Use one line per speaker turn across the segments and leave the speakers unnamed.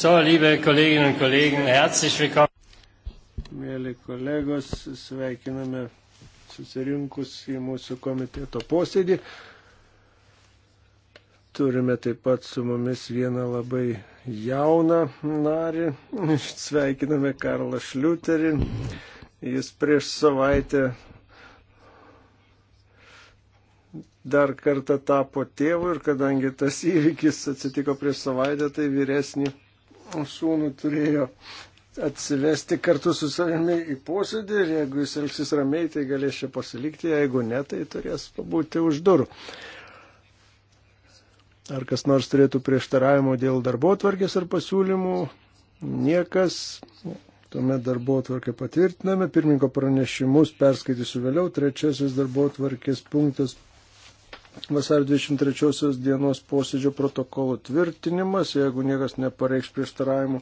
So, liebe Kolleginnen und Kollegen, herzlich willkommen.
Mėly kolegos, sveikiname susirinkus į mūsų komiteto posėdį. Turime taip pat su mumis vieną labai jauną narį. Sveikiname Karlą Šliuterį. Jis prieš savaitę dar kartą tapo tėvu ir kadangi tas įvykis atsitiko prieš savaitę, tai vyresnį sūnų turėjo atsivesti kartu su savimi į posėdį ir jeigu jis elgsis ramiai, tai galės čia pasilikti, jeigu ne, tai turės pabūti už durų. Ar kas nors turėtų prieštaravimo dėl darbo tvarkės ar pasiūlymų? Niekas. Tuomet darbo tvarkę patvirtiname. Pirmininko pranešimus perskaitysiu vėliau. Trečiasis darbo tvarkės punktas vasario 23 dienos posėdžio protokolo tvirtinimas, jeigu niekas nepareikš prieštaravimų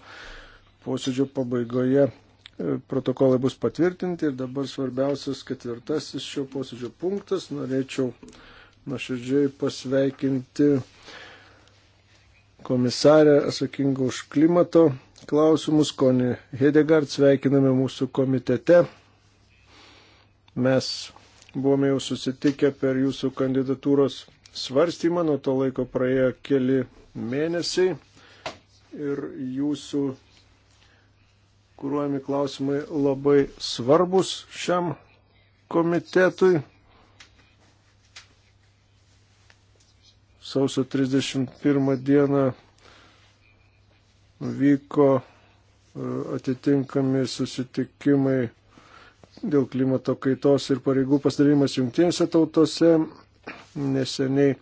posėdžio pabaigoje. E, protokolai bus patvirtinti ir dabar svarbiausias ketvirtasis šio posėdžio punktas. Norėčiau nuoširdžiai pasveikinti komisarę atsakingą už klimato klausimus, Koni Hedegard, sveikiname mūsų komitete. Mes Buvome jau susitikę per jūsų kandidatūros svarstymą, nuo to laiko praėjo keli mėnesiai ir jūsų kūruojami klausimai labai svarbus šiam komitetui. Sausio 31 dieną vyko e, atitinkami susitikimai dėl klimato kaitos ir pareigų pasidavimas jungtinėse tautose. Neseniai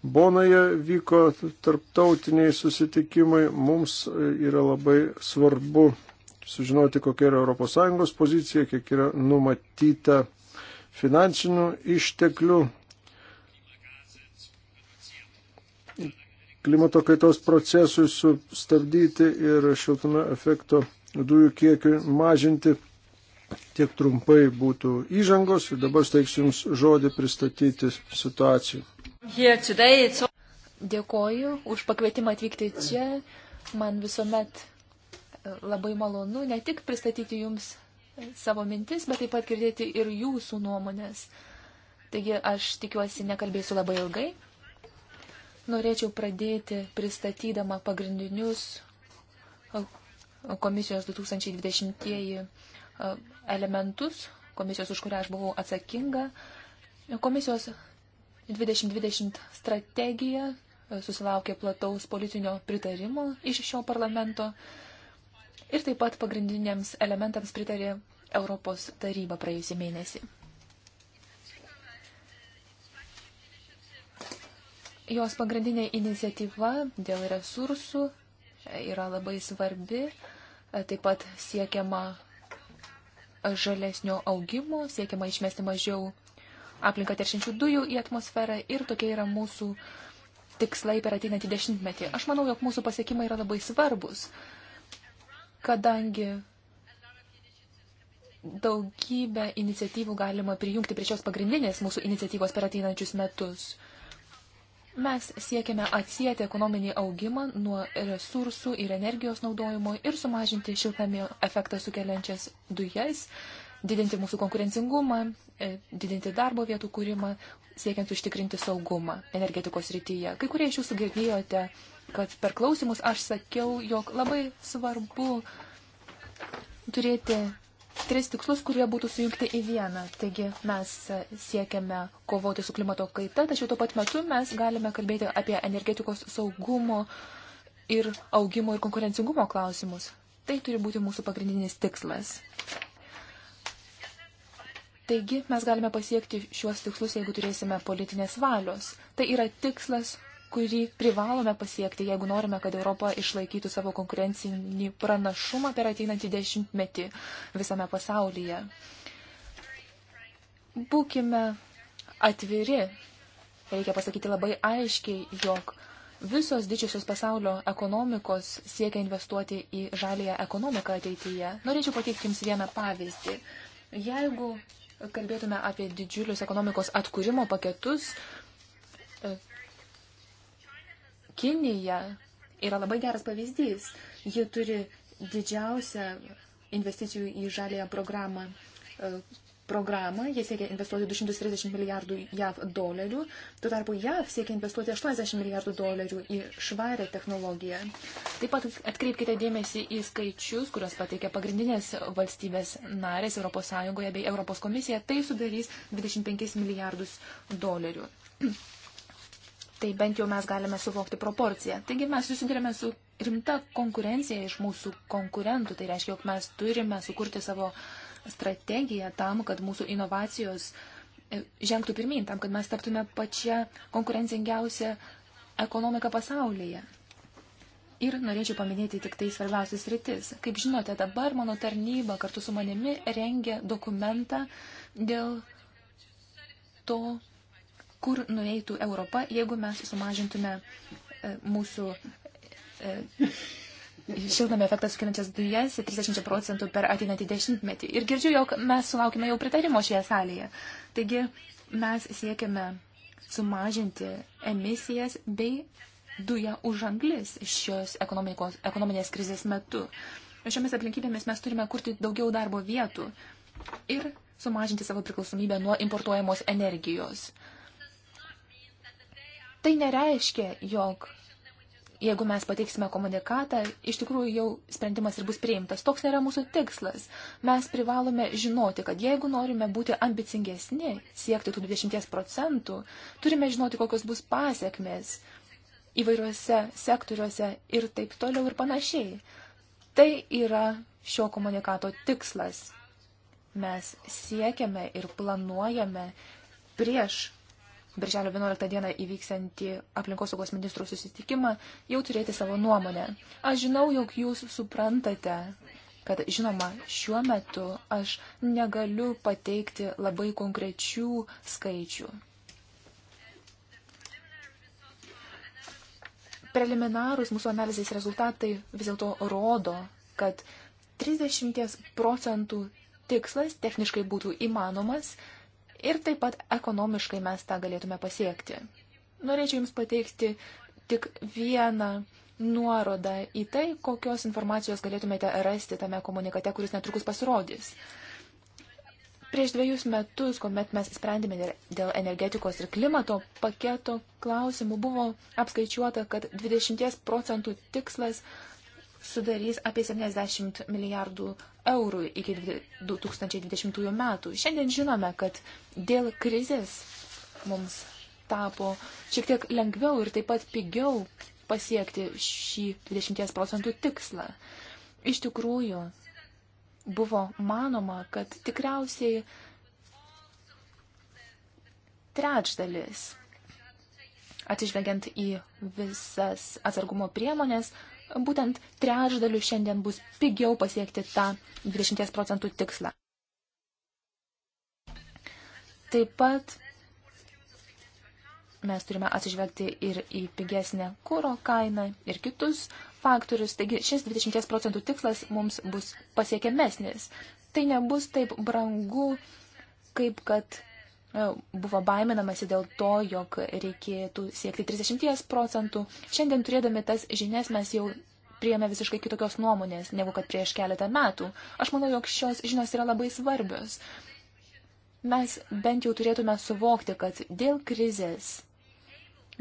Bonoje vyko tarptautiniai susitikimai. Mums yra labai svarbu sužinoti, kokia yra ES pozicija, kiek yra numatyta finansinių išteklių klimato kaitos procesui sustabdyti ir šiltume efekto dujų kiekiui mažinti. Tiek trumpai būtų įžangos ir dabar steiksiu Jums žodį pristatyti situaciją.
Dėkoju už pakvietimą atvykti čia. Man visuomet e, labai malonu ne tik pristatyti Jums e, savo mintis, bet taip pat girdėti ir Jūsų nuomonės. Taigi aš tikiuosi nekalbėsiu labai ilgai. Norėčiau pradėti pristatydama pagrindinius e, komisijos 2020 elementus komisijos, už kurią aš buvau atsakinga. Komisijos 2020 strategija e, susilaukė plataus politinio pritarimo iš šio parlamento ir taip pat pagrindiniams elementams pritarė Europos taryba praėjusį mėnesį. Jos pagrindinė iniciatyva dėl resursų yra labai svarbi, e, taip pat siekiama žalesnio augimo, siekiama išmesti mažiau aplinką teršinčių dujų į atmosferą ir tokie yra mūsų tikslai per ateinantį dešimtmetį. Aš manau, jog mūsų pasiekimai yra labai svarbus, kadangi daugybę iniciatyvų galima prijungti prie šios pagrindinės mūsų iniciatyvos per ateinančius metus. Mes siekiame atsijėti ekonominį augimą nuo resursų ir energijos naudojimo ir sumažinti šiltnamio efektą sukeliančias dujas, didinti mūsų konkurencingumą, e, didinti darbo vietų kūrimą, siekiant užtikrinti saugumą energetikos rytyje. Kai kurie iš jūsų girdėjote, kad per klausimus aš sakiau, jog labai svarbu turėti tris tikslus, kurie būtų sujungti į vieną. Taigi mes siekiame kovoti su klimato kaita, tačiau tuo pat metu mes galime kalbėti apie energetikos saugumo ir augimo ir konkurencingumo klausimus. Tai turi būti mūsų pagrindinis tikslas. Taigi mes galime pasiekti šiuos tikslus, jeigu turėsime politinės valios. Tai yra tikslas, kurį privalome pasiekti, jeigu norime, kad Europa išlaikytų savo konkurencinį pranašumą per ateinantį dešimtmetį visame pasaulyje. Būkime atviri. Reikia pasakyti labai aiškiai, jog visos didžiosios pasaulio ekonomikos siekia investuoti į žalėją ekonomiką ateityje. Norėčiau pateikti Jums vieną pavyzdį. Jeigu kalbėtume apie didžiulius ekonomikos atkūrimo paketus, Kinija yra labai geras pavyzdys. Ji turi didžiausią investicijų į žalėją programą e, programą, jie siekia investuoti 230 milijardų JAV dolerių, tuo tarpu JAV siekia investuoti 80 milijardų dolerių į švarę technologiją. Taip pat atkreipkite dėmesį į skaičius, kuriuos pateikia pagrindinės valstybės narės ES bei ES komisija, tai sudarys 25 milijardus dolerių. tai bent jau mes galime suvokti proporciją. Taigi mes susidurime su rimta konkurencija iš mūsų konkurentų, tai reiškia, jog mes turime sukurti savo strategiją tam, kad mūsų inovacijos e, žengtų pirmin, tam, kad mes taptume pačią konkurencingiausią ekonomiką pasaulyje. Ir norėčiau paminėti tik tai svarbiausias rytis. Kaip žinote, dabar mano tarnyba kartu su manimi rengia dokumentą dėl to, kur nueitų Europa, jeigu mes sumažintume e, mūsų e, šiltnamio efektą sukeliančias dujas 30 procentų per ateinantį dešimtmetį. Ir girdžiu, jog mes sulaukime jau pritarimo šioje salėje. Taigi mes siekiame sumažinti emisijas bei duja už anglis šios ekonominės krizės metu. Šiomis aplinkybėmis mes turime kurti daugiau darbo vietų ir sumažinti savo priklausomybę nuo importuojamos energijos. Tai nereiškia, jog jeigu mes pateiksime komunikatą, iš tikrųjų jau sprendimas ir bus priimtas. Toks nėra mūsų tikslas. Mes privalome žinoti, kad jeigu norime būti ambicingesni, siekti tų 20 procentų, turime žinoti, kokios bus pasiekmės įvairiuose sektoriuose ir taip toliau ir panašiai. Tai yra šio komunikato tikslas. Mes siekiame ir planuojame prieš birželio 11 dieną įvyksiantį aplinkosaugos ministrų susitikimą, jau turėti savo nuomonę. Aš žinau, jog jūs suprantate, kad žinoma, šiuo metu aš negaliu pateikti labai konkrečių skaičių. Preliminarūs mūsų analizės rezultatai vis dėlto rodo, kad 30 procentų tikslas techniškai būtų įmanomas, ir taip pat ekonomiškai mes tą galėtume pasiekti. Norėčiau Jums pateikti tik vieną nuorodą į tai, kokios informacijos galėtumėte rasti tame komunikate, kuris netrukus pasirodys. Prieš dviejus metus, kuomet mes sprendėme dėl energetikos ir klimato paketo klausimų, buvo apskaičiuota, kad 20 procentų tikslas sudarys apie 70 milijardų eurų iki 2020 metų. Šiandien žinome, kad dėl krizės mums tapo šiek tiek lengviau ir taip pat pigiau pasiekti šį 20 procentų tikslą. Iš tikrųjų, buvo manoma, kad tikriausiai trečdalis, atsižvelgiant į visas atsargumo priemonės, būtent trečdaliu šiandien bus pigiau pasiekti tą 20 procentų tikslą. Taip pat mes turime atsižvelgti ir į pigesnę kūro kainą ir kitus faktorius. Taigi šis 20 procentų tikslas mums bus pasiekiamesnis. Tai nebus taip brangu, kaip kad E, buvo baiminamasi dėl to, jog reikėtų siekti 30 procentų. Šiandien turėdami tas žinias mes jau priėmė visiškai kitokios nuomonės negu kad prieš keletą metų. Aš manau, jog šios žinios yra labai svarbios. Mes bent jau turėtume suvokti, kad dėl krizės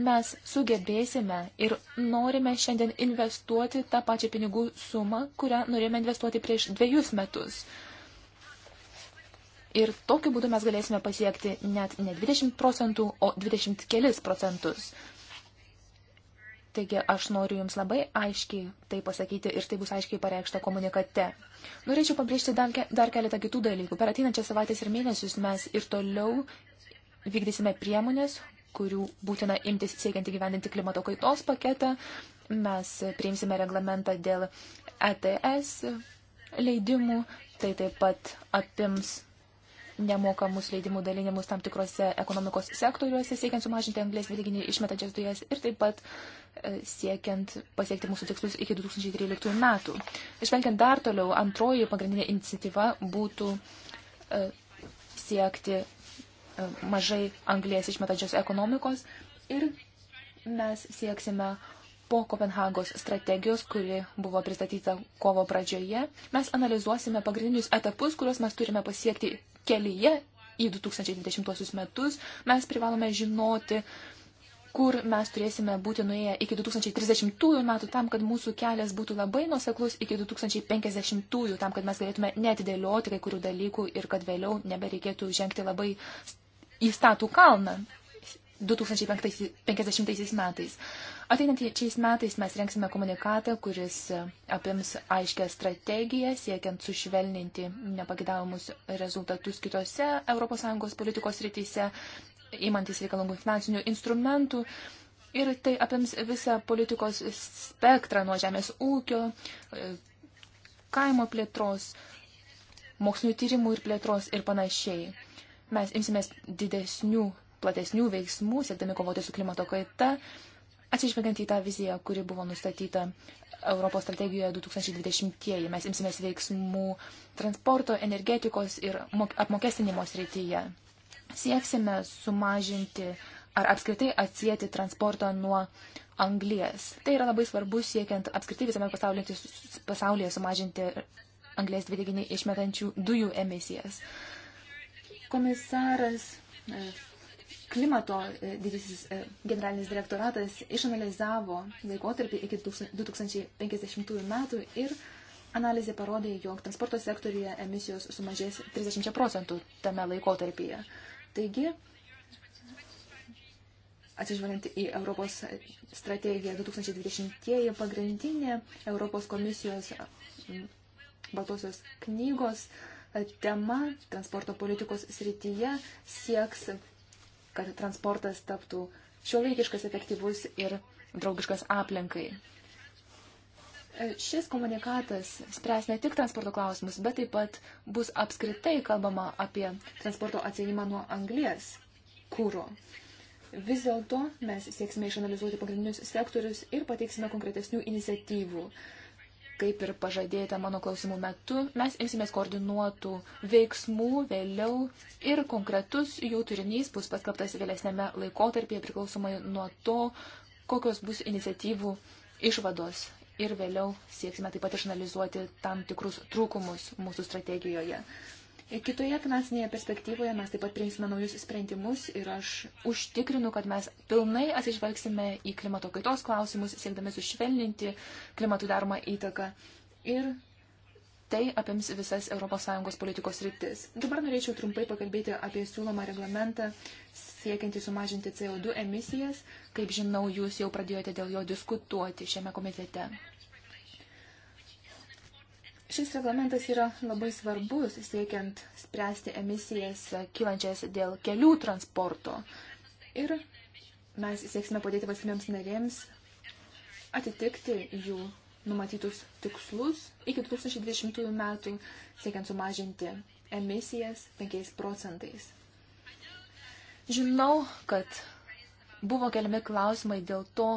mes sugebėsime ir norime šiandien investuoti tą pačią pinigų sumą, kurią norėjome investuoti prieš dviejus metus. Ir tokiu būdu mes galėsime pasiekti net ne 20 procentų, o 20 kelis procentus. Taigi aš noriu Jums labai aiškiai tai pasakyti ir tai bus aiškiai pareikšta komunikate. Norėčiau pabrėžti dar, ke dar keletą kitų dalykų. Per ateinančią savaitės ir mėnesius mes ir toliau vykdysime priemonės, kurių būtina imtis siekiant įgyvendinti klimato kaitos paketą. Mes priimsime reglamentą dėl ETS leidimų, tai taip pat apims nemokamus leidimų dalinimus tam tikrose ekonomikos sektoriuose, siekiant sumažinti anglės dvideginį išmetančias dujas ir taip pat e, siekiant pasiekti mūsų tikslus iki 2013 metų. Išvengiant dar toliau, antroji pagrindinė iniciatyva būtų e, siekti e, mažai anglės išmetančios ekonomikos ir mes sieksime po Kopenhagos strategijos, kuri buvo pristatyta kovo pradžioje, mes analizuosime pagrindinius etapus, kuriuos mes turime pasiekti kelyje į 2020 metus, mes privalome žinoti, kur mes turėsime būti nuėję iki 2030 metų, tam, kad mūsų kelias būtų labai nuseklus iki 2050, tam, kad mes galėtume netidėlioti kai kurių dalykų ir kad vėliau nebereikėtų žengti labai į statų kalną. 2050 metais. Ateinančiais metais mes renksime komunikatą, kuris apims aiškę strategiją, siekiant sušvelninti nepagidaumus rezultatus kitose ES politikos rytise, įmantis reikalingų finansinių instrumentų. Ir tai apims visą politikos spektrą nuo žemės ūkio, kaimo plėtros, mokslinio tyrimų ir plėtros ir panašiai. Mes imsimės didesnių platesnių veiksmų, siekdami kovoti su klimato kaita, atsižvelgiant į tą viziją, kuri buvo nustatyta Europos strategijoje 2020-ieji. Mes imsimės veiksmų transporto, energetikos ir apmokestinimo srityje. Sieksime sumažinti ar apskritai atsijėti transportą nuo anglies. Tai yra labai svarbu siekiant apskritai visame pasaulyje, pasaulyje sumažinti anglės dvideginį išmetančių dujų emisijas. Komisaras Klimato e, didysis e, generalinis direktoratas išanalizavo laikotarpį iki 2050 metų ir analizė parodė, jog transporto sektoriuje emisijos sumažės 30 procentų tame laikotarpyje. Taigi, atsižvelgiant į Europos strategiją 2020-ieji, pagrindinė Europos komisijos Baltosios knygos e, tema transporto politikos srityje sieks kad transportas taptų šiuolaikiškas, efektyvus ir draugiškas aplinkai. Šis komunikatas spręs ne tik transporto klausimus, bet taip pat bus apskritai kalbama apie transporto atsėjimą nuo anglies kūro. Vis dėlto mes sieksime išanalizuoti pagrindinius sektorius ir pateiksime konkretesnių iniciatyvų kaip ir pažadėta mano klausimų metu, mes imsimės koordinuotų veiksmų vėliau ir konkretus jų turinys bus paskelbtas vėlesnėme laikotarpyje priklausomai nuo to, kokios bus iniciatyvų išvados. Ir vėliau sieksime taip pat išanalizuoti tam tikrus trūkumus mūsų strategijoje. Kitoje finansinėje perspektyvoje mes taip pat priimsime naujus sprendimus ir aš užtikrinu, kad mes pilnai atsižvelgsime į klimato kaitos klausimus, siekdami sušvelninti klimatų daromą įtaką. Ir tai apims visas ES politikos rytis. Dabar norėčiau trumpai pakalbėti apie siūlomą reglamentą siekiantį sumažinti CO2 emisijas. Kaip žinau, jūs jau pradėjote dėl jo diskutuoti šiame komitete. Šis reglamentas yra labai svarbus, siekiant spręsti emisijas kylančias dėl kelių transporto. Ir mes sieksime padėti valstybėms narėms atitikti jų numatytus tikslus iki 2020 metų, siekiant sumažinti emisijas 5 procentais. Žinau, kad buvo keliami klausimai dėl to,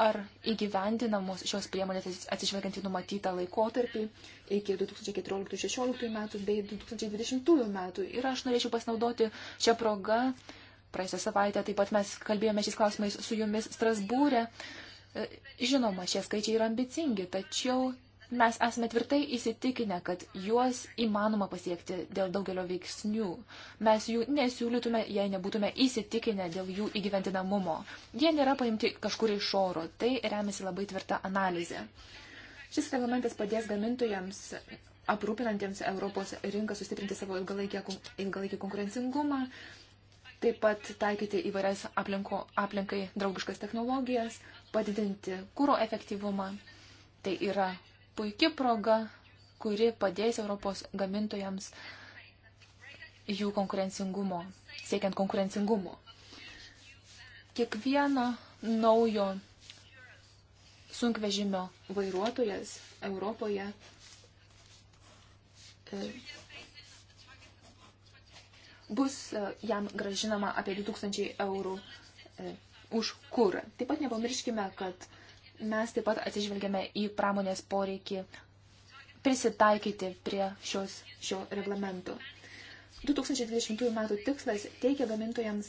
ar įgyvendinamos šios priemonės atsižvelgiant į numatytą laikotarpį iki 2014-2016 metų bei 2020 metų. Ir aš norėčiau pasinaudoti šią progą. Praėjusią savaitę taip pat mes kalbėjome šiais klausimais su jumis Strasbūrė. E, žinoma, šie skaičiai yra ambicingi, tačiau Mes esame tvirtai įsitikinę, kad juos įmanoma pasiekti dėl daugelio veiksnių. Mes jų nesiūlytume, jei nebūtume įsitikinę dėl jų įgyventinamumo. Jie nėra paimti kažkur iš oro. Tai remiasi labai tvirta analizė. Šis reglamentas padės gamintojams aprūpinantiems Europos rinką sustiprinti savo ilgalaikį, ilgalaikį konkurencingumą, taip pat taikyti įvairias aplinko, aplinkai draugiškas technologijas, padidinti kūro efektyvumą. Tai yra puikia proga, kuri padės Europos gamintojams jų konkurencingumo, siekiant konkurencingumo. Kiekvieno naujo sunkvežimio vairuotojas Europoje e, bus e, jam gražinama apie 2000 eurų e, už kūrą. Taip pat nepamirškime, kad mes taip pat atsižvelgiame į pramonės poreikį prisitaikyti prie šios, šio reglamento. 2020 m. tikslas teikia gamintojams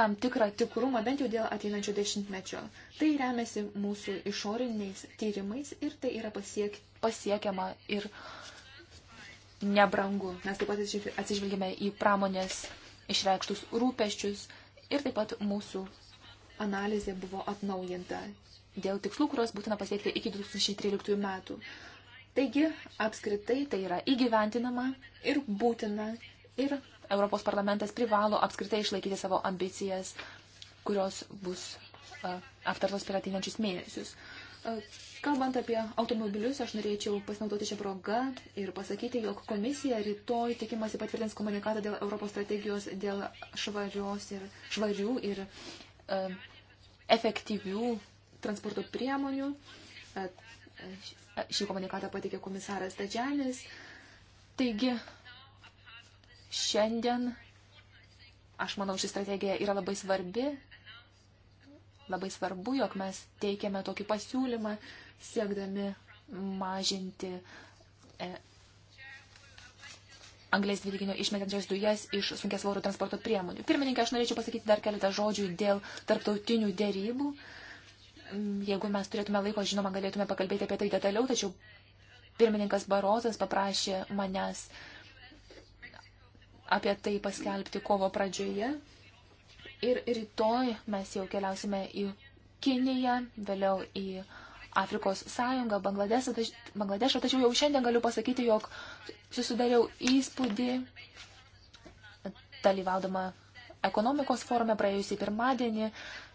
tam tikrą tikrumą bent jau dėl ateinančio dešimtmečio. Tai remiasi mūsų išoriniais tyrimais ir tai yra pasiek, pasiekiama ir nebrangu. Mes taip pat atsižvelgime į pramonės išreikštus rūpeščius ir taip pat mūsų analizė buvo atnaujinta dėl tikslų, kuriuos būtina pasiekti iki 2013 metų. Taigi, apskritai tai yra įgyventinama ir būtina ir Europos parlamentas privalo apskritai išlaikyti savo ambicijas, kurios bus uh, aptartos per ateinančius mėnesius. Uh, kalbant apie automobilius, aš norėčiau pasinaudoti šią progą ir pasakyti, jog komisija rytoj tikimasi patvirtins komunikatą dėl Europos strategijos dėl švarios ir švarių ir uh, efektyvių transporto priemonių. E, e, šį komunikatą pateikė komisaras Tadžianis. Taigi, šiandien, aš manau, ši strategija yra labai svarbi. Labai svarbu, jog mes teikiame tokį pasiūlymą, siekdami mažinti e, anglės dvideginio išmetančias dujas iš sunkės vorų transporto priemonių. Pirmininkė, aš norėčiau pasakyti dar keletą žodžių dėl tarptautinių dėrybų. E, Jeigu mes turėtume laiko, žinoma, galėtume pakalbėti apie tai detaliau, tačiau pirmininkas Barozas paprašė manęs apie tai paskelbti kovo pradžioje. Ir rytoj mes jau keliausime į Kiniją, vėliau į Afrikos sąjungą, Bangladešą, tač... Bangladešą, tačiau jau šiandien galiu pasakyti, jog susidariau įspūdį, dalyvaudama ekonomikos forume praėjusį pirmadienį,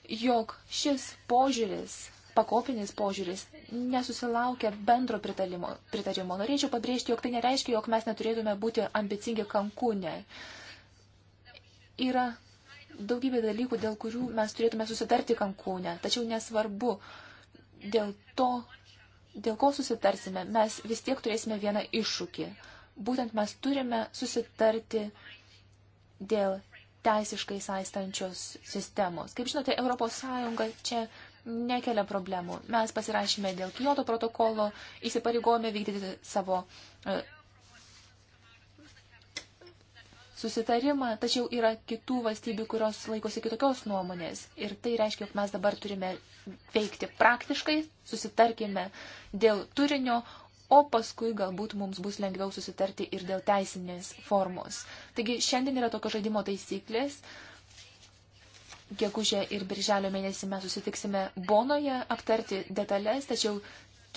jog šis požiūris, pakopinis požiūris, nesusilaukia bendro pritarimo. pritarimo. Norėčiau pabrėžti, jog tai nereiškia, jog mes neturėtume būti ambicingi kankūne. Yra daugybė dalykų, dėl kurių mes turėtume susitarti kankūne, tačiau nesvarbu, dėl to, dėl ko susitarsime, mes vis tiek turėsime vieną iššūkį. Būtent mes turime susitarti dėl teisiškai saistančios sistemos. Kaip žinote, ES čia nekelia problemų. Mes pasirašėme dėl Kyoto protokolo, įsipareigojome vykdyti savo e, susitarimą, tačiau yra kitų valstybių, kurios laikosi kitokios nuomonės. Ir tai reiškia, jog mes dabar turime veikti praktiškai, susitarkime dėl turinio, o paskui galbūt mums bus lengviau susitarti ir dėl teisinės formos. Taigi šiandien yra tokio žaidimo taisyklės. Gegužė ir birželio mėnesį mes susitiksime Bonoje aptarti detalės, tačiau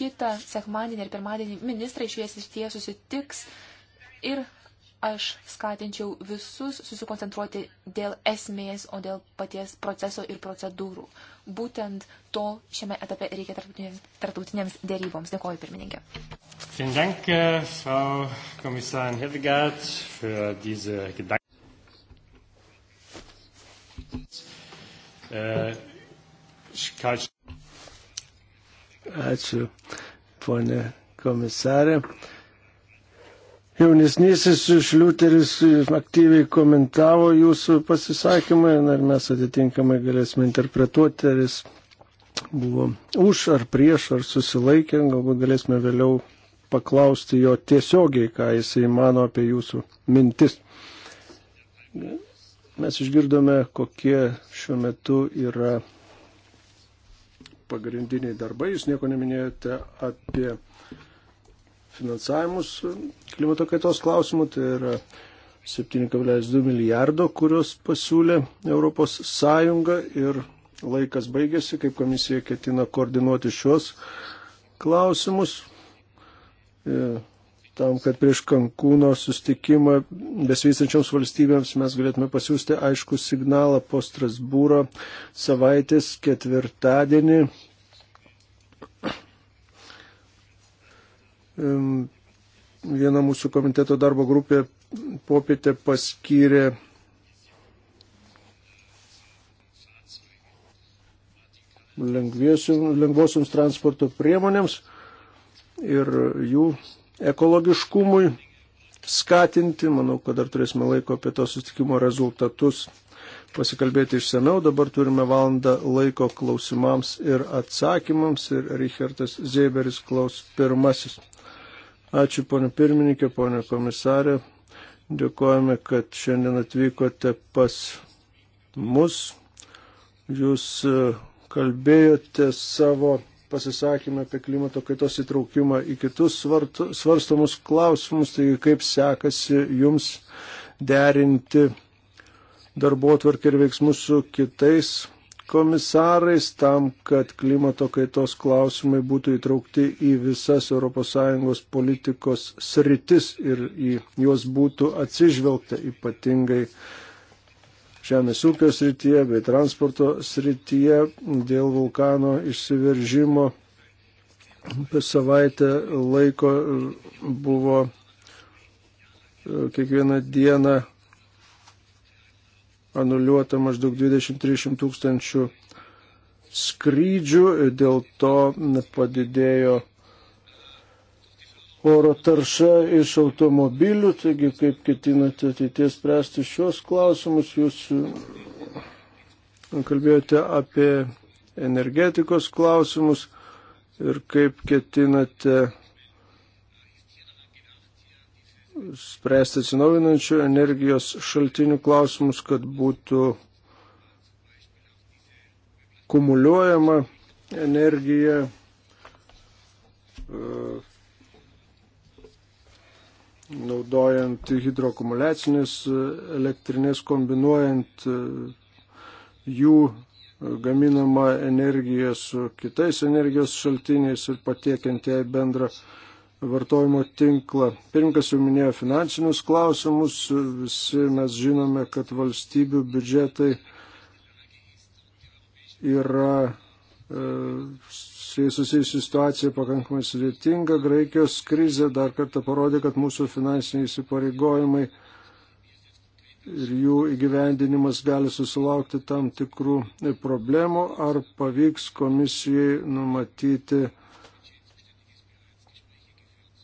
kitą sekmadienį ir pirmadienį ministrai švies ir tie susitiks ir aš skatinčiau visus susikoncentruoti dėl esmės, o dėl paties proceso ir procedūrų būtent to šiame etape reikia tarptautinėms dėryboms. Dėkoju, pirmininkė.
Äh, äh,
Ačiū, ponė komisarė. Jaunesnysis Šliuteris aktyviai komentavo jūsų pasisakymą ir mes atitinkamai galėsime interpretuoti, ar jis buvo už ar prieš ar susilaikė, galbūt galėsime vėliau paklausti jo tiesiogiai, ką jisai mano apie jūsų mintis. Mes išgirdome, kokie šiuo metu yra pagrindiniai darbai. Jūs nieko neminėjote apie finansavimus klimato kaitos klausimų, tai yra 7,2 milijardo, kurios pasiūlė Europos Sąjunga ir laikas baigėsi, kaip komisija ketina koordinuoti šios klausimus. E, tam, kad prieš Kankūno sustikimą besivystančioms valstybėms mes galėtume pasiūsti aišku signalą po Strasbūro savaitės ketvirtadienį viena mūsų komiteto darbo grupė popietę paskyrė lengvosioms transporto priemonėms ir jų ekologiškumui skatinti. Manau, kad dar turėsime laiko apie to sustikimo rezultatus pasikalbėti išsameu. Dabar turime valandą laiko klausimams ir atsakymams ir Richardas Zėberis klaus pirmasis. Ačiū ponė pirmininkė, ponė komisarė. Dėkojame, kad šiandien atvykote pas mus. Jūs e, kalbėjote savo pasisakymą apie klimato kaitos įtraukimą į kitus svarstomus klausimus, taigi kaip sekasi jums derinti darbo atvarkį ir veiksmus su kitais komisarais tam, kad klimato kaitos klausimai būtų įtraukti į visas ES politikos sritis ir į juos būtų atsižvelgta ypatingai žemės ūkio srityje bei transporto srityje dėl vulkano išsiveržimo. Per savaitę laiko buvo e, kiekvieną dieną anuliuota maždaug 23 tūkstančių skrydžių, dėl to padidėjo oro tarša iš automobilių, taigi kaip ketinate ateities spręsti šios klausimus, jūs mm, kalbėjote apie energetikos klausimus ir kaip ketinate spręsti atsinaujinančių energijos šaltinių klausimus, kad būtų kumuliuojama energija, e, naudojant hidroakumuliacinės elektrinės, kombinuojant e, jų gaminamą energiją su kitais energijos šaltiniais ir patiekiant jai bendrą vartojimo tinklą. Pirmkas jau minėjo finansinius klausimus, visi mes žinome, kad valstybių biudžetai yra e, susijusi situacija pakankamai sudėtinga. Graikijos krizė dar kartą parodė, kad mūsų finansiniai įsipareigojimai ir jų įgyvendinimas gali susilaukti tam tikrų problemų, ar pavyks komisijai numatyti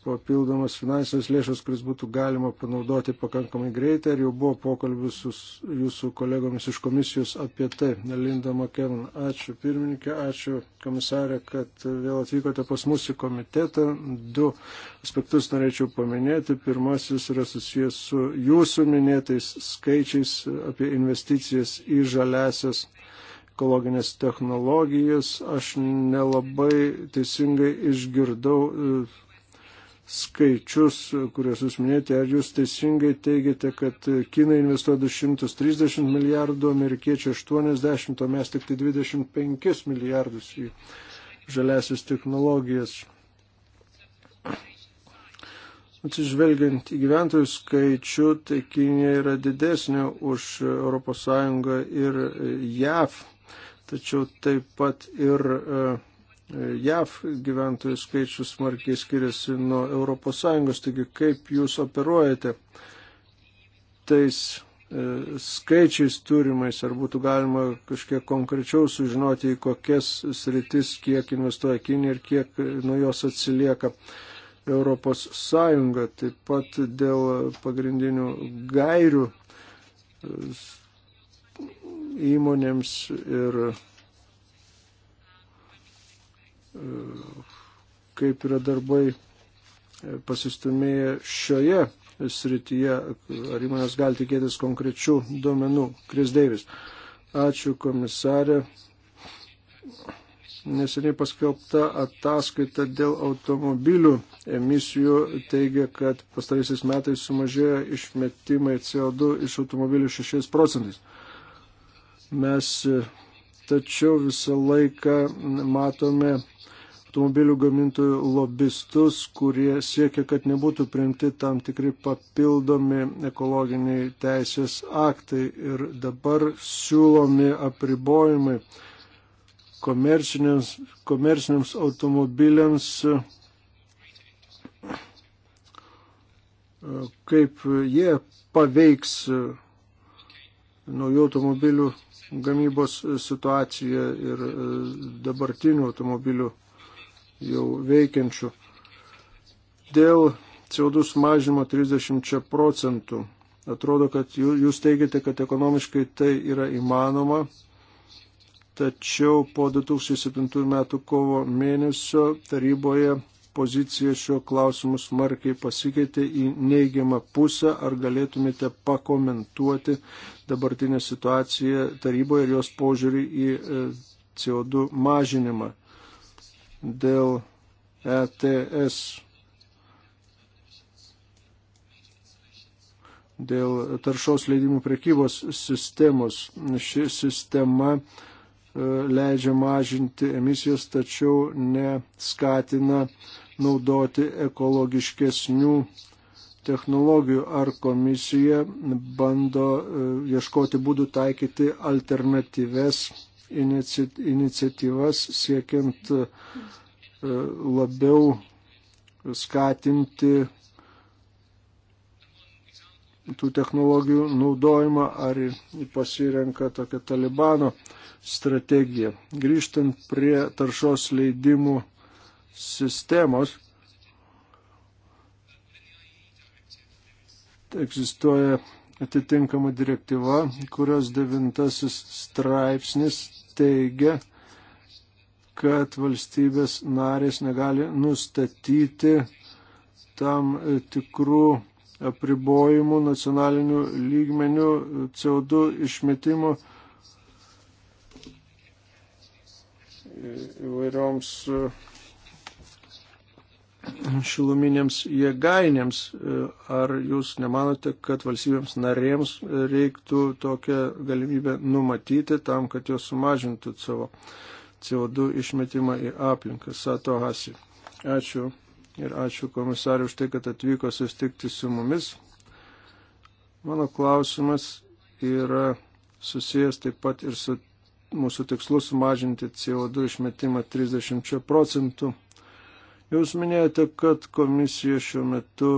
papildomas finansinės lėšas, kuris būtų galima panaudoti pakankamai greitai, ar jau buvo pokalbis su jūsų kolegomis iš komisijos apie tai, Nelinda Makevin. Ačiū pirmininkė, ačiū komisarė, kad vėl atvykote pas mūsų komitetą. Du aspektus norėčiau paminėti. Pirmasis yra susijęs su jūsų minėtais skaičiais apie investicijas į žaliasias ekologinės technologijas, aš nelabai teisingai išgirdau e, skaičius, kuriuos jūs minėjote, ar jūs teisingai teigiate, kad Kinai investuoja 230 milijardų, amerikiečiai 80, o mes tik tai 25 milijardus į žaliasias technologijas. Atsižvelgiant į gyventojų skaičių, tai Kinija yra didesnė už ES ir JAV, tačiau taip pat ir uh, JAV gyventojų skaičius smarkiai skiriasi nuo ES, taigi kaip jūs operuojate tais e, skaičiais turimais, ar būtų galima kažkiek konkrečiau sužinoti, į kokias sritis kiek investuoja Kinė ir kiek nuo jos atsilieka ES. Taip pat dėl pagrindinių gairių e, įmonėms ir kaip yra darbai pasistumėję šioje srityje, ar įmonės gali tikėtis konkrečių duomenų. Kris Deivis. Ačiū komisarė. Neseniai paskelbta ataskaita dėl automobilių emisijų teigia, kad pastaraisiais metais sumažėjo išmetimai CO2 iš automobilių 6 procentais. Mes tačiau visą laiką matome automobilių gamintojų lobistus, kurie siekia, kad nebūtų priimti tam tikri papildomi ekologiniai teisės aktai ir dabar siūlomi apribojimai komerciniams, komerciniams automobiliams kaip jie paveiks naujų automobilių gamybos situacija ir e, dabartinių automobilių jau veikiančių. Dėl CO2 sumažinimo 30 procentų. Atrodo, kad jūs teigiate, kad ekonomiškai tai yra įmanoma, tačiau po 2007 metų kovo mėnesio taryboje pozicija šiuo klausimu smarkiai pasikeitė į neigiamą pusę. Ar galėtumėte pakomentuoti dabartinę situaciją taryboje ir jos požiūrį į e, CO2 mažinimą dėl ETS? Dėl taršos leidimų prekybos sistemos. Ši sistema uh, E, leidžia mažinti emisijas, tačiau neskatina naudoti ekologiškesnių technologijų. Ar komisija bando e, ieškoti būdų taikyti alternatyves iniciatyvas siekiant e, labiau skatinti tų technologijų naudojimą, ar pasirenka tokia Talibano uh, strategiją. Grįžtant prie taršos leidimų sistemos, egzistuoja atitinkama direktyva, kurios devintasis straipsnis teigia, kad valstybės narės negali nustatyti tam tikrų apribojimų nacionalinių lygmenių CO2 išmetimo įvairioms e, šiluminėms jėgainėms. E, ar jūs nemanote, kad valstybėms narėms reiktų tokią galimybę numatyti tam, kad jos sumažintų savo CO2 išmetimą į aplinką? Sato Hasi. Ačiū ir ačiū komisariu už tai, kad atvyko susitikti su mumis. Mano klausimas yra susijęs taip pat ir su mūsų tikslus sumažinti CO2 išmetimą 30 procentų. Jūs minėjote, kad komisija šiuo metu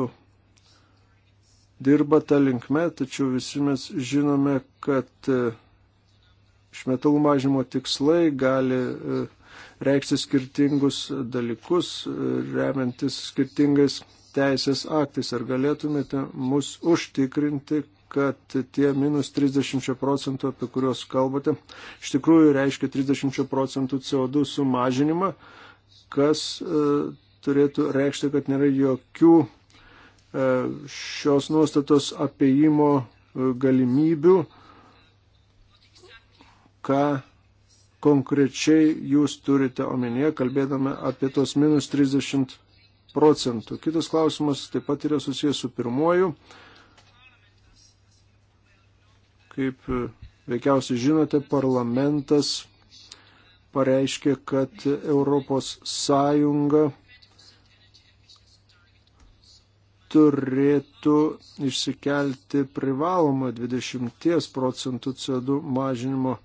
dirba tą linkmę, tačiau visi mes žinome, kad e, išmetalų mažimo tikslai gali e, reikšti skirtingus dalykus, e, remiantis skirtingais teisės aktais. Ar galėtumėte mus užtikrinti, kad tie minus 30 procentų, apie kuriuos kalbate, iš tikrųjų reiškia 30 procentų CO2 sumažinimą, kas e, turėtų reikšti, kad nėra jokių e, šios nuostatos apiejimo e, galimybių, ką konkrečiai jūs turite omenyje, kalbėdami apie tos minus 30 procentų. Kitas klausimas taip pat yra susijęs su pirmoju. E, Kaip e, veikiausiai žinote, parlamentas pareiškė, kad Europos Sąjunga turėtų išsikelti privalomą 20 procentų CO2 mažinimo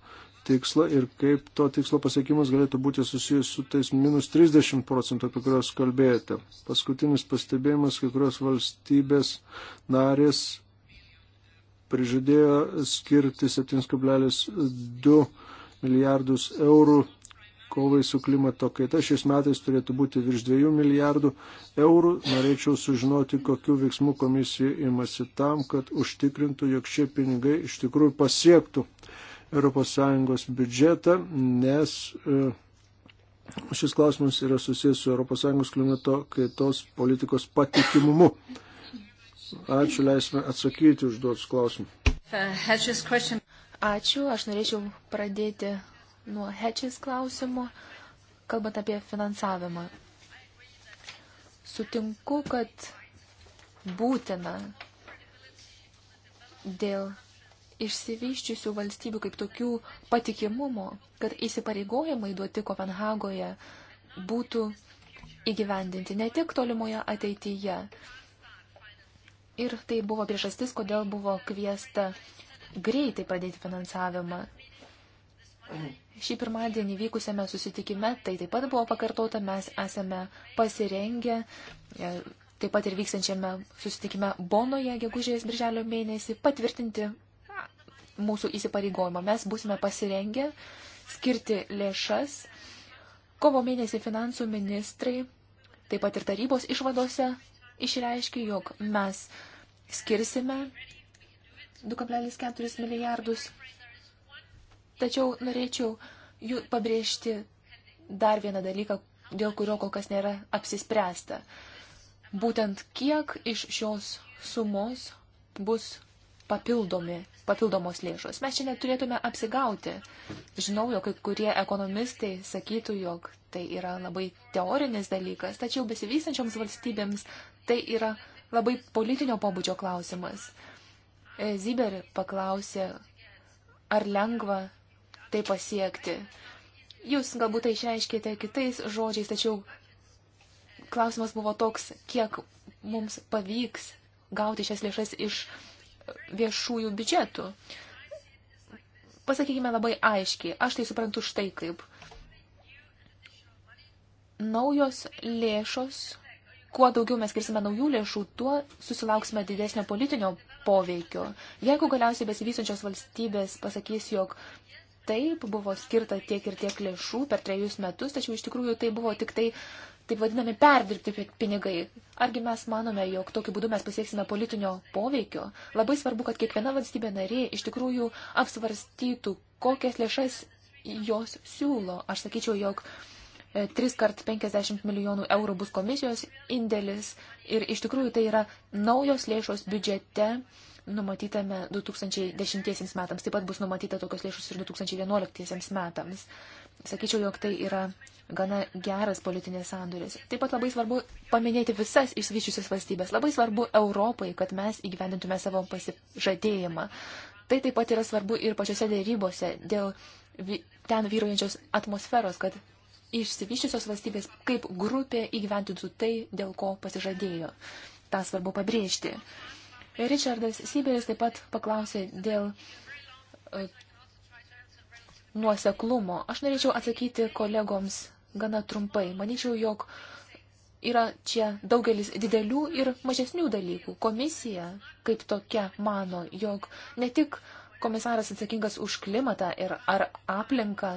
tikslą ir kaip to tikslo pasiekimas galėtų būti susijęs su tais minus 30 procentų, apie kuriuos kalbėjote. Paskutinis pastebėjimas, kai kurios valstybės narės prižadėjo skirti 7,2 milijardus eurų kovai su klimato kaita. Šiais metais turėtų būti virš 2 milijardų eurų. Norėčiau sužinoti, kokiu veiksmu komisija imasi tam, kad užtikrintų, jog šie pinigai iš tikrųjų pasiektų ES biudžetą, nes e, šis klausimas yra susijęs su ES klimato kaitos politikos patikimumu. Ačiū, leisime atsakyti užduotus klausimus.
Uh, Ačiū, aš norėčiau pradėti nuo Hečis klausimo, kalbant apie finansavimą. Sutinku, kad būtina dėl išsivyščiusių valstybių kaip tokių patikimumo, kad įsipareigojimai duoti Kopenhagoje būtų įgyvendinti ne tik tolimoje ateityje, Ir tai buvo priežastis, kodėl buvo kviesta greitai pradėti finansavimą. Šį pirmadienį vykusiame susitikime, tai taip pat buvo pakartota, mes esame pasirengę, e, taip pat ir vyksiančiame susitikime Bonoje, gegužės birželio mėnesį, patvirtinti mūsų įsipareigojimą. Mes būsime pasirengę skirti lėšas. Kovo mėnesį finansų ministrai, taip pat ir tarybos išvadose išreiškia, jog mes skirsime 2,4 milijardus. Tačiau norėčiau jų pabrėžti dar vieną dalyką, dėl kurio kol kas nėra apsispręsta. Būtent kiek iš šios sumos bus papildomi, papildomos lėšos. Mes čia neturėtume apsigauti. Žinau, jog kai kurie ekonomistai sakytų, jog tai yra labai teorinis dalykas, tačiau besivystančioms valstybėms tai yra labai politinio pobūdžio klausimas. E, Ziber paklausė, ar lengva tai pasiekti. Jūs galbūt tai išreiškėte kitais žodžiais, tačiau klausimas buvo toks, kiek mums pavyks gauti šias lėšas iš viešųjų biudžetų. Pasakykime labai aiškiai, aš tai suprantu štai kaip. Naujos lėšos kuo daugiau mes skirsime naujų lėšų, tuo susilauksime didesnio politinio poveikio. Jeigu galiausiai besivysančios valstybės pasakys, jog taip buvo skirta tiek ir tiek lėšų per trejus metus, tačiau iš tikrųjų tai buvo tik tai taip vadinami perdirbti pinigai. Argi mes manome, jog tokiu būdu mes pasieksime politinio poveikio? Labai svarbu, kad kiekviena valstybė narė iš tikrųjų apsvarstytų, kokias lėšas jos siūlo. Aš sakyčiau, jog 3 kart 50 milijonų eurų bus komisijos indėlis ir iš tikrųjų tai yra naujos lėšos biudžete numatytame 2010 metams. Taip pat bus numatyta tokios lėšos ir 2011 metams. Sakyčiau, jog tai yra gana geras politinės sandoris. Taip pat labai svarbu paminėti visas išsivyščiusias valstybės. Labai svarbu Europai, kad mes įgyvendintume savo pasižadėjimą. Tai taip pat yra svarbu ir pačiose dėrybose dėl ten vyrojančios atmosferos, kad išsivyščiusios valstybės kaip grupė įgyventintų tai, dėl ko pasižadėjo. Ta svarbu pabrėžti. Richardas Syberis taip pat paklausė dėl e, nuoseklumo. Aš norėčiau atsakyti kolegoms gana trumpai. Manyčiau, jog yra čia daugelis didelių ir mažesnių dalykų. Komisija kaip tokia mano, jog ne tik komisaras atsakingas už klimatą ir ar aplinką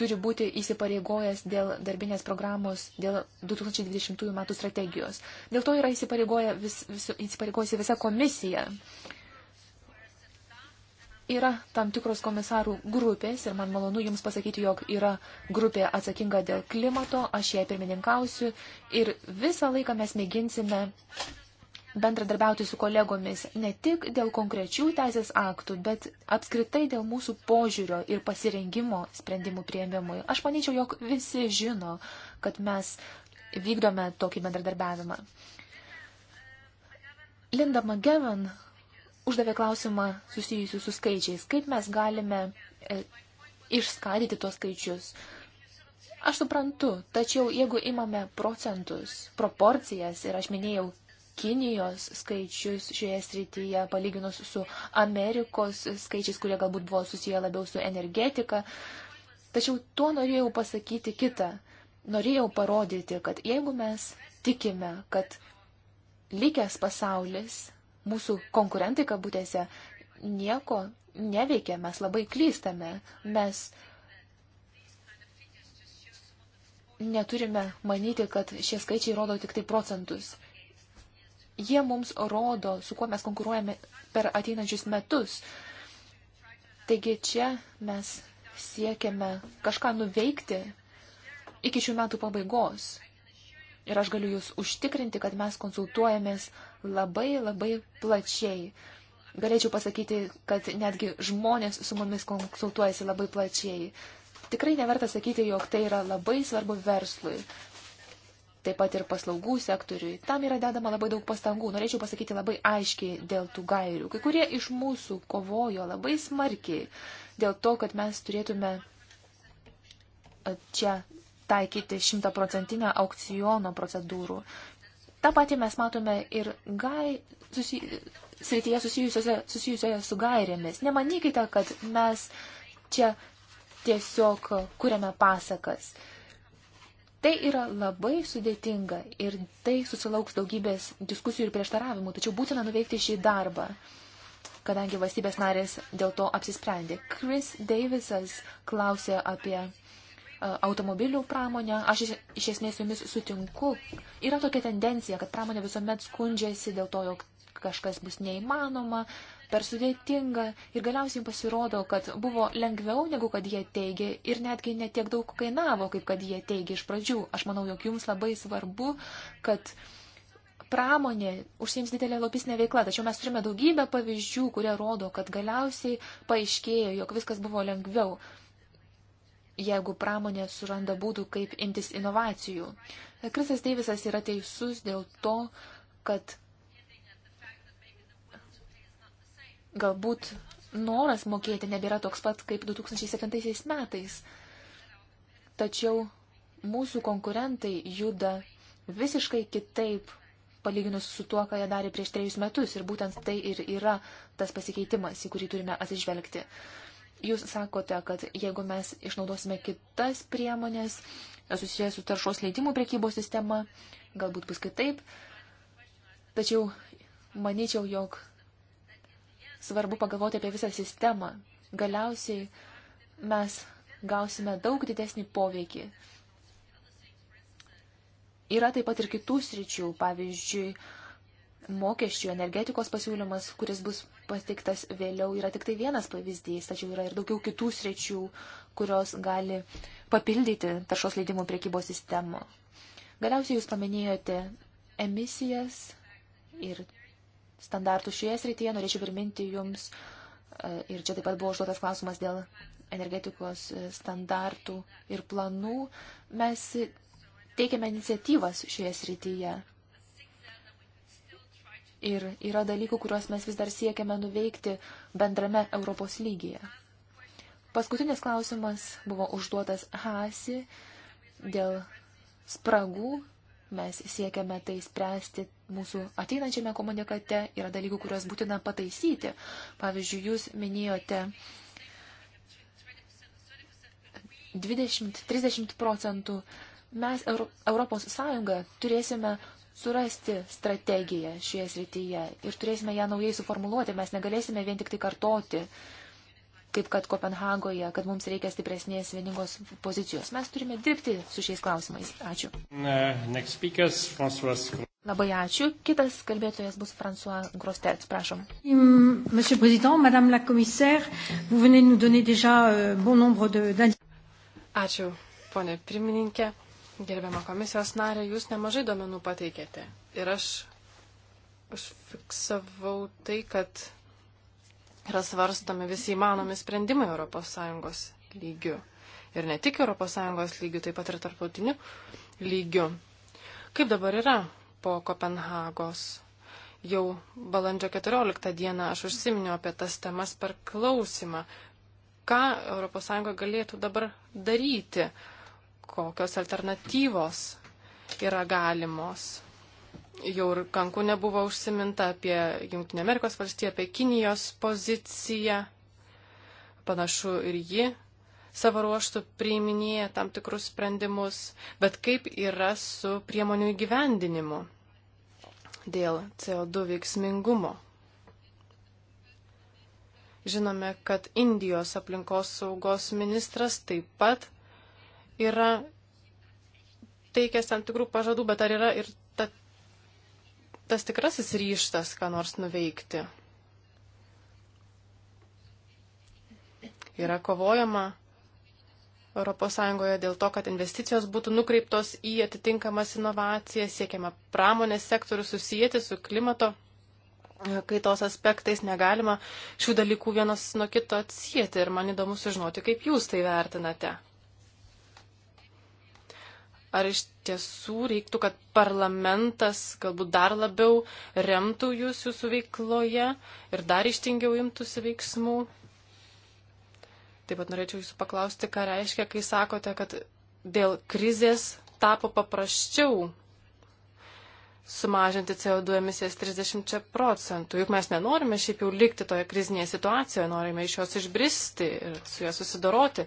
turi būti įsipareigojęs dėl darbinės programos, dėl 2020 metų strategijos. Dėl to yra įsipareigoja vis, vis, įsipareigojusi visa komisija. Yra tam tikros komisarų grupės ir man malonu Jums pasakyti, jog yra grupė atsakinga dėl klimato, aš jai pirmininkausiu ir visą laiką mes mėginsime bendradarbiauti su kolegomis ne tik dėl konkrečių teisės aktų, bet apskritai dėl mūsų požiūrio ir pasirengimo sprendimų prieimimui. Aš manyčiau, jog visi žino, kad mes vykdome tokį bendradarbiavimą. Linda McGevan uždavė klausimą susijusiu su skaičiais. Kaip mes galime e, išskaidyti tuos skaičius? Aš suprantu, tačiau jeigu imame procentus, proporcijas, ir aš minėjau Kinijos skaičius šioje srityje palyginus su Amerikos skaičiais, kurie galbūt buvo susiję labiau su energetika. Tačiau tuo norėjau pasakyti kitą. Norėjau parodyti, kad jeigu mes tikime, kad likęs pasaulis, mūsų konkurentai kabutėse, nieko neveikia, mes labai klystame, mes neturime manyti, kad šie skaičiai rodo tik tai procentus. Jie mums rodo, su kuo mes konkuruojame per ateinančius metus. Taigi čia mes siekiame kažką nuveikti iki šių metų pabaigos. Ir aš galiu Jūs užtikrinti, kad mes konsultuojamės labai labai plačiai. Galėčiau pasakyti, kad netgi žmonės su mumis konsultuojasi labai plačiai. Tikrai neverta sakyti, jog tai yra labai svarbu verslui taip pat ir paslaugų sektoriui. Tam yra dedama labai daug pastangų. Norėčiau pasakyti labai aiškiai dėl tų gairių. Kai kurie iš mūsų kovojo labai smarkiai dėl to, kad mes turėtume e, čia taikyti šimtaprocentinę aukciono procedūrų. Ta pati mes matome ir gai, susi, srityje susijusiose, susijusioje su gairėmis. Nemanykite, kad mes čia tiesiog kuriame pasakas. Uh, Tai yra labai sudėtinga ir tai susilauks daugybės diskusijų ir prieštaravimų, tačiau būtina nuveikti šį darbą, kadangi valstybės narės dėl to apsisprendė. Chris Davisas klausė apie e, automobilių pramonę. Aš iš, iš esmės jumis sutinku. Yra tokia tendencija, kad pramonė visuomet skundžiasi dėl to, jog kažkas bus neįmanoma, per sudėtinga ir galiausiai pasirodo, kad buvo lengviau negu kad jie teigė ir netgi netiek daug kainavo, kaip kad jie teigė iš pradžių. Aš manau, jog jums labai svarbu, kad pramonė užsiims didelę lobistinę veiklą, tačiau mes turime daugybę pavyzdžių, kurie rodo, kad galiausiai paaiškėjo, jog viskas buvo lengviau, jeigu pramonė suranda būdų, kaip imtis inovacijų. Krisas Deivisas yra teisus dėl to, kad Galbūt noras mokėti nebėra toks pat kaip 2007 metais. Tačiau mūsų konkurentai juda visiškai kitaip palyginus su tuo, ką jie darė prieš trejus metus. Ir būtent tai ir yra tas pasikeitimas, į kurį turime atsižvelgti. Jūs sakote, kad jeigu mes išnaudosime kitas priemonės susijęs su taršos leidimų prekybos sistema, galbūt bus kitaip. Tačiau manyčiau, jog svarbu pagalvoti apie visą sistemą. Galiausiai mes gausime daug didesnį poveikį. Yra taip pat ir kitų sričių, pavyzdžiui, mokesčių energetikos pasiūlymas, kuris bus pateiktas vėliau, yra tik tai vienas pavyzdys, tačiau yra ir daugiau kitų sričių, kurios gali papildyti taršos leidimų priekybos sistemą. Galiausiai jūs paminėjote emisijas ir standartų šioje srityje. Norėčiau priminti jums, e, ir čia taip pat buvo užduotas klausimas dėl energetikos e, standartų ir planų. Mes teikiame iniciatyvas šioje srityje. Ir yra dalykų, kuriuos mes vis dar siekiame nuveikti bendrame Europos lygyje. Paskutinis klausimas buvo užduotas Hasi dėl spragų Mes siekiame tai spręsti mūsų ateinančiame komunikate. Yra dalykų, kuriuos būtina pataisyti. Pavyzdžiui, jūs minėjote 20-30 procentų. Mes, Europos Sąjunga, turėsime surasti strategiją šioje srityje ir turėsime ją naujai suformuluoti. Mes negalėsime vien tik tai kartoti uh, kaip kad Kopenhagoje, kad mums reikia stipresnės vieningos pozicijos. Mes turime dirbti su šiais klausimais. Ačiū.
Next speakers, François...
Labai ačiū.
Kitas kalbėtojas bus François Grostet. Prašom. Monsieur Président, Madame la Commissaire, vous venez nous donner déjà euh, bon nombre de... Ačiū, ponė pirmininkė. Gerbiama komisijos narė, jūs nemažai domenų pateikėte. Ir aš užfiksavau tai, kad yra svarstomi visi įmanomi sprendimai ES lygių. Ir ne tik ES lygių, taip pat ir tarptautinių lygių. Kaip dabar yra po Kopenhagos? Jau balandžio 14 dieną aš užsiminiau apie tas temas per klausimą. Ką ES galėtų dabar daryti? Kokios alternatyvos yra galimos? jau ir Kankūne buvo užsiminta apie Junktinė Amerikos valstiją, apie Kinijos poziciją. Panašu ir ji savo ruoštų priiminėja tam tikrus sprendimus, bet kaip yra su priemonių įgyvendinimu dėl CO2 veiksmingumo. Žinome, kad Indijos aplinkos saugos ministras taip pat yra teikęs tam tikrų pažadų, bet ar yra ir tas tikrasis ryštas, ką nors nuveikti. Yra kovojama ES dėl to, kad investicijos būtų nukreiptos į atitinkamas inovacijas, siekiama pramonės sektorių susijęti su klimato kaitos aspektais, negalima šių dalykų vienas nuo kito atsijėti ir man įdomu sužinoti, kaip jūs tai vertinate ar iš tiesų reiktų, kad parlamentas galbūt dar labiau remtų jūs jūsų veikloje ir dar ištingiau imtųsi veiksmų? Taip pat norėčiau jūsų paklausti, ką reiškia, kai sakote, kad dėl krizės tapo paprasčiau sumažinti CO2 emisijas 30 procentų. Juk mes nenorime šiaip jau likti toje krizinėje situacijoje, norime iš jos išbristi ir su ja susidoroti.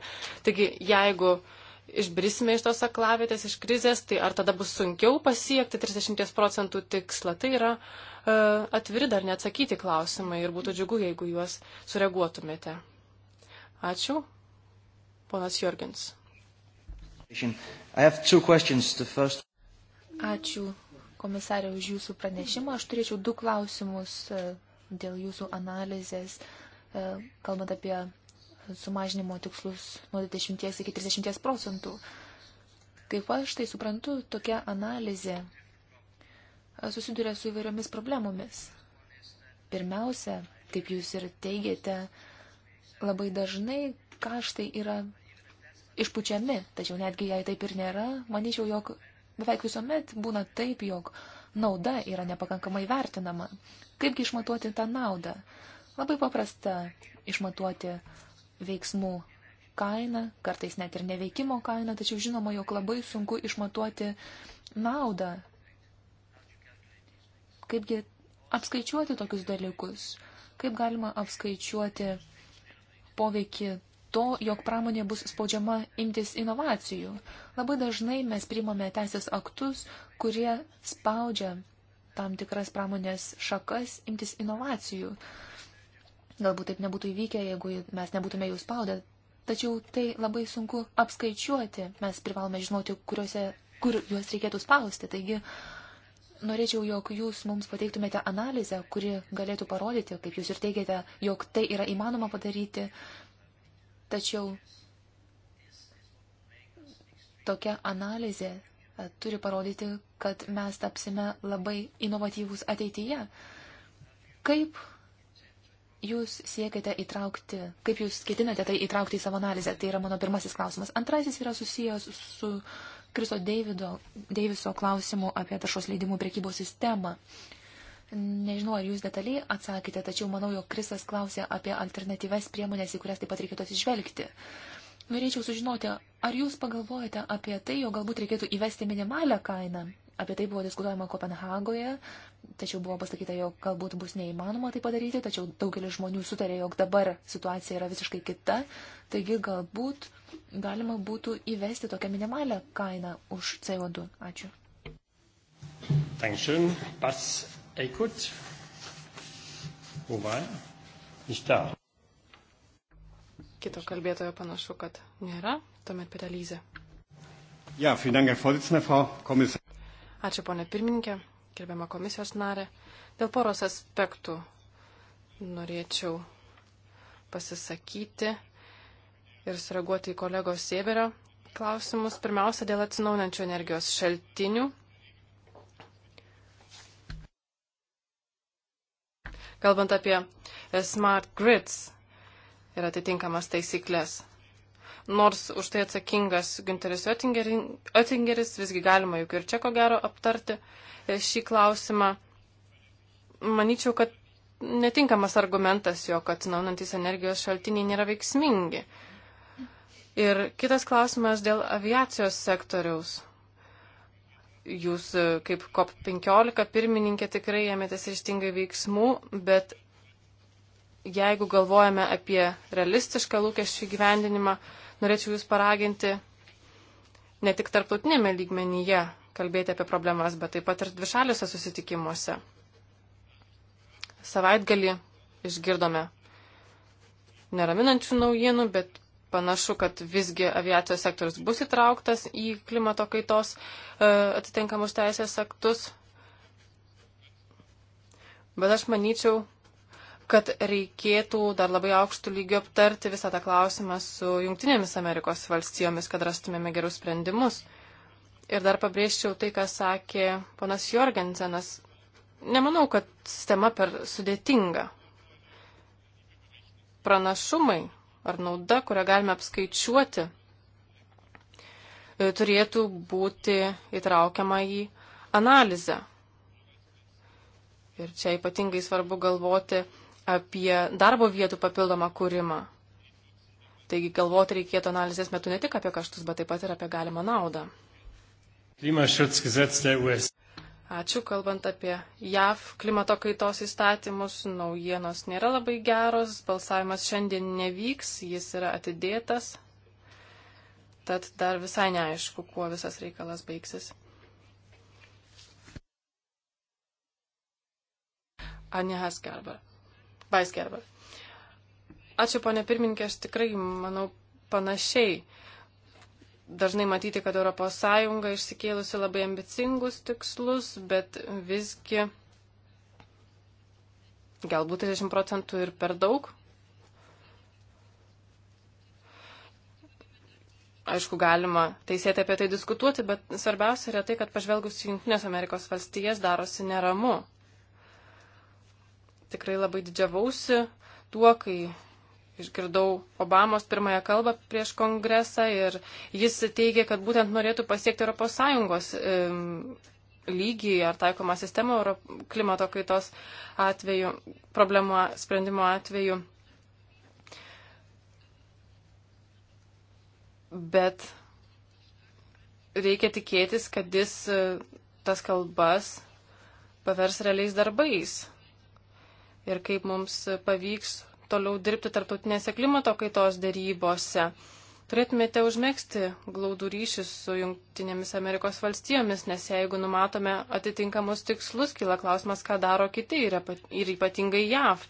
Taigi, jeigu uh, išbrisime iš tos aklavietės, iš krizės, tai ar tada bus sunkiau pasiekti 30 procentų tikslą? Tai yra e, atviri dar neatsakyti klausimai ir būtų džiugu, jeigu juos sureaguotumėte. Ačiū. Ponas Jorgens. First... Ačiū komisarė už jūsų
pranešimą. Aš turėčiau du klausimus e, dėl jūsų analizės, e, kalbant apie sumažinimo tikslus nuo 20 iki 30 procentų. Kaip aš tai suprantu, tokia analizė susiduria su įvairiomis problemomis. Pirmiausia, kaip jūs ir teigiate, labai dažnai kaštai yra išpučiami, tačiau netgi jei taip ir nėra, manyčiau, jog beveik visuomet būna taip, jog nauda yra nepakankamai vertinama. Kaipgi išmatuoti tą naudą? Labai paprasta išmatuoti veiksmų kainą, kartais net ir neveikimo kainą, tačiau žinoma, jog labai sunku išmatuoti naudą. Kaipgi apskaičiuoti tokius dalykus? Kaip galima apskaičiuoti poveikį to, jog pramonė bus spaudžiama imtis inovacijų? Labai dažnai mes priimame teisės aktus, kurie spaudžia tam tikras pramonės šakas imtis inovacijų. Galbūt taip nebūtų įvykę, jeigu mes nebūtume jų spaudę. Tačiau tai labai sunku apskaičiuoti. Mes privalome žinoti, kuriuose, kur juos reikėtų spausti. Taigi, norėčiau, jog jūs mums pateiktumėte analizę, kuri galėtų parodyti, kaip jūs ir teigiate, jog tai yra įmanoma padaryti. Tačiau tokia analizė e, turi parodyti, kad mes tapsime labai inovatyvūs ateityje. Kaip jūs siekiate įtraukti, kaip jūs ketinate tai įtraukti į savo analizę? Tai yra mano pirmasis klausimas. Antrasis yra susijęs su Kriso Deivido, Deiviso klausimu apie taršos leidimų priekybos sistemą. Nežinau, ar jūs detaliai atsakėte, tačiau manau, jog Krisas klausė apie alternatyves priemonės, į kurias taip pat reikėtų atsižvelgti. Norėčiau sužinoti, ar jūs pagalvojate apie tai, jo galbūt reikėtų įvesti minimalę kainą, Apie tai buvo diskutuojama Kopenhagoje, tačiau buvo pasakyta, jog galbūt bus neįmanoma tai padaryti, tačiau daugelis žmonių sutarė, jog dabar situacija yra visiškai kita, taigi galbūt galima būtų įvesti tokią minimalę kainą už CO2. Ačiū.
Dankeschön. Bas Eikut. Wo war er? Nicht da.
Kito kalbėtojo panašu, kad nėra. Tuomet Petelyzė.
Ja, vielen Dank, Herr Vorsitzender, Frau Kommissarin.
Ačiū, ponė pirmininkė, gerbiama komisijos narė. Dėl poros aspektų norėčiau pasisakyti ir sureaguoti į kolegos Sėberio klausimus. Pirmiausia, dėl atsinaunančių energijos šaltinių. Kalbant apie smart grids ir atitinkamas taisyklės nors už tai atsakingas Günteris Oettingeris, visgi galima juk ir čia ko gero aptarti e, šį klausimą. Manyčiau, kad netinkamas argumentas jo, kad atsinaunantis energijos šaltiniai nėra veiksmingi. Ir kitas klausimas dėl aviacijos sektoriaus. Jūs e, kaip COP15 pirmininkė tikrai ėmėtės ryštingai veiksmų, bet jeigu galvojame apie realistišką lūkesčių gyvendinimą, norėčiau Jūs paraginti ne tik tarptautinėme lygmenyje kalbėti apie problemas, bet taip pat ir dvišaliuose susitikimuose. Savaitgalį išgirdome neraminančių naujienų, bet panašu, kad visgi aviacijos sektorius bus įtrauktas į klimato kaitos e, atitinkamus teisės aktus. Bet aš manyčiau, kad reikėtų dar labai aukštų lygių aptarti visą tą klausimą su Junktinėmis Amerikos valstijomis, kad rastumėme gerus sprendimus. Ir dar pabrėžčiau tai, ką sakė ponas Jorgensenas. Nemanau, kad sistema per sudėtinga. Pranašumai ar nauda, kurią galime apskaičiuoti, e, turėtų būti įtraukiama į analizę. Ir čia ypatingai svarbu galvoti apie darbo vietų papildomą kūrimą. Taigi galvoti reikėtų analizės metu ne tik apie kaštus, bet taip pat ir apie galimą naudą. Ačiū, kalbant apie JAV klimato kaitos įstatymus, naujienos nėra labai geros, balsavimas šiandien nevyks, jis yra atidėtas, tad dar visai neaišku, kuo visas reikalas baigsis. Anja Haskerber. Weisgerber. Ačiū, ponė pirmininkė, aš tikrai, manau, panašiai. Dažnai matyti, kad ES išsikėlusi labai ambicingus tikslus, bet visgi galbūt 30 procentų ir per daug. Aišku, galima teisėtai apie tai diskutuoti, bet svarbiausia yra tai, kad pažvelgus į Junktinės Amerikos valstijas darosi neramu tikrai labai didžiavausi tuo, kai išgirdau Obamos pirmąją kalbą prieš kongresą ir jis teigia, kad būtent norėtų pasiekti ES lygį ar taikomą sistemą klimato kaitos atveju, problemų sprendimo atveju. Bet reikia tikėtis, kad jis e, tas kalbas pavers realiais darbais ir kaip mums pavyks toliau dirbti tarptautinėse klimato kaitos dėrybose. Turėtumėte užmėgsti glaudų ryšį su Junktinėmis Amerikos valstijomis, nes jeigu numatome atitinkamus tikslus, kyla klausimas, ką daro kiti ir ypatingai JAV.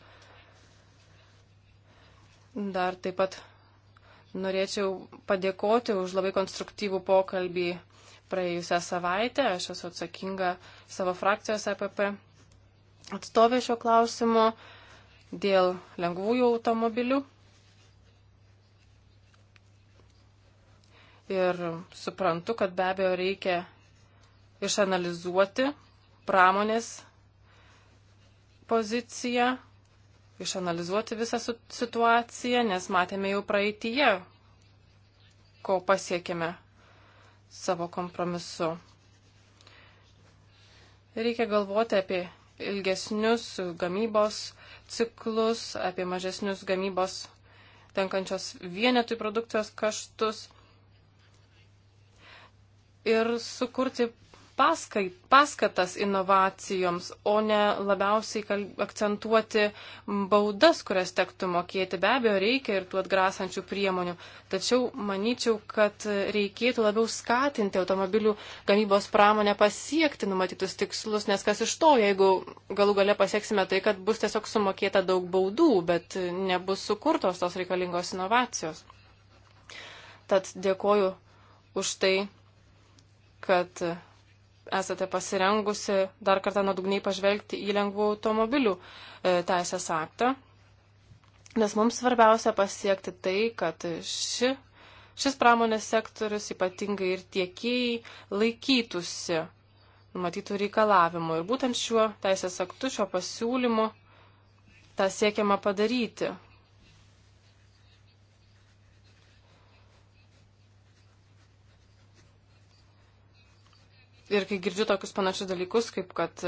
Dar taip pat norėčiau padėkoti už labai konstruktyvų pokalbį praėjusią savaitę. Aš esu atsakinga savo frakcijos EPP atstovė šio klausimo dėl lengvųjų automobilių. Ir suprantu, kad be abejo reikia išanalizuoti pramonės poziciją, išanalizuoti visą situaciją, nes matėme jau praeitįje, ko pasiekėme savo kompromisu. Reikia galvoti apie ilgesnius gamybos ciklus, apie mažesnius gamybos tenkančios vienetui produkcijos kaštus ir sukurti paskai, paskatas inovacijoms, o ne labiausiai kal, akcentuoti baudas, kurias tektų mokėti. Be abejo, reikia ir tų atgrasančių priemonių. Tačiau manyčiau, kad reikėtų labiau skatinti automobilių gamybos pramonę pasiekti numatytus tikslus, nes kas iš to, jeigu galų gale pasieksime tai, kad bus tiesiog sumokėta daug baudų, bet nebus sukurtos tos reikalingos inovacijos. Tad dėkoju už tai, kad esate pasirengusi dar kartą nuodugniai pažvelgti į lengvų automobilių e, teisės aktą. Nes mums svarbiausia pasiekti tai, kad ši, šis pramonės sektorius, ypatingai ir tiekėjai, laikytųsi numatytų reikalavimų. Ir būtent šiuo teisės aktu, šiuo pasiūlymu tą siekiama padaryti. Ir kai girdžiu tokius panašius dalykus, kaip kad,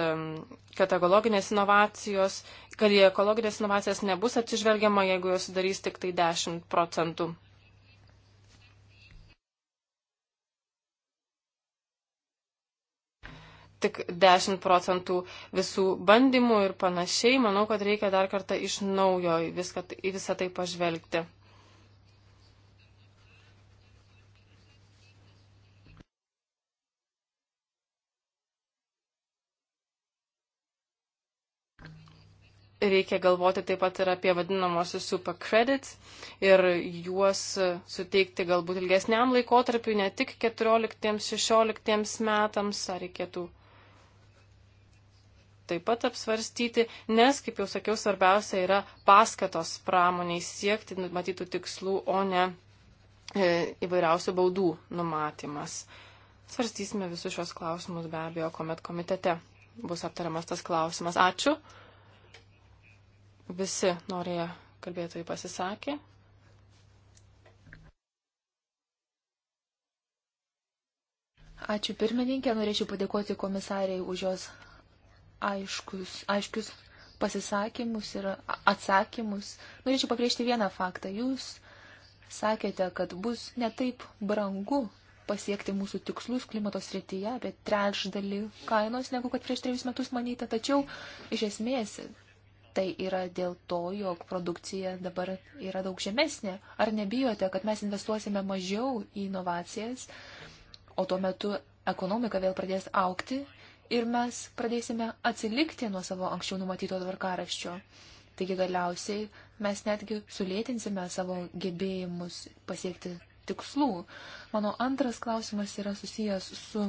kad ekologinės inovacijos, kad į ekologinės inovacijas nebus atsižvelgiama, jeigu jos darys tik tai 10 procentų. Tik 10 procentų visų bandymų ir panašiai, manau, kad reikia dar kartą iš naujo į viską, į visą tai pažvelgti. reikia galvoti taip pat ir apie vadinamosius super credits ir juos suteikti galbūt ilgesniam laikotarpiu, ne tik 14-16 metams, ar reikėtų taip pat apsvarstyti, nes, kaip jau sakiau, svarbiausia yra paskatos pramoniai siekti matytų tikslų, o ne e, įvairiausių baudų numatymas. Svarstysime visus šios klausimus be abejo, kuomet komitete bus aptariamas tas klausimas. Ačiū. Visi norėjo kalbėtojai pasisakė.
Ačiū pirmininkė, norėčiau padėkoti komisariai už jos aiškus, aiškius pasisakymus ir atsakymus. Norėčiau papriešti vieną faktą. Jūs sakėte, kad bus netaip brangu pasiekti mūsų tikslus klimato srityje apie trečdalį kainos, negu kad prieš trejus metus manyta. Tačiau iš esmės Tai yra dėl to, jog produkcija dabar yra daug žemesnė. Ar nebijote, kad mes investuosime mažiau į inovacijas, o tuo metu ekonomika vėl pradės aukti ir mes pradėsime atsilikti nuo savo anksčiau numatyto tvarkaraščio. Taigi galiausiai mes netgi sulėtinsime savo gebėjimus pasiekti tikslų. Mano antras klausimas yra susijęs su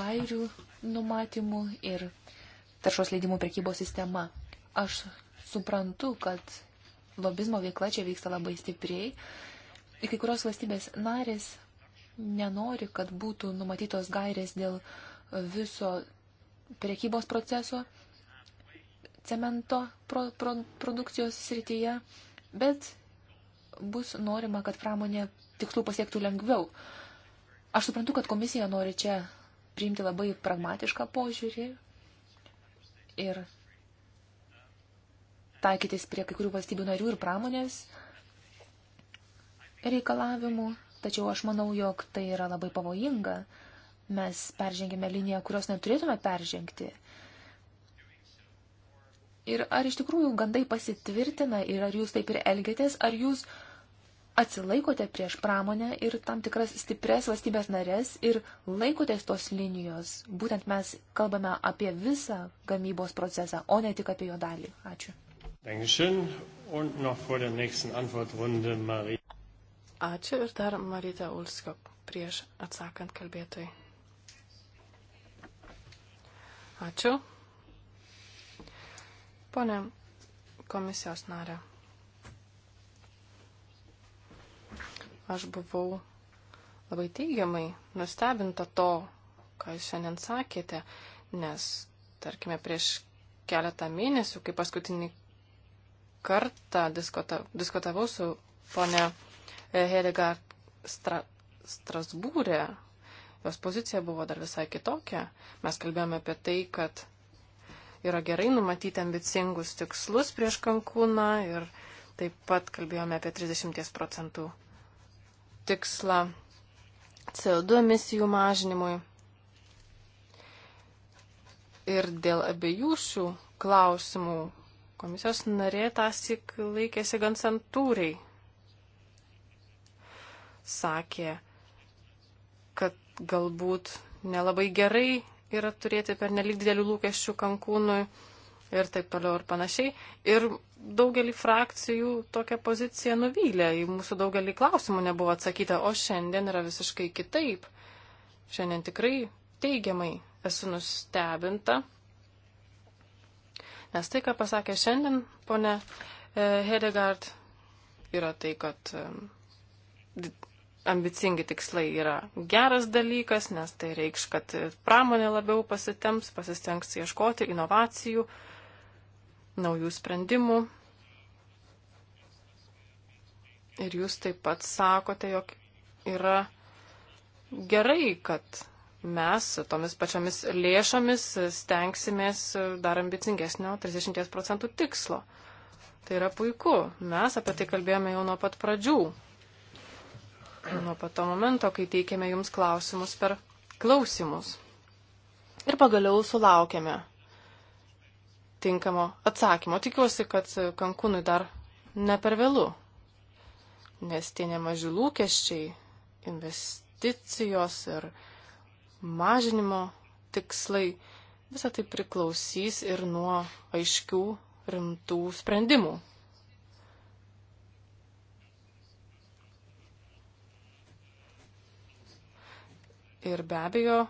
gairių numatymu ir taršos leidimų prekybos sistema. Aš suprantu, kad lobizmo veikla čia vyksta labai stipriai. Ir kai kurios valstybės narės nenori, kad būtų numatytos gairės dėl viso prekybos proceso cemento pro, pro, produkcijos srityje, bet bus norima, kad pramonė tikslų pasiektų lengviau. Aš suprantu, kad komisija nori čia priimti labai pragmatišką požiūrį, ir taikytis prie kai kurių valstybių narių ir pramonės reikalavimų, tačiau aš manau, jog tai yra labai pavojinga. Mes peržengėme liniją, kurios neturėtume peržengti. Ir ar iš tikrųjų gandai pasitvirtina ir ar jūs taip ir elgiatės, ar jūs atsilaikote prieš pramonę ir tam tikras stipres valstybės narės ir laikotės tos linijos. Būtent mes kalbame apie visą gamybos procesą, o ne tik apie jo dalį. Ačiū.
Ačiū ir dar Marita Ulskop prieš atsakant kalbėtojai. Ačiū. Pone komisijos narė. aš buvau labai teigiamai nustebinta to, ką jūs šiandien sakėte, nes, tarkime, prieš keletą mėnesių, kai paskutinį kartą diskota, diskutavau su ponė Heligard Stra, Strasbūrė, jos pozicija buvo dar visai kitokia. Mes kalbėjome apie tai, kad yra gerai numatyti ambicingus tikslus prieš Kankūną ir taip pat kalbėjome apie 30 procentų tikslą CO2 emisijų mažinimui. Ir dėl abiejų šių klausimų komisijos narė tąsik laikėsi gan santūriai. Sakė, kad galbūt nelabai gerai yra turėti per nelik didelių lūkesčių kankūnui ir taip toliau ir panašiai. Ir daugelį frakcijų tokia pozicija nuvylė, į mūsų daugelį klausimų nebuvo atsakyta, o šiandien yra visiškai kitaip. Šiandien tikrai teigiamai esu nustebinta. Nes tai, ką pasakė šiandien ponė e, Hedegard, yra tai, kad e, ambicingi tikslai yra geras dalykas, nes tai reikš, kad pramonė labiau pasitemps, pasistengs ieškoti inovacijų, uh, naujų sprendimų. Ir jūs taip pat sakote, jog yra gerai, kad mes tomis pačiomis lėšomis stengsimės dar ambicingesnio 30 procentų tikslo. Tai yra puiku. Mes apie tai kalbėjome jau nuo pat pradžių. Nuo pat to momento, kai teikėme jums klausimus per klausimus. Ir pagaliau sulaukėme tinkamo atsakymo. Tikiuosi, kad Kankūnui dar ne per vėlų, nes tie nemaži lūkesčiai, investicijos ir mažinimo tikslai, visą tai priklausys ir nuo aiškių rimtų sprendimų. Ir be abejo,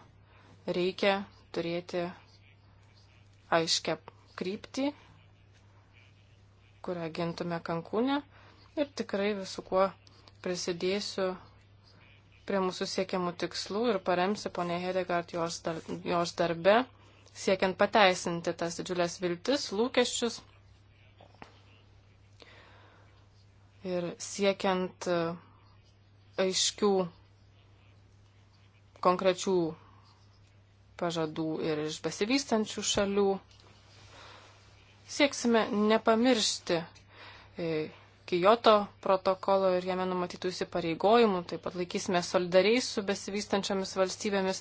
reikia turėti aiškę kryptį, kurią gintume Kankūne ir tikrai visu kuo prisidėsiu prie mūsų siekiamų tikslų ir paremsiu ponė Hedegard jos, dar, jos darbe, siekiant pateisinti tas didžiulės viltis, lūkesčius ir siekiant e, aiškių konkrečių pažadų ir iš besivystančių šalių Sieksime nepamiršti e, Kijoto protokolo ir jame numatytų įsipareigojimų, taip pat laikysime solidariai su besivystančiamis valstybėmis.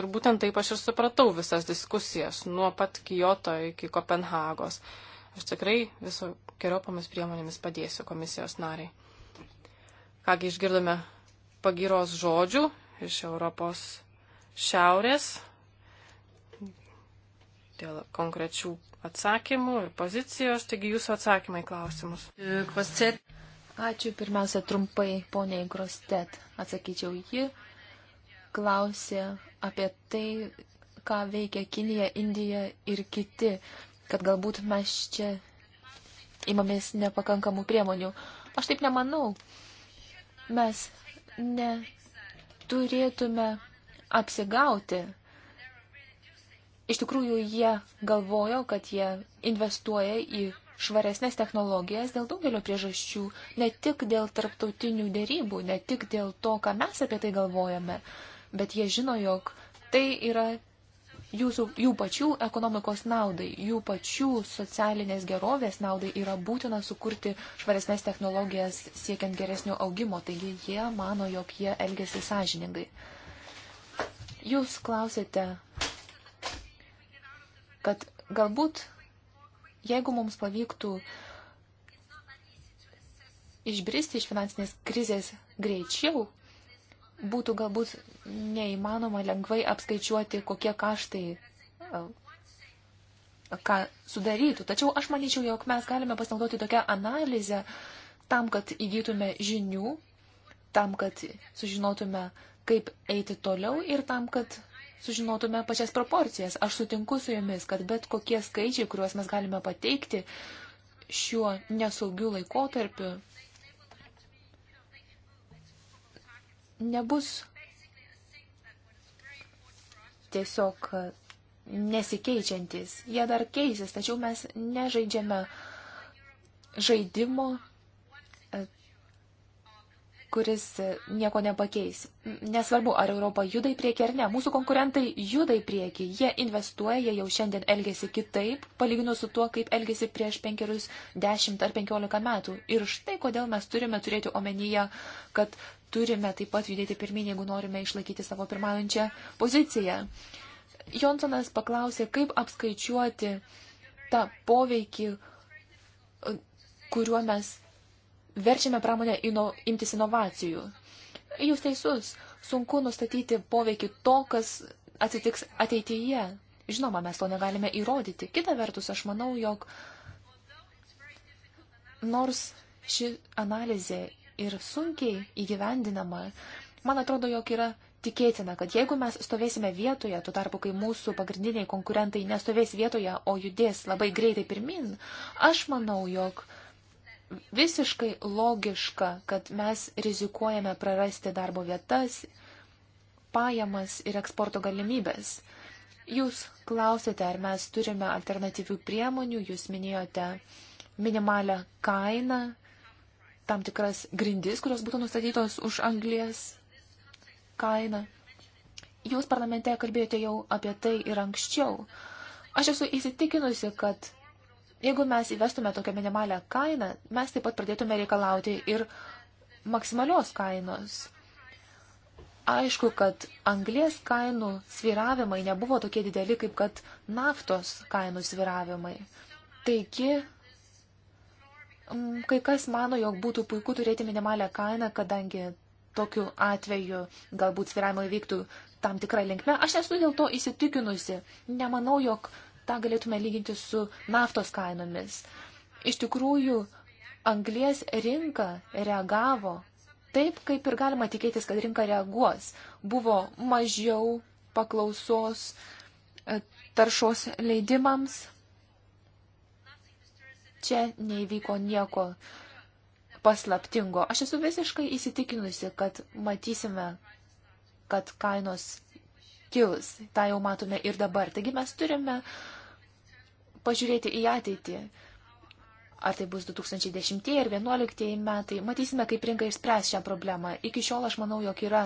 Ir būtent taip aš ir supratau visas diskusijas nuo pat Kijoto iki Kopenhagos. Aš tikrai viso keriopomis priemonėmis padėsiu komisijos nariai. Kągi išgirdome pagiros žodžių iš Europos šiaurės dėl konkrečių atsakymų ir pozicijos, taigi jūsų atsakymai klausimus.
Ačiū pirmiausia trumpai, poniai Grostet. Atsakyčiau, ji klausė apie tai, ką veikia Kinija, Indija ir kiti, kad galbūt mes čia imamės nepakankamų priemonių. Aš taip nemanau. Mes neturėtume apsigauti Iš tikrųjų, jie galvojo, kad jie investuoja į švaresnės technologijas dėl daugelio priežasčių, ne tik dėl tarptautinių dėrybų, ne tik dėl to, ką mes apie tai galvojame, bet jie žino, jog tai yra jūsų, jų pačių ekonomikos naudai, jų pačių socialinės gerovės naudai yra būtina sukurti švaresnės technologijas siekiant geresnio augimo, taigi jie mano, jog jie elgesi sąžiningai. Jūs klausėte kad galbūt jeigu mums pavyktų išbristi iš finansinės krizės greičiau, būtų galbūt neįmanoma lengvai apskaičiuoti, kokie kaštai e, ką sudarytų. Tačiau aš manyčiau, jog mes galime pasinaudoti tokią analizę tam, kad įgytume žinių, tam, kad sužinotume, kaip eiti toliau ir tam, kad sužinotume pačias proporcijas. Aš sutinku su jumis, kad bet kokie skaičiai, kuriuos mes galime pateikti šiuo nesaugiu laikotarpiu, nebus tiesiog nesikeičiantis. Jie dar keisis, tačiau mes nežaidžiame žaidimo kuris e, nieko nepakeis. Nesvarbu, ar Europa juda į priekį ar ne, mūsų konkurentai juda į priekį, jie investuoja, jie jau šiandien elgesi kitaip, palyginus su tuo, kaip elgesi prieš penkerius, dešimt ar penkiolika metų. Ir štai kodėl mes turime turėti omenyje, kad turime taip pat judėti pirmin, jeigu norime išlaikyti savo pirmaujančią poziciją. Jonsonas paklausė, kaip apskaičiuoti tą poveikį, e, kuriuo mes verčiame pramonę ino, imtis inovacijų. Jūs teisus, sunku nustatyti poveikį to, kas atsitiks ateityje. Žinoma, mes to negalime įrodyti. Kita vertus, aš manau, jog nors ši analizė ir sunkiai įgyvendinama, man atrodo, jog yra tikėtina, kad jeigu mes stovėsime vietoje, tuo tarpu, kai mūsų pagrindiniai konkurentai nestovės vietoje, o judės labai greitai pirmin, aš manau, jog visiškai logiška, kad mes rizikuojame prarasti darbo vietas, pajamas ir eksporto galimybės. Jūs klausėte, ar mes turime alternatyvių priemonių, jūs minėjote minimalę kainą, tam tikras grindis, kurios būtų nustatytos už anglės kainą. Jūs parlamente kalbėjote jau apie tai ir anksčiau. Aš esu įsitikinusi, kad Jeigu mes įvestume tokią minimalę kainą, mes taip pat pradėtume reikalauti ir maksimalios kainos. Aišku, kad anglės kainų sviravimai nebuvo tokie dideli, kaip kad naftos kainų sviravimai. Taigi, mm, kai kas mano, jog būtų puiku turėti minimalę kainą, kadangi tokiu atveju galbūt sviravimai vyktų tam tikrą linkmę. Aš esu dėl to įsitikinusi. Nemanau, jog tą galėtume lyginti su naftos kainomis. Iš tikrųjų, anglės rinka reagavo taip, kaip ir galima tikėtis, kad rinka reaguos. Buvo mažiau paklausos e, taršos leidimams. Čia neįvyko nieko paslaptingo. Aš esu visiškai įsitikinusi, kad matysime, kad kainos kils. Ta jau matome ir dabar. Taigi mes turime pažiūrėti į ateitį. Ar tai bus 2010 ir 2011 metai, matysime, kaip rinka išspręs šią problemą. Iki šiol aš manau, jog yra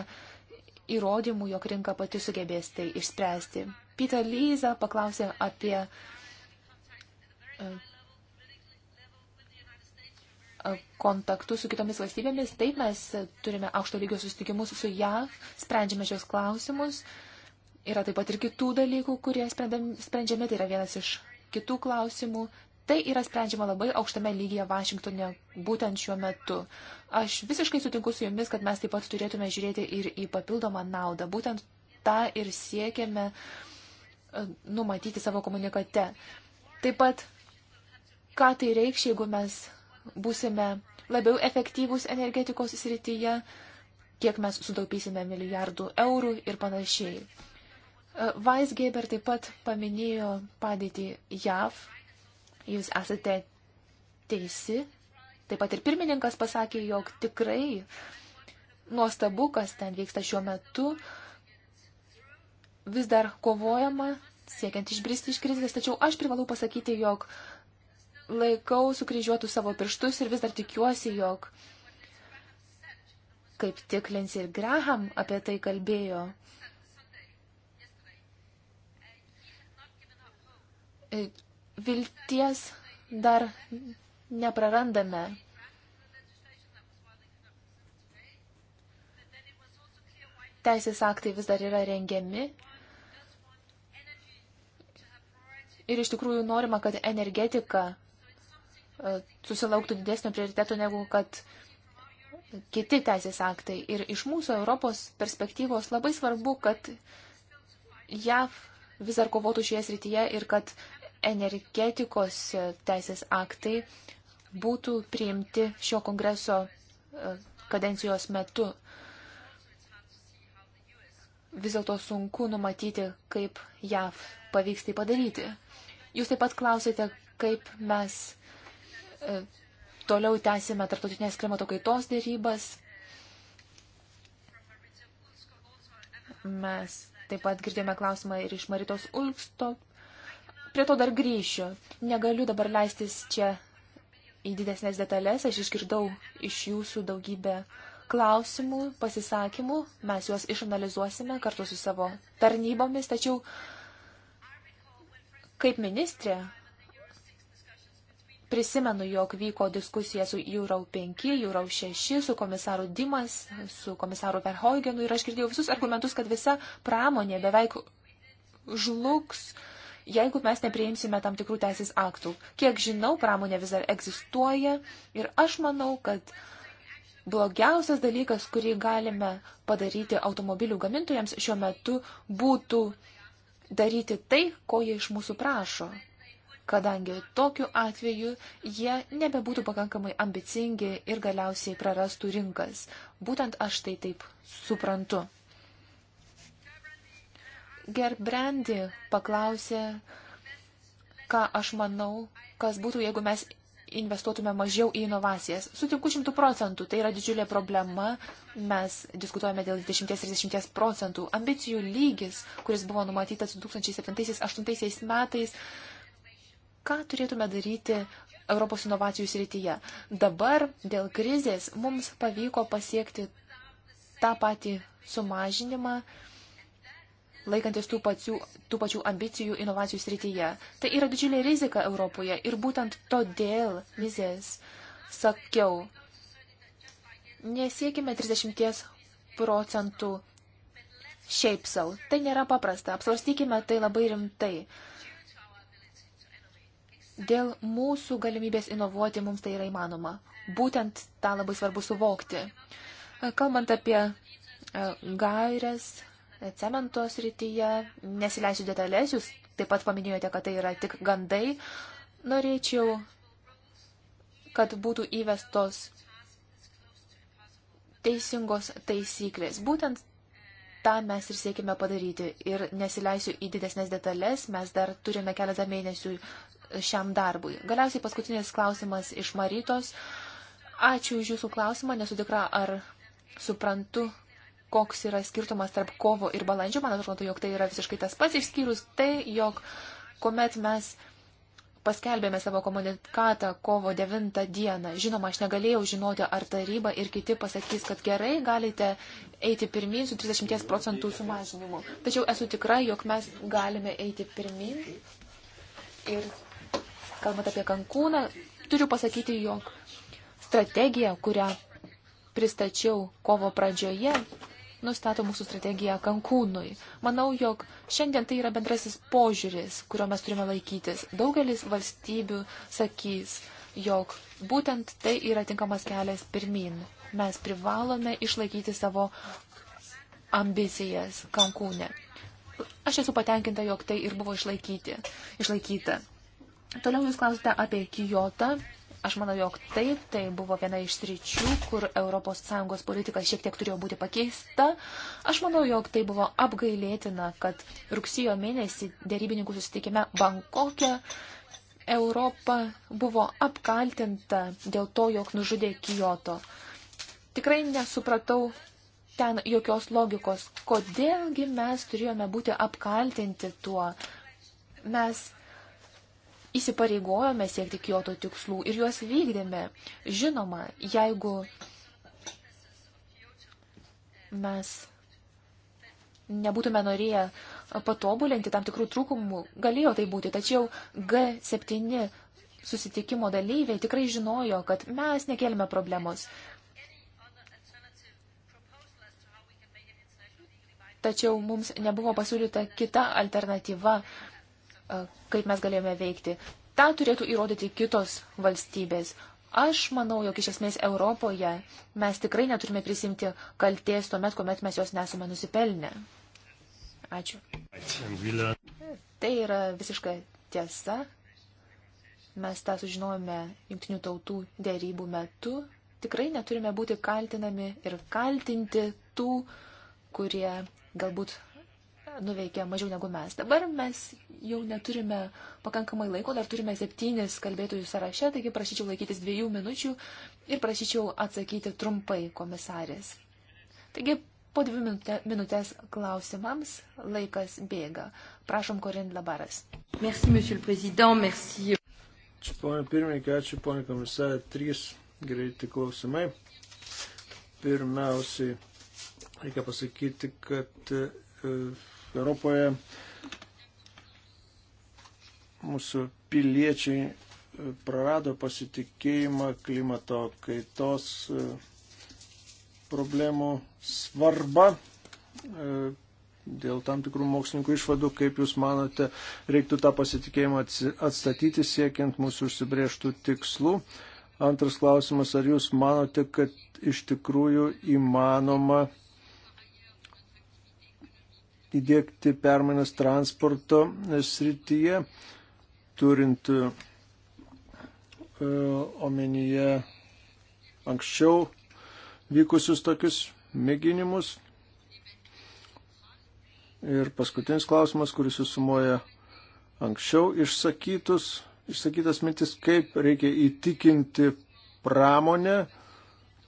įrodymų, jog rinka pati sugebės tai išspręsti. Peter Lyza paklausė apie e, kontaktus su kitomis valstybėmis. Taip mes turime aukšto lygio susitikimus su JAV, sprendžiame šios klausimus. Uh, Yra taip pat ir kitų dalykų, kurie sprendžiami, tai yra vienas iš kitų klausimų. Tai yra sprendžiama labai aukštame lygyje Vašingtonė būtent šiuo metu. Aš visiškai sutinku su jumis, kad mes taip pat turėtume žiūrėti ir į papildomą naudą. Būtent tą ir siekiame e, numatyti savo komunikate. Taip pat, ką tai reikš, jeigu mes būsime labiau efektyvūs energetikos srityje, kiek mes sutaupysime milijardų eurų ir panašiai. Weisgeber taip pat paminėjo padėtį JAV. Jūs esate teisi. Taip pat ir pirmininkas pasakė, jog tikrai nuostabu, kas ten vyksta šiuo metu. Vis dar kovojama, siekiant išbristi iš krizės, tačiau aš privalau pasakyti, jog laikau sukryžiuotų savo pirštus ir vis dar tikiuosi, jog kaip tik Lindsey ir Graham apie tai kalbėjo E, vilties dar neprarandame. Teisės aktai vis dar yra rengiami. Ir iš tikrųjų norima, kad energetika e, susilauktų didesnio prioriteto negu kad kiti teisės aktai. Ir iš mūsų Europos perspektyvos labai svarbu, kad JAV vis dar kovotų šioje srityje ir kad energetikos teisės aktai būtų priimti šio kongreso e, kadencijos metu. Vis dėlto sunku numatyti, kaip JAV pavyks tai padaryti. Jūs taip pat klausėte, kaip mes e, toliau tęsime tarptautinės klimato kaitos dėrybas. Mes taip pat girdėjome klausimą ir iš Maritos Ulkstok Prie to dar grįšiu. Negaliu dabar leistis čia į didesnės detalės. Aš išgirdau iš jūsų daugybę klausimų, pasisakymų. Mes juos išanalizuosime kartu su savo tarnybomis. Tačiau kaip ministrė prisimenu, jog vyko diskusija su Jūrau 5, Jūrau 6, su komisaru Dimas, su komisaru Verhoigenu ir aš girdėjau visus argumentus, kad visa pramonė beveik žlugs jeigu mes nepriimsime tam tikrų teisės aktų. Kiek žinau, pramonė vis dar egzistuoja ir aš manau, kad blogiausias dalykas, kurį galime padaryti automobilių gamintojams šiuo metu, būtų daryti tai, ko jie iš mūsų prašo. Kadangi tokiu atveju jie nebebūtų pakankamai ambicingi ir galiausiai prarastų rinkas. Būtent aš tai taip suprantu. Gerbrandi paklausė, ką aš manau, kas būtų, jeigu mes investuotume mažiau į inovacijas. Sutinku šimtų procentų, tai yra didžiulė problema. Mes diskutuojame dėl 20-30 procentų. Ambicijų lygis, kuris buvo numatytas 2007-2008 metais, ką turėtume daryti Europos inovacijų srityje. Dabar dėl krizės mums pavyko pasiekti tą patį sumažinimą laikantis tų pačių, tų pačių ambicijų inovacijų srityje. Tai yra didžiulė rizika Europoje ir būtent todėl vizės sakiau, nesiekime 30 procentų šiaip savo. Tai nėra paprasta. Apsvarstykime tai labai rimtai. Dėl mūsų galimybės inovuoti mums tai yra įmanoma. Būtent tą labai svarbu suvokti. Kalbant apie e, gairias, cemento srityje. Nesileisiu detalės, jūs taip pat paminėjote, kad tai yra tik gandai. Norėčiau, kad būtų įvestos teisingos taisyklės. Būtent tą mes ir siekime padaryti. Ir nesileisiu į didesnės detalės, mes dar turime keletą mėnesių šiam darbui. Galiausiai paskutinis klausimas iš Marytos. Ačiū už Jūsų klausimą, nesu tikra, ar suprantu koks yra skirtumas tarp kovo ir balandžio. Man atrodo, jog tai yra visiškai tas pats išskyrus tai, jog kuomet mes paskelbėme savo komunikatą kovo 9 dieną. Žinoma, aš negalėjau žinoti, ar taryba ir kiti pasakys, kad gerai galite eiti pirmin su 30 procentų sumažinimu. Tačiau esu tikra, jog mes galime eiti pirmin. Ir kalbant apie Kankūną, turiu pasakyti, jog strategija, kurią pristačiau kovo pradžioje, nustato mūsų strategiją Kankūnui. Manau, jog šiandien tai yra bendrasis požiūris, kurio mes turime laikytis. Daugelis valstybių sakys, jog būtent tai yra tinkamas kelias pirmin. Mes privalome išlaikyti savo ambicijas Kankūne. Aš esu patenkinta, jog tai ir buvo išlaikyti, išlaikyta. Toliau jūs klausite apie Kijotą Aš manau, jog taip, tai buvo viena iš sričių, kur ES politika šiek tiek turėjo būti pakeista. Aš manau, jog tai buvo apgailėtina, kad rugsėjo mėnesį dėrybininkų susitikime Bankokė Europa buvo apkaltinta dėl to, jog nužudė Kijoto. Tikrai nesupratau ten jokios logikos, kodėlgi mes turėjome būti apkaltinti tuo. Mes įsipareigojome siekti Kyoto tikslų ir juos vykdėme. Žinoma, jeigu mes nebūtume norėję patobulinti tam tikrų trūkumų, galėjo tai būti, tačiau G7 susitikimo dalyviai tikrai žinojo, kad mes nekelime problemos. Tačiau mums nebuvo pasiūlyta kita alternatyva, E, kaip mes galėjome veikti. Ta turėtų įrodyti kitos valstybės. Aš manau, jog iš esmės Europoje mes tikrai neturime prisimti kalties tuomet, kuomet mes jos nesame nusipelnę. Ačiū. Tai yra visiška tiesa. Mes tą sužinojome jungtinių tautų dėrybų metu. Tikrai neturime būti kaltinami ir kaltinti tų, kurie galbūt nuveikė mažiau negu mes. Dabar mes jau neturime pakankamai laiko, dar turime septynis kalbėtojų sąraše, taigi prašyčiau laikytis dviejų minučių ir prašyčiau atsakyti trumpai komisarės. Taigi po dvi minutės klausimams laikas bėga. Prašom, Korin Labaras. Merci, monsieur le président,
merci. Ačiū, ponė pirmininkė, ačiū, ponė komisarė. Trys greiti klausimai. Pirmiausiai, reikia pasakyti, kad e, Europoje mūsų piliečiai e, prarado pasitikėjimą klimato kaitos e, problemų svarba. E, dėl tam tikrų mokslininkų išvadų, kaip Jūs manote, reiktų tą pasitikėjimą atstatyti siekiant mūsų užsibrieštų tikslų. Antras klausimas, ar Jūs manote, kad iš tikrųjų įmanoma įdėkti permainas transporto srityje, turint e, omenyje anksčiau vykusius tokius mėginimus. Ir paskutinis klausimas, kuris susumoja anksčiau išsakytus, išsakytas mintis, kaip reikia įtikinti pramonę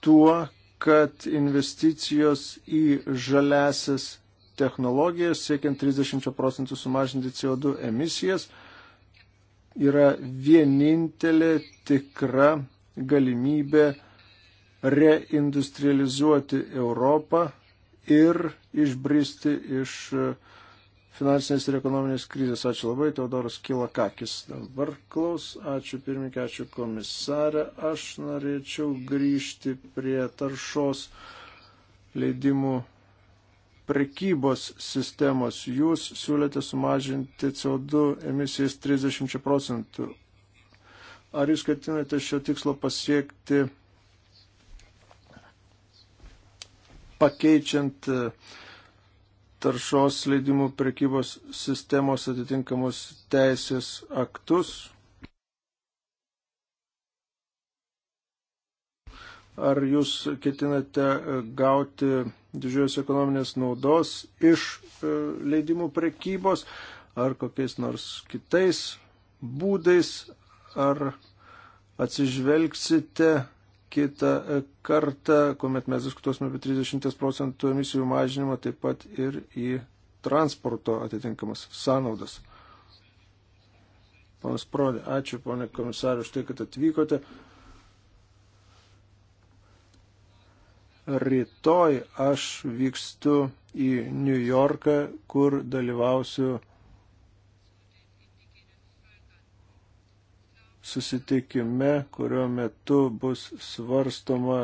tuo, kad investicijos į žaliasias technologijas, siekiant 30 procentų sumažinti CO2 emisijas, yra vienintelė tikra galimybė reindustrializuoti Europą ir išbristi iš e, finansinės ir ekonominės krizės. Ačiū labai, Teodoras Kilakakis. Dabar klaus, ačiū pirmininkė, ačiū komisarė. Aš norėčiau grįžti prie taršos leidimų prekybos sistemos. Jūs siūlėte sumažinti CO2 emisijas 30 procentų. Ar jūs ketinate šio tikslo pasiekti pakeičiant e, taršos leidimų prekybos sistemos atitinkamus teisės aktus? Ar jūs ketinate e, gauti didžiosios ekonominės naudos iš e, leidimų prekybos, ar kokiais nors kitais būdais, ar atsižvelgsite kitą e, kartą, kuomet mes diskutuosime apie 30 procentų emisijų mažinimą, taip pat ir į transporto atitinkamas sąnaudas. Panas Prodė, ačiū, ponė komisarė, už tai, kad atvykote. rytoj aš vykstu į New Yorką, kur dalyvausiu susitikime, kurio metu bus svarstoma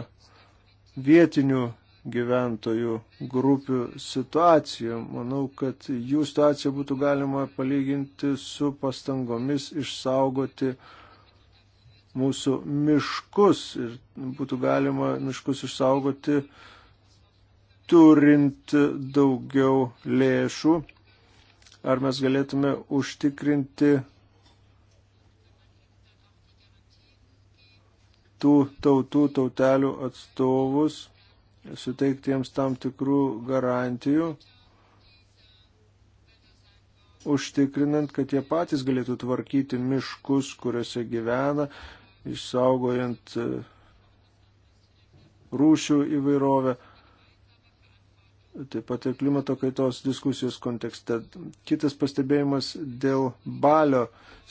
vietinių gyventojų grupių situacija. Manau, kad jų situaciją būtų galima palyginti su pastangomis išsaugoti uh, mūsų miškus ir būtų galima miškus išsaugoti turint daugiau lėšų. Ar mes galėtume užtikrinti tų tautų, tautelių atstovus, suteikti jiems tam tikrų garantijų, užtikrinant, kad jie patys galėtų tvarkyti miškus, kuriuose gyvena, išsaugojant e, rūšių įvairovę, taip pat ir klimato kaitos diskusijos kontekste. Kitas pastebėjimas dėl balio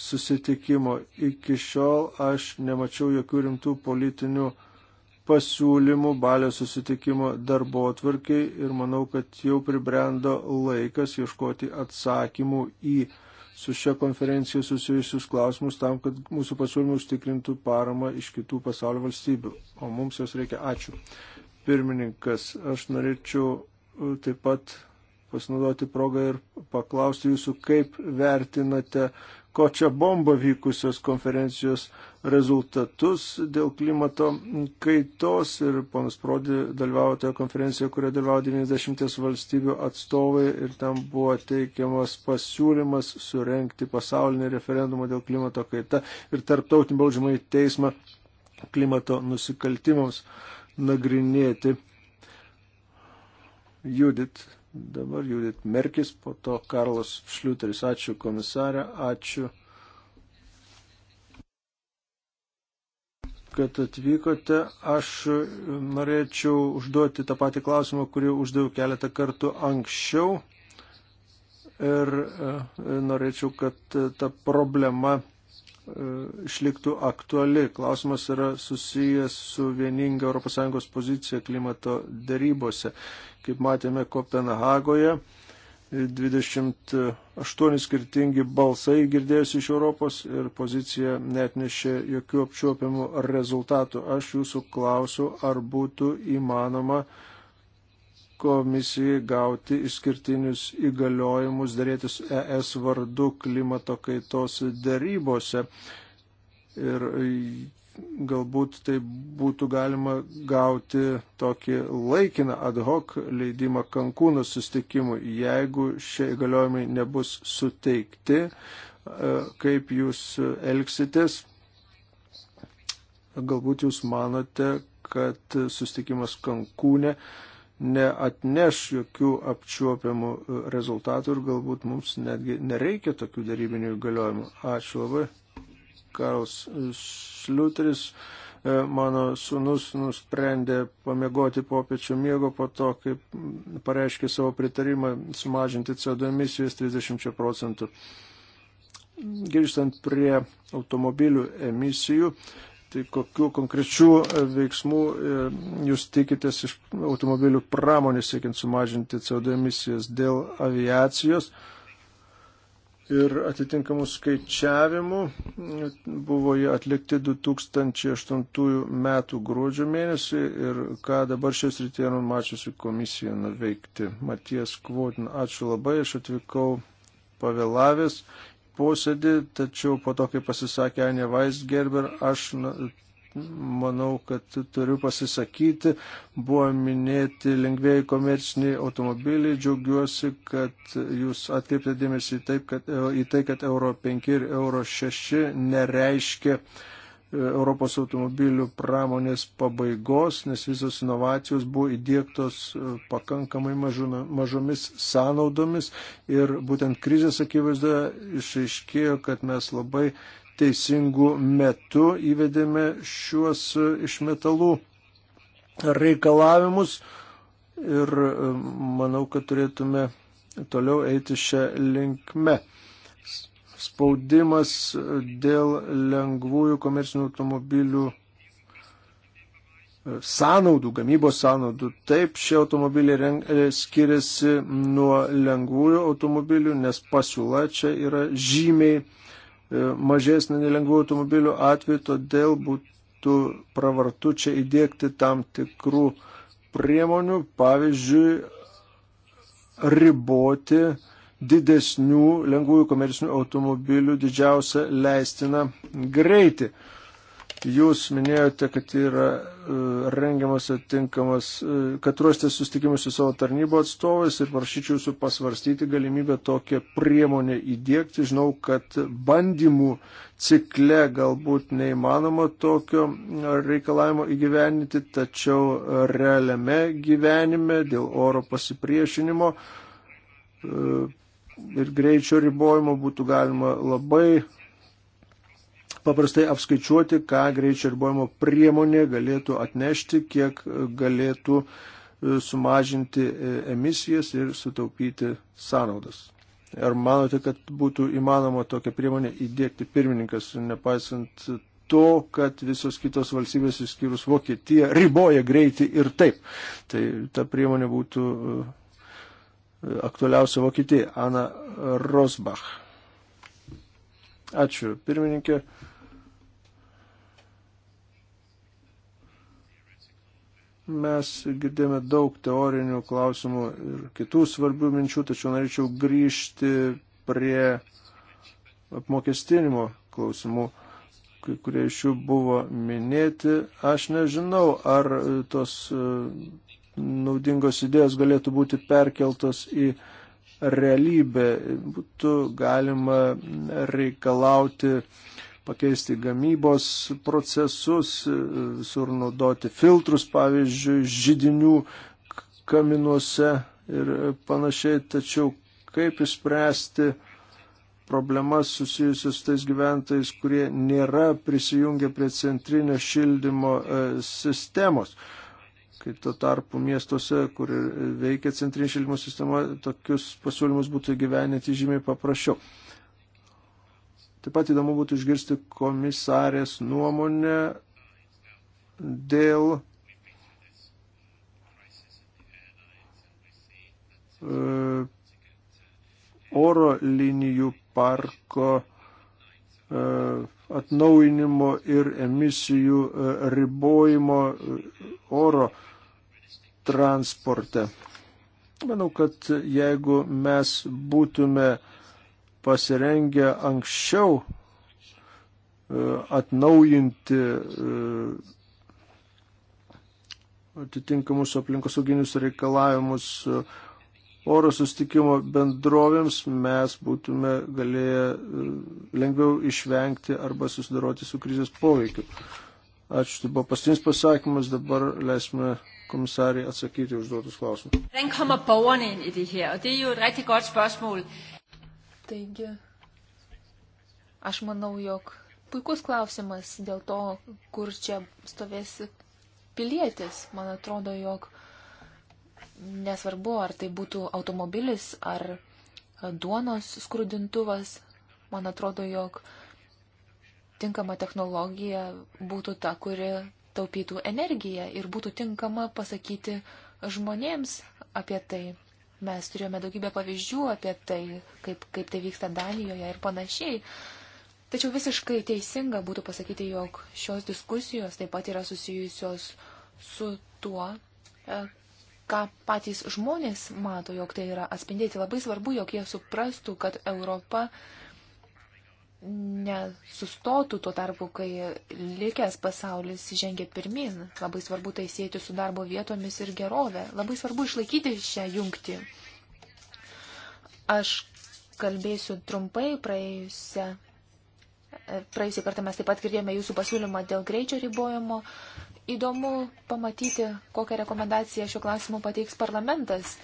susitikimo. Iki šiol aš nemačiau jokių rimtų politinių pasiūlymų balio susitikimo darbo atvarkiai ir manau, kad jau pribrendo laikas ieškoti atsakymų į su šia konferencija susijusius klausimus tam, kad mūsų pasiūlymai užtikrintų paramą iš kitų pasaulio valstybių. O mums jos reikia. Ačiū. Pirmininkas, aš norėčiau e, taip pat pasinaudoti progą ir paklausti jūsų, kaip vertinate kočią bombą vykusios konferencijos rezultatus dėl klimato kaitos ir ponas Prodi dalyvavo toje konferencijoje, kurioje dalyvavo 90 valstybių atstovai ir tam buvo teikiamas pasiūlymas surenkti pasaulinį referendumą dėl klimato kaita ir tarptautinį baudžiamą į teismą klimato nusikaltimams nagrinėti. Judit, dabar Judit Merkis, po to Karlas Šliuteris. Ačiū komisarė, ačiū kad atvykote. Aš norėčiau užduoti tą patį klausimą, kurį uždaviau keletą kartų anksčiau. Ir e, norėčiau, kad e, ta problema e, išliktų aktuali. Klausimas yra susijęs su vieninga ES pozicija klimato darybose. Kaip matėme Kopenhagoje, 28 skirtingi balsai girdėjusi iš Europos ir pozicija net nešė jokių apčiuopiamų rezultatų. Aš jūsų klausiu, ar būtų įmanoma komisijai gauti išskirtinius įgaliojimus dėrėtis ES vardu klimato kaitos darybose. Ir galbūt tai būtų galima gauti tokį laikiną ad hoc leidimą Kankūno sustikimui, jeigu šie įgaliojimai nebus suteikti, e, kaip jūs elgsitės. Galbūt jūs manote, kad sustikimas Kankūne neatneš jokių apčiuopiamų rezultatų ir galbūt mums netgi nereikia tokių darybinių įgaliojimų. Ačiū labai. Karls Šliuteris. E, mano sunus nusprendė pamiegoti popiečių miego po to, kai pareiškė savo pritarimą sumažinti CO2 emisijas 30 procentų. Grįžtant prie automobilių emisijų, Tai kokiu konkrečiu e, veiksmu e, jūs tikitės iš automobilių pramonės siekiant sumažinti CO2 emisijas dėl aviacijos? Uh, ir atitinkamų skaičiavimų. Buvo jie atlikti 2008 metų gruodžio mėnesį ir ką dabar šios rytėje numačiusi komisija nuveikti. Maties Kvotin, ačiū labai, aš atvykau pavėlavęs posėdį, tačiau po to, kai pasisakė Anė Weisgerber, aš manau, kad turiu pasisakyti. Buvo minėti lengvėjai komerciniai automobiliai. Džiaugiuosi, kad jūs atkreipėte dėmesį į, taip, kad, į tai, kad Euro 5 ir Euro 6 nereiškia e, Europos automobilių pramonės pabaigos, nes visos inovacijos buvo įdėktos e, pakankamai mažuna, mažomis sąnaudomis ir būtent krizės akivaizdoje išaiškėjo, kad mes labai teisingų metų įvedėme šiuos e, iš metalų reikalavimus ir e, manau, kad turėtume toliau eiti šią linkmę. Spaudimas dėl lengvųjų komercinių automobilių e, sąnaudų, gamybos sąnaudų. Taip, šie automobiliai skiriasi nuo lengvųjų automobilių, nes pasiūla čia yra žymiai E, mažesnė nei lengvų automobilių atveju, todėl būtų pravartu čia įdėkti tam tikrų priemonių, pavyzdžiui, riboti didesnių lengvųjų komercinių automobilių didžiausią leistiną greitį. Jūs minėjote, kad yra e, rengiamas atinkamas, e, kad ruoštė sustikimus su savo tarnybo atstovais ir prašyčiau jūsų pasvarstyti galimybę tokią priemonę įdėkti. Žinau, kad bandymų cikle galbūt neįmanoma tokio reikalavimo įgyveninti, tačiau realiame gyvenime dėl oro pasipriešinimo e, ir greičio ribojimo būtų galima labai paprastai apskaičiuoti, ką greičio ribojimo priemonė galėtų atnešti, kiek galėtų e, sumažinti e, emisijas ir sutaupyti sąnaudas. Ar manote, kad būtų įmanoma tokią priemonę įdėkti pirmininkas, nepaisant to, kad visos kitos valstybės, išskyrus Vokietiją, riboja greitį ir taip. Tai ta priemonė būtų e, aktualiausia Vokietija. Ana Rosbach. Ačiū, pirmininkė. Mes girdėjome daug teorinių klausimų ir kitų svarbių minčių, tačiau norėčiau grįžti prie apmokestinimo klausimų, kai kurie iš jų buvo minėti. Aš nežinau, ar tos e, naudingos idėjos galėtų būti perkeltos į realybę. Būtų galima reikalauti pakeisti gamybos procesus, visur naudoti filtrus, pavyzdžiui, žydinių kaminuose ir panašiai. Tačiau kaip įspręsti problemas susijusius tais gyventojais, kurie nėra prisijungę prie centrinio šildymo e, sistemos. Kai tuo tarpu miestuose, kur veikia centrinė šildymo sistema, tokius pasiūlymus būtų gyveninti žymiai paprasčiau. Taip pat įdomu būtų išgirsti komisarės nuomonę dėl e, oro linijų parko e, atnauinimo ir emisijų e, ribojimo oro transporte. Manau, kad jeigu mes būtume uh, pasirengę anksčiau e, atnaujinti e, atitinkamus aplinkosauginius reikalavimus e, oro sustikimo bendrovėms, mes būtume galėję lengviau išvengti arba susidaroti su krizės poveikiu. Ačiū, tai buvo pastinis pasakymas, dabar leisime komisariai atsakyti užduotus klausimus.
Den kommer borgerne ind i det her, og det er jo et rigtig godt spørgsmål. Taigi, aš manau, jog puikus klausimas dėl to, kur čia stovės pilietis. Man atrodo, jog nesvarbu, ar tai būtų automobilis, ar duonos skrudintuvas, man atrodo, jog tinkama technologija būtų ta, kuri taupytų energiją ir būtų tinkama pasakyti žmonėms apie tai. Mes turėjome daugybę pavyzdžių apie tai, kaip, kaip tai vyksta Danijoje ir panašiai. Tačiau visiškai teisinga būtų pasakyti, jog šios diskusijos taip pat yra susijusios su tuo, e, ką patys žmonės mato, jog tai yra atspindėti. Labai svarbu, jog jie suprastų, kad Europa nesustotų tuo tarpu, kai likęs pasaulis žengia pirmin. Labai svarbu tai sėti su darbo vietomis ir gerovė. Labai svarbu išlaikyti šią jungtį. Aš kalbėsiu trumpai praėjusią. Praėjusį kartą mes taip pat girdėjome jūsų pasiūlymą dėl greičio ribojimo. Įdomu pamatyti, kokią rekomendaciją šiuo klausimu pateiks parlamentas.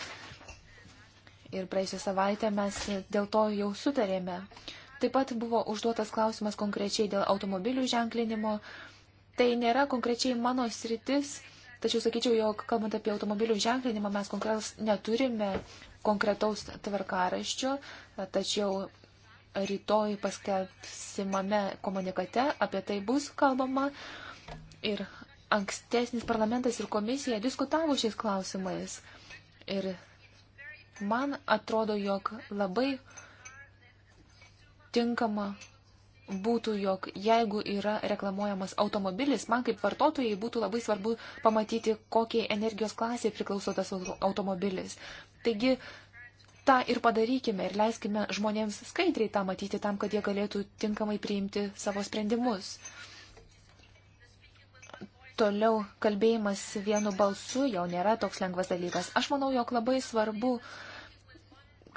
Ir praėjusią savaitę mes dėl to jau sutarėme. Taip pat buvo užduotas klausimas konkrečiai dėl automobilių ženklinimo. Tai nėra konkrečiai mano sritis, tačiau sakyčiau, jog kalbant apie automobilių ženklinimą, mes konkretus neturime konkretaus tvarkaraščio, tačiau rytoj paskelbsimame komunikate apie tai bus kalbama. Ir ankstesnis parlamentas ir komisija diskutavo šiais klausimais. Ir man atrodo, jog labai tinkama būtų, jog jeigu yra reklamuojamas automobilis, man kaip vartotojai būtų labai svarbu pamatyti, kokiai energijos klasiai priklauso tas automobilis. Taigi, tą ir padarykime ir leiskime žmonėms skaidriai tą matyti tam, kad jie galėtų tinkamai priimti savo sprendimus. Toliau kalbėjimas vienu balsu jau nėra toks lengvas dalykas. Aš manau, jog labai svarbu uh,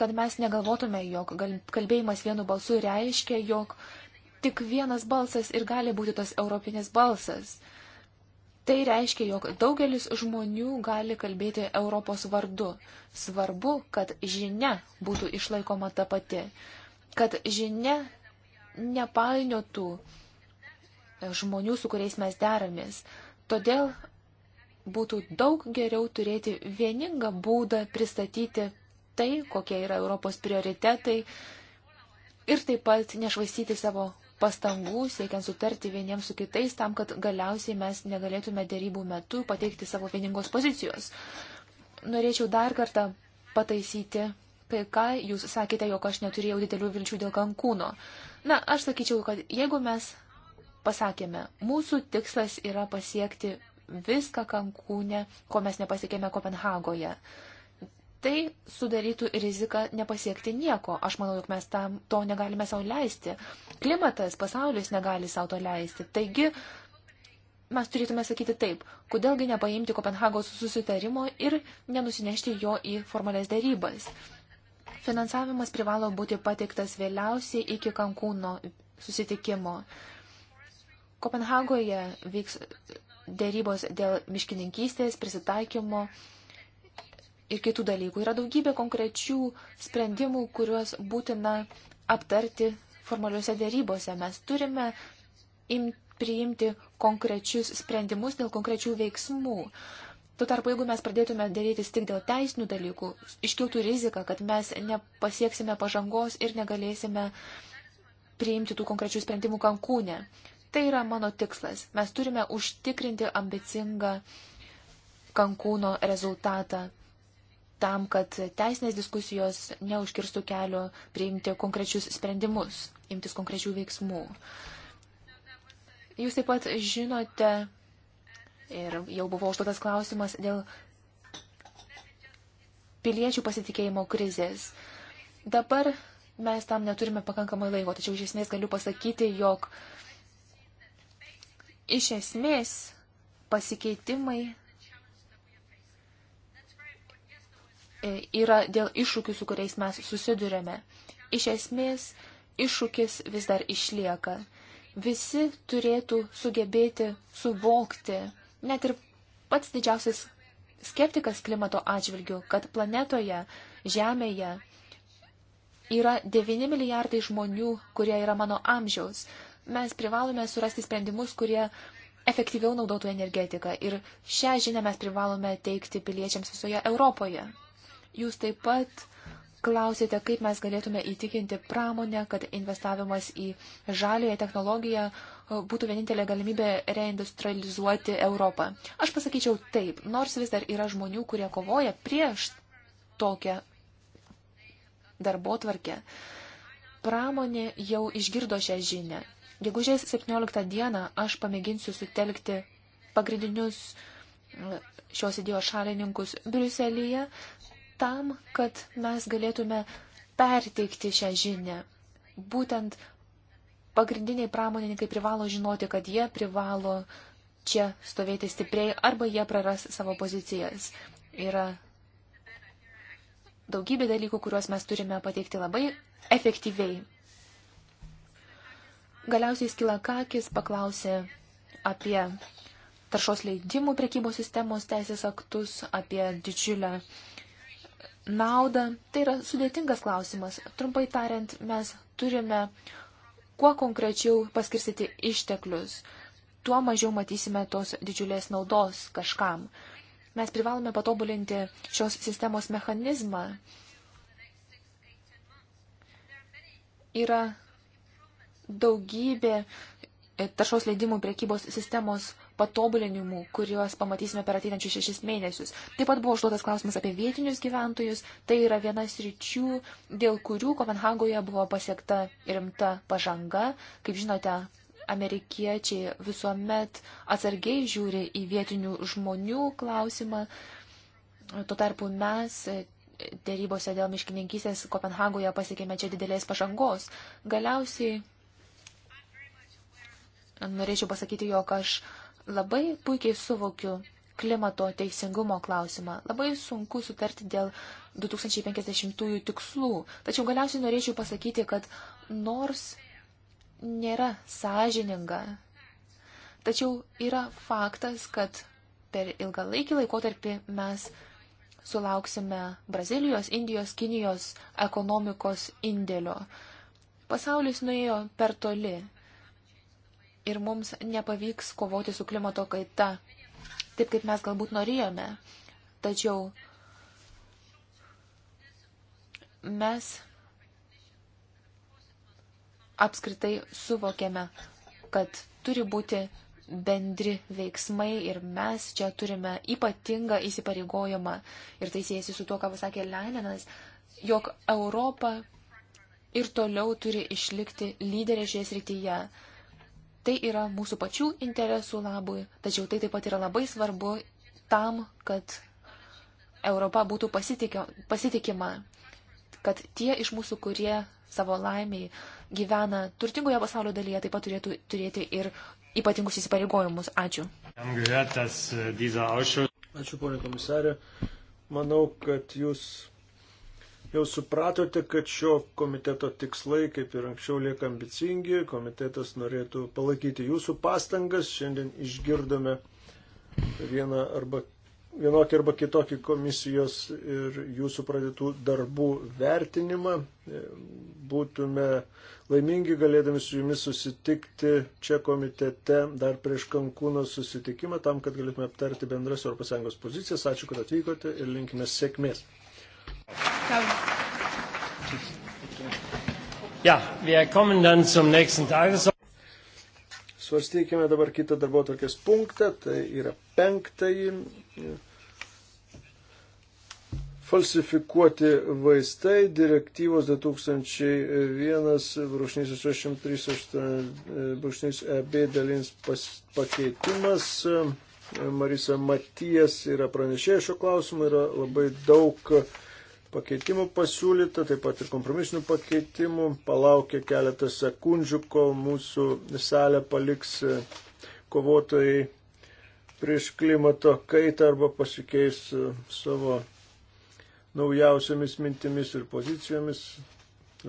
kad mes negalvotume, jog kalbėjimas vienu balsu reiškia, jog tik vienas balsas ir gali būti tas europinis balsas. Tai reiškia, jog daugelis žmonių gali kalbėti Europos vardu. Svarbu, kad žinia būtų išlaikoma ta pati, kad žinia nepainiotų žmonių, su kuriais mes deramės. Todėl būtų daug geriau turėti vieningą būdą pristatyti tai, kokie yra Europos prioritetai ir taip pat nešvaistyti savo pastangų, siekiant sutarti vieniems su kitais, tam, kad galiausiai mes negalėtume dėrybų metu pateikti savo vieningos pozicijos. Norėčiau dar kartą pataisyti, kai ką jūs sakėte, jog aš neturėjau didelių vilčių dėl kankūno. Na, aš sakyčiau, kad jeigu mes pasakėme, mūsų tikslas yra pasiekti viską kankūne, ko mes nepasiekėme Kopenhagoje. Uh, Tai sudarytų riziką nepasiekti nieko. Aš manau, jog mes tam, to negalime savo leisti. Klimatas, pasaulis negali savo to leisti. Taigi, mes turėtume sakyti taip, kodėlgi nepaimti Kopenhagos susitarimo ir nenusinešti jo į formalias dėrybas. Finansavimas privalo būti pateiktas vėliausiai iki Kankūno susitikimo. Kopenhagoje vyks dėrybos dėl miškininkystės, prisitaikymo, ir kitų dalykų. Yra daugybė konkrečių sprendimų, kuriuos būtina aptarti formaliuose dėrybose. Mes turime im, priimti konkrečius sprendimus dėl konkrečių veiksmų. Tuo tarpu, jeigu mes pradėtume dėrėtis tik dėl teisinių dalykų, iškiltų rizika, kad mes nepasieksime pažangos ir negalėsime priimti tų konkrečių sprendimų kankūne. Tai yra mano tikslas. Mes turime užtikrinti ambicingą kankūno rezultatą tam, kad teisinės diskusijos neužkirstų kelio priimti konkrečius sprendimus, imtis konkrečių veiksmų. Jūs taip pat žinote, ir jau buvo užduotas klausimas dėl piliečių pasitikėjimo krizės. Dabar mes tam neturime pakankamai laiko, tačiau iš esmės galiu pasakyti, jog iš esmės pasikeitimai E, yra dėl iššūkių, su kuriais mes susidurėme. Iš esmės, iššūkis vis dar išlieka. Visi turėtų sugebėti suvokti, net ir pats didžiausias skeptikas klimato atžvilgių, kad planetoje, Žemėje yra 9 milijardai žmonių, kurie yra mano amžiaus. Mes privalome surasti sprendimus, kurie efektyviau naudotų energetiką ir šią žinią mes privalome teikti piliečiams visoje Europoje. Jūs taip pat klausėte, kaip mes galėtume įtikinti pramonę, kad investavimas į žalioją technologiją e, būtų vienintelė galimybė reindustrializuoti Europą. Aš pasakyčiau taip, nors vis dar yra žmonių, kurie kovoja prieš tokią darbo tvarkę. Pramonė jau išgirdo šią žinę. Gegužės 17 dieną aš pamėginsiu sutelkti pagrindinius šios idėjos šalininkus Briuselyje tam, kad mes galėtume perteikti šią žinę. Būtent pagrindiniai pramonininkai privalo žinoti, kad jie privalo čia stovėti stipriai arba jie praras savo pozicijas. Yra daugybė dalykų, kuriuos mes turime pateikti labai efektyviai. Galiausiai Skilakakis paklausė apie taršos leidimų prekybos sistemos teisės aktus, apie didžiulę uh, naudą, tai yra sudėtingas klausimas. Trumpai tariant, mes turime kuo konkrečiau paskirstyti išteklius, tuo mažiau matysime tos didžiulės naudos kažkam. Mes privalome patobulinti šios sistemos mechanizmą. Yra daugybė taršos leidimų priekybos sistemos patobulinimų, kuriuos pamatysime per ateinančius šešis mėnesius. Taip pat buvo užduotas klausimas apie vietinius gyventojus. Tai yra vienas ryčių, dėl kurių Kopenhagoje buvo pasiekta rimta pažanga. Kaip žinote, amerikiečiai visuomet atsargiai žiūri į vietinių žmonių klausimą. Tuo tarpu mes e, dėrybose dėl miškininkysės Kopenhagoje pasiekėme čia didelės pažangos. Galiausiai norėčiau pasakyti, jog aš labai puikiai suvokiu klimato teisingumo klausimą. Labai sunku sutarti dėl 2050 tikslų. Tačiau galiausiai norėčiau pasakyti, kad nors nėra sąžininga, tačiau yra faktas, kad per ilgalaikį laikotarpį mes sulauksime Brazilijos, Indijos, Kinijos ekonomikos indėlio. Pasaulis nuėjo per toli ir mums nepavyks kovoti su klimato kaita, taip kaip mes galbūt norėjome. Tačiau mes apskritai suvokėme, kad turi būti bendri veiksmai ir mes čia turime ypatingą įsipareigojimą. Ir tai siejasi su tuo, ką pasakė Leninas, jog Europa ir toliau turi išlikti lyderė šioje srityje. Tai yra mūsų pačių interesų labui, tačiau tai taip pat yra labai svarbu tam, kad Europa būtų pasitikima, kad tie iš mūsų, kurie savo laimiai gyvena turtingoje pasaulio dalyje, taip pat turėtų turėti ir ypatingus įsipareigojimus. Ačiū.
Ačiū, ponė komisarė. Manau, kad jūs Jau supratote, kad šio komiteto tikslai, kaip ir anksčiau, lieka ambicingi. Komitetas norėtų palaikyti jūsų pastangas. Šiandien išgirdome vieną arba vienokį arba kitokį komisijos ir jūsų pradėtų darbų vertinimą. Būtume laimingi galėdami su jumis susitikti čia komitete dar prieš Kankūno susitikimą, tam, kad galėtume aptarti bendras ES pozicijas. Ačiū, kad atvykote ir linkime sėkmės.
Ja, wir kommen dann zum
nächsten Tages. Svarstykime dabar kitą darbo tokias punktą, tai yra penktąjį. Falsifikuoti vaistai direktyvos 2001-838-EB e dalinis pakeitimas. Marisa Matijas yra pranešėjo šio klausimo, yra labai daug uh, pakeitimų pasiūlyta, taip pat ir kompromisinių pakeitimų. Palaukia keletą sekundžių, kol mūsų salę paliks e, kovotojai prieš klimato kaitą arba pasikeis e, savo naujausiamis mintimis ir pozicijomis.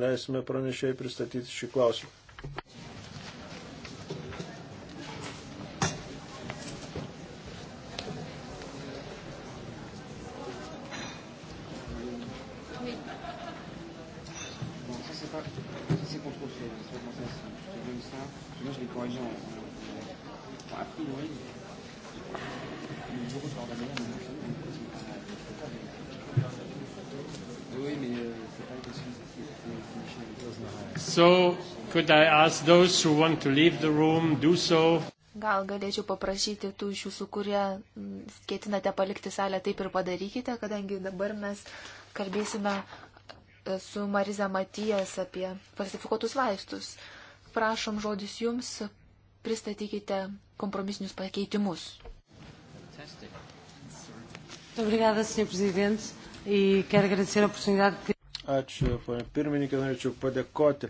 Leisime pranešėjai pristatyti šį klausimą. So,
could I ask those who want to leave the room, do so?
Gal galėčiau paprašyti tų iš jūsų, kurie mm, ketinate palikti salę, taip ir padarykite, kadangi dabar mes kalbėsime e, su Mariza Matijas apie falsifikuotus vaistus. Prašom žodis jums, pristatykite kompromisinius pakeitimus.
Muito obrigada, Sr. Presidente, e quero agradecer a oportunidade que Ačiū, ponė pirmininkė, norėčiau padėkoti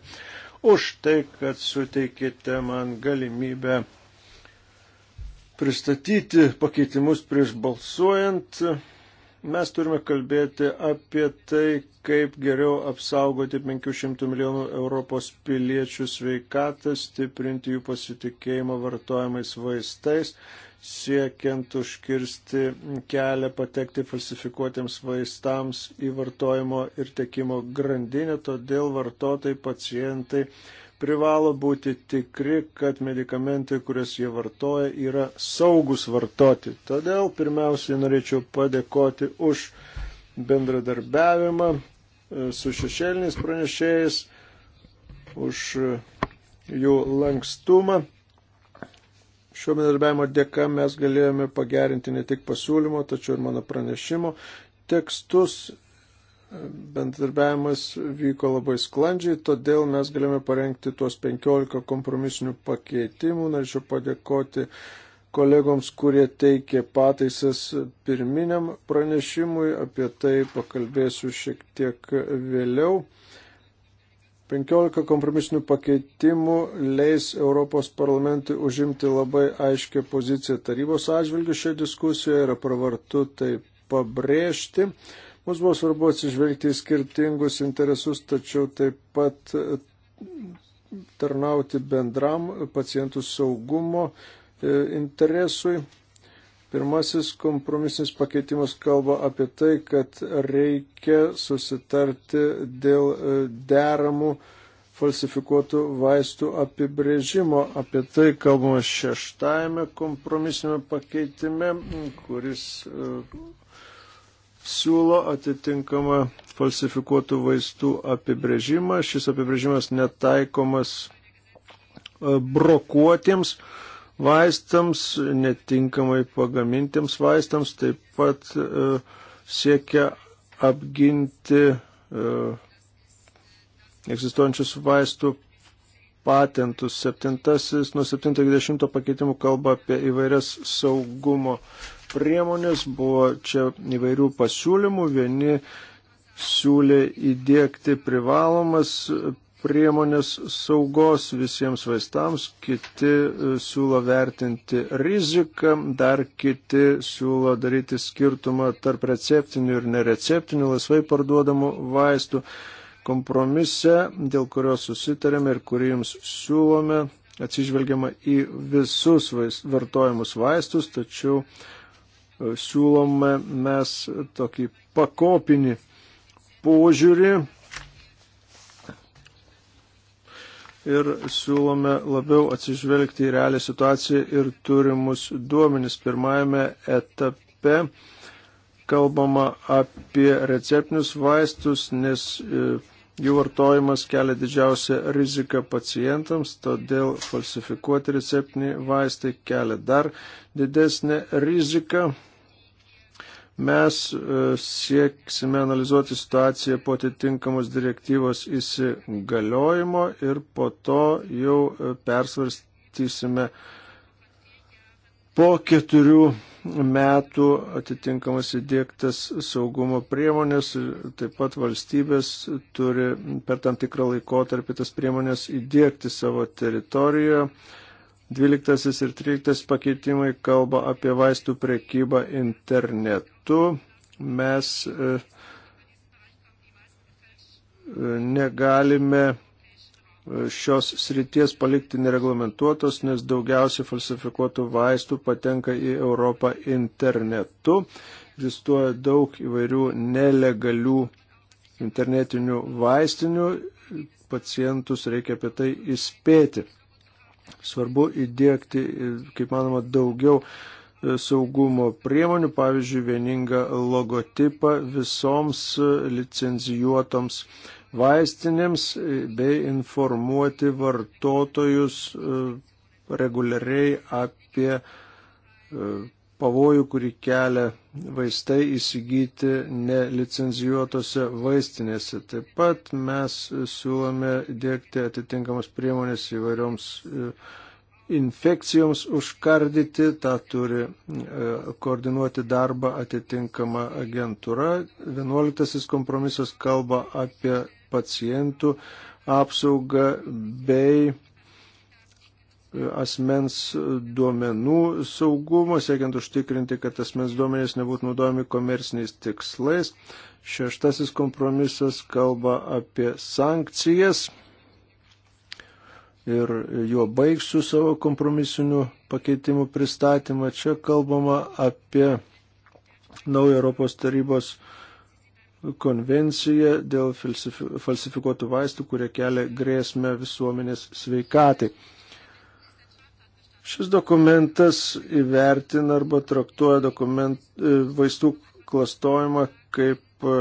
už tai, kad suteikėte man galimybę pristatyti pakeitimus prieš balsuojant. Mes turime kalbėti apie tai, kaip geriau apsaugoti 500 milijonų Europos piliečių sveikatą, stiprinti jų pasitikėjimą vartojamais vaistais siekiant užkirsti kelią patekti falsifikuotiems vaistams į vartojimo ir tiekimo grandinę, todėl vartotojai, pacientai privalo būti tikri, kad medikamentai, kuriuos jie vartoja, yra saugus vartoti. Todėl pirmiausiai norėčiau padėkoti už bendradarbiavimą e, su šešėliniais pranešėjais, už e, jų lankstumą. Šio bendradarbiavimo dėka mes galėjome pagerinti ne tik pasiūlymo, tačiau ir mano pranešimo tekstus. E, bendradarbiavimas vyko labai sklandžiai, todėl mes galėjome parengti tuos 15 kompromisinių pakeitimų. Norėčiau padėkoti kolegoms, kurie teikė pataisas pirminiam pranešimui. Apie tai pakalbėsiu šiek tiek vėliau. 15 kompromisinių pakeitimų leis Europos parlamentui užimti labai aiškę poziciją tarybos atžvilgių šioje diskusijoje, yra pravartu tai pabrėžti. Mums buvo svarbu atsižvelgti į skirtingus interesus, tačiau taip pat e, tarnauti bendram pacientų saugumo e, interesui. Pirmasis kompromisinis pakeitimas kalba apie tai, kad reikia susitarti dėl e, deramų falsifikuotų vaistų apibrėžimo. Apie tai kalbama šeštajame kompromisinėme pakeitime, kuris e, siūlo atitinkamą falsifikuotų vaistų apibrėžimą. Šis apibrėžimas netaikomas e, brokuotiems vaistams, netinkamai pagamintiems vaistams, taip pat e, siekia apginti e, egzistuojančius vaistų patentus. Septintasis nuo 70 pakeitimų kalba apie įvairias saugumo priemonės. Buvo čia įvairių pasiūlymų. Vieni siūlė įdėkti privalomas priemonės saugos visiems vaistams, kiti e, siūlo vertinti riziką, dar kiti siūlo daryti skirtumą tarp receptinių ir nereceptinių laisvai parduodamų vaistų. Kompromise, dėl kurio susitarėme ir kurį jums siūlome, atsižvelgiama į visus vaist, vartojimus vaistus, tačiau e, siūlome mes tokį pakopinį požiūrį ir siūlome labiau atsižvelgti į realią situaciją ir turimus duomenis. Pirmajame etape kalbama apie receptinius vaistus, nes e, jų vartojimas kelia didžiausią riziką pacientams, todėl falsifikuoti receptiniai vaistai kelia dar didesnę riziką Mes e, sieksime analizuoti situaciją po atitinkamos direktyvos įsigaliojimo ir po to jau e, persvarstysime po keturių metų atitinkamas įdėktas saugumo priemonės ir taip pat valstybės turi per tam tikrą laikotarpį tas priemonės įdėkti savo teritorijoje. 12 ir 13 pakeitimai kalba apie vaistų prekybą internetu metu mes e, e, negalime e, šios srities palikti nereglamentuotos, nes daugiausiai falsifikuotų vaistų patenka į Europą internetu. Egzistuoja daug įvairių nelegalių internetinių vaistinių, pacientus reikia apie tai įspėti. Svarbu įdėkti, kaip manoma, daugiau saugumo priemonių, pavyzdžiui, vieningą logotipą visoms licenzijuotoms vaistinėms bei informuoti vartotojus e, reguliariai apie e, pavojų, kurį kelia vaistai įsigyti nelicenzijuotose vaistinėse. Taip pat mes siūlome dėkti atitinkamas priemonės įvairioms uh, infekcijoms užkardyti, tą turi e, koordinuoti darbą atitinkama agentūra. 11 kompromisas kalba apie pacientų apsaugą bei e, asmens duomenų saugumą, siekiant užtikrinti, kad asmens duomenys nebūtų naudojami komerciniais tikslais. Šeštasis kompromisas kalba apie sankcijas ir juo baigsiu savo kompromisinių pakeitimų pristatymą. Čia kalbama apie naują Europos tarybos konvenciją dėl falsifikuotų vaistų, kurie kelia grėsmę visuomenės sveikatai. Šis dokumentas įvertina arba traktuoja dokument, e, vaistų klastojimą kaip e,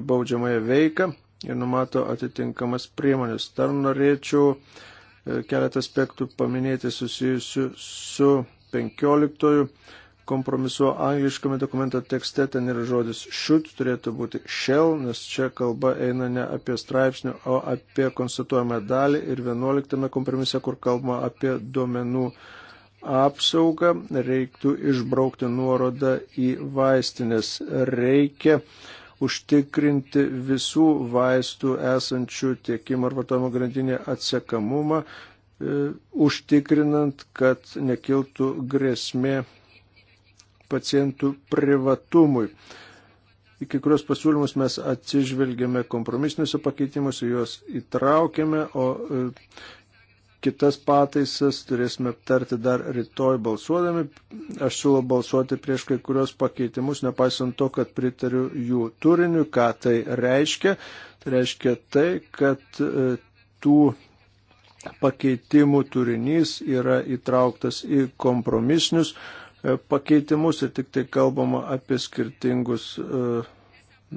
baudžiamąją veiką ir numato atitinkamas priemonės. Dar norėčiau e, keletą aspektų paminėti susijusių su 15 kompromiso angliškame dokumento tekste, ten yra žodis should, turėtų būti shell, nes čia kalba eina ne apie straipsnių, o apie konstatuojamą dalį ir 11 kompromise, kur kalbama apie duomenų apsaugą, reiktų išbraukti nuorodą į vaistinės. Reikia uh, užtikrinti visų vaistų esančių tiekimo ar vartojimo grandinėje atsekamumą, e, užtikrinant, kad nekiltų grėsmė pacientų privatumui. Į kai kurios pasiūlymus mes atsižvelgėme kompromisiniuose pakeitimuose, juos įtraukėme, o e, kitas pataisas turėsime aptarti dar rytoj balsuodami. Aš siūlau balsuoti prieš kai kurios pakeitimus, nepaisant to, kad pritariu jų turiniu, ką tai reiškia. Tai reiškia tai, kad e, tų pakeitimų turinys yra įtrauktas į kompromisnius e, pakeitimus ir tik tai kalbama apie skirtingus e,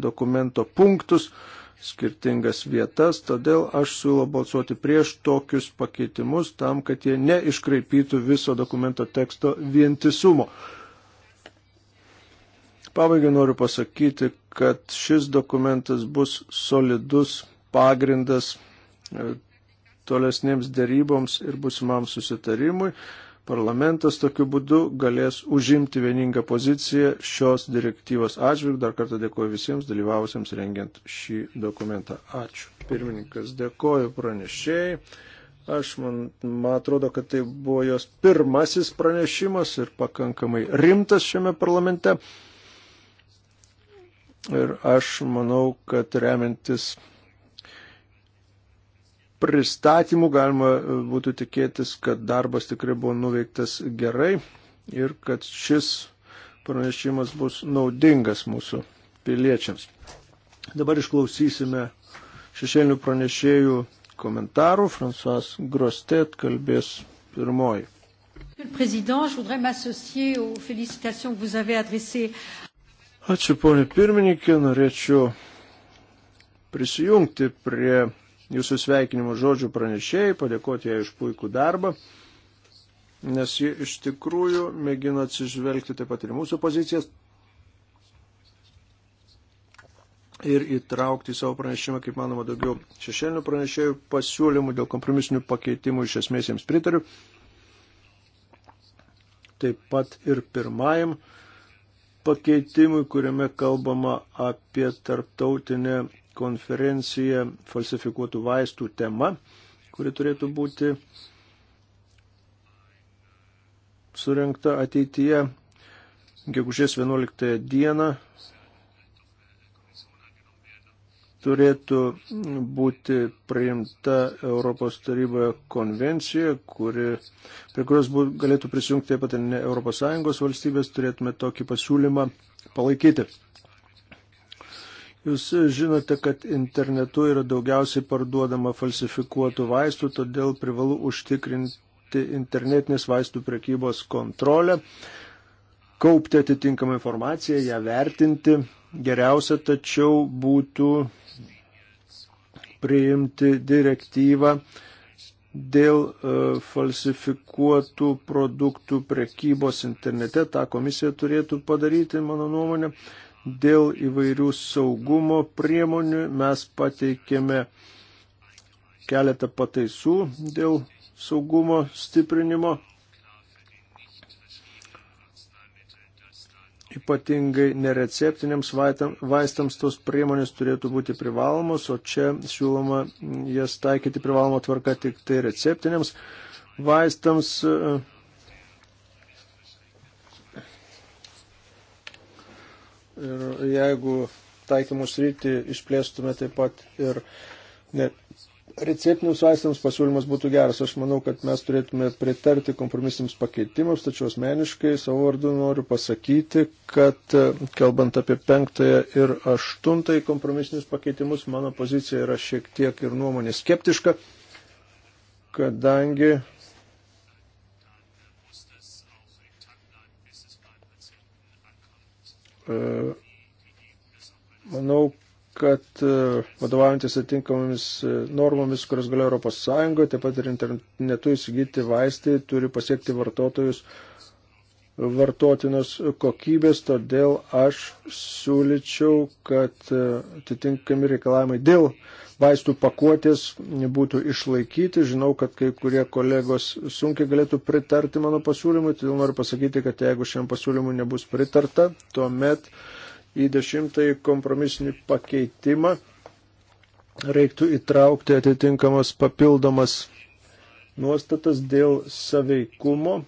dokumento punktus. Uh, skirtingas vietas, todėl aš siūlau balsuoti prieš tokius pakeitimus tam, kad jie neiškraipytų viso dokumento teksto vientisumo. Pabaigai noriu pasakyti, kad šis dokumentas bus solidus pagrindas e, tolesnėms dėryboms ir busimam susitarimui. Parlamentas tokiu būdu galės užimti vieningą poziciją šios direktyvos atžvilgiu. Dar kartą dėkoju visiems dalyvavusiems rengiant šį dokumentą. Ačiū. Pirmininkas, dėkoju pranešėjai. Aš man, man atrodo, kad tai buvo jos pirmasis pranešimas ir pakankamai rimtas šiame parlamente. Ir aš manau, kad remiantis pristatymų galima e, būtų tikėtis, kad darbas tikrai buvo nuveiktas gerai ir kad šis pranešimas bus naudingas mūsų piliečiams. Dabar išklausysime šešėlinių pranešėjų komentarų. François Grostet kalbės pirmoji. Ačiū, ponė pirmininkė, norėčiau prisijungti prie jūsų sveikinimo žodžių pranešėjai, padėkoti jai už puikų darbą, nes ji iš tikrųjų mėgino atsižvelgti taip pat ir mūsų pozicijas ir įtraukti į savo pranešimą, kaip manoma, daugiau šešėlinių pranešėjų pasiūlymų dėl kompromisinių pakeitimų, iš esmės jiems pritariu. Taip pat ir pirmajam pakeitimui, kuriame kalbama apie tarptautinę konferencija falsifikuotų vaistų tema, kuri turėtų būti surinkta ateityje gegužės 11 dieną turėtų būti priimta Europos taryboje konvencija, kuri, prie kurios bū, galėtų prisijungti taip pat ir ne ES valstybės, turėtume tokį pasiūlymą palaikyti. Jūs žinote, kad internetu yra daugiausiai parduodama falsifikuotų vaistų, todėl privalu užtikrinti internetinės vaistų prekybos kontrolę, kaupti atitinkamą informaciją, ją vertinti. Geriausia tačiau būtų priimti direktyvą dėl e, falsifikuotų produktų prekybos internete. Ta komisija turėtų padaryti, mano nuomonė dėl įvairių saugumo priemonių. Mes pateikėme keletą pataisų dėl saugumo stiprinimo. Ypatingai nereceptiniams vaistams tos priemonės turėtų būti privalomos, o čia siūloma jas taikyti privalomą tvarką tik tai receptiniams vaistams. Uh, Ir jeigu taikymus rytį išplėstume taip pat ir ne, receptinius vaistams pasiūlymas būtų geras. Aš manau, kad mes turėtume pritarti kompromisiniams pakeitimams, tačiau asmeniškai savo vardu noriu pasakyti, kad e, kalbant apie penktąją ir aštuntąją kompromisinius pakeitimus, mano pozicija yra šiek tiek ir nuomonė skeptiška, kadangi E, manau, kad e, vadovaujantis atinkamomis e, normomis, kurios galioja Europos Sąjungoje, taip pat ir internetu įsigyti vaistai turi pasiekti vartotojus vartotinos kokybės, todėl aš siūlyčiau, kad e, atitinkami reikalavimai dėl vaistų pakuotės būtų išlaikyti. Žinau, kad kai kurie kolegos sunkiai galėtų pritarti mano pasiūlymui, todėl noriu pasakyti, kad jeigu šiam pasiūlymui nebus pritarta, tuomet į dešimtąjį kompromisinį pakeitimą reiktų įtraukti atitinkamas papildomas nuostatas dėl saveikumo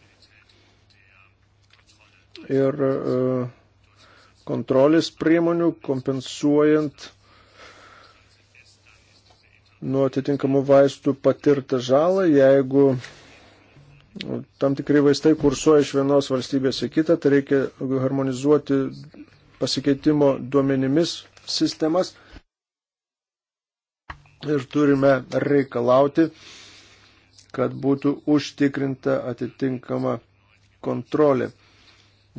ir e, kontrolės priemonių kompensuojant nuo atitinkamų vaistų patirtą žalą, jeigu nu, tam tikri vaistai kursuoja iš vienos valstybės į kitą, tai reikia harmonizuoti pasikeitimo duomenimis sistemas ir turime reikalauti, kad būtų užtikrinta atitinkama kontrolė.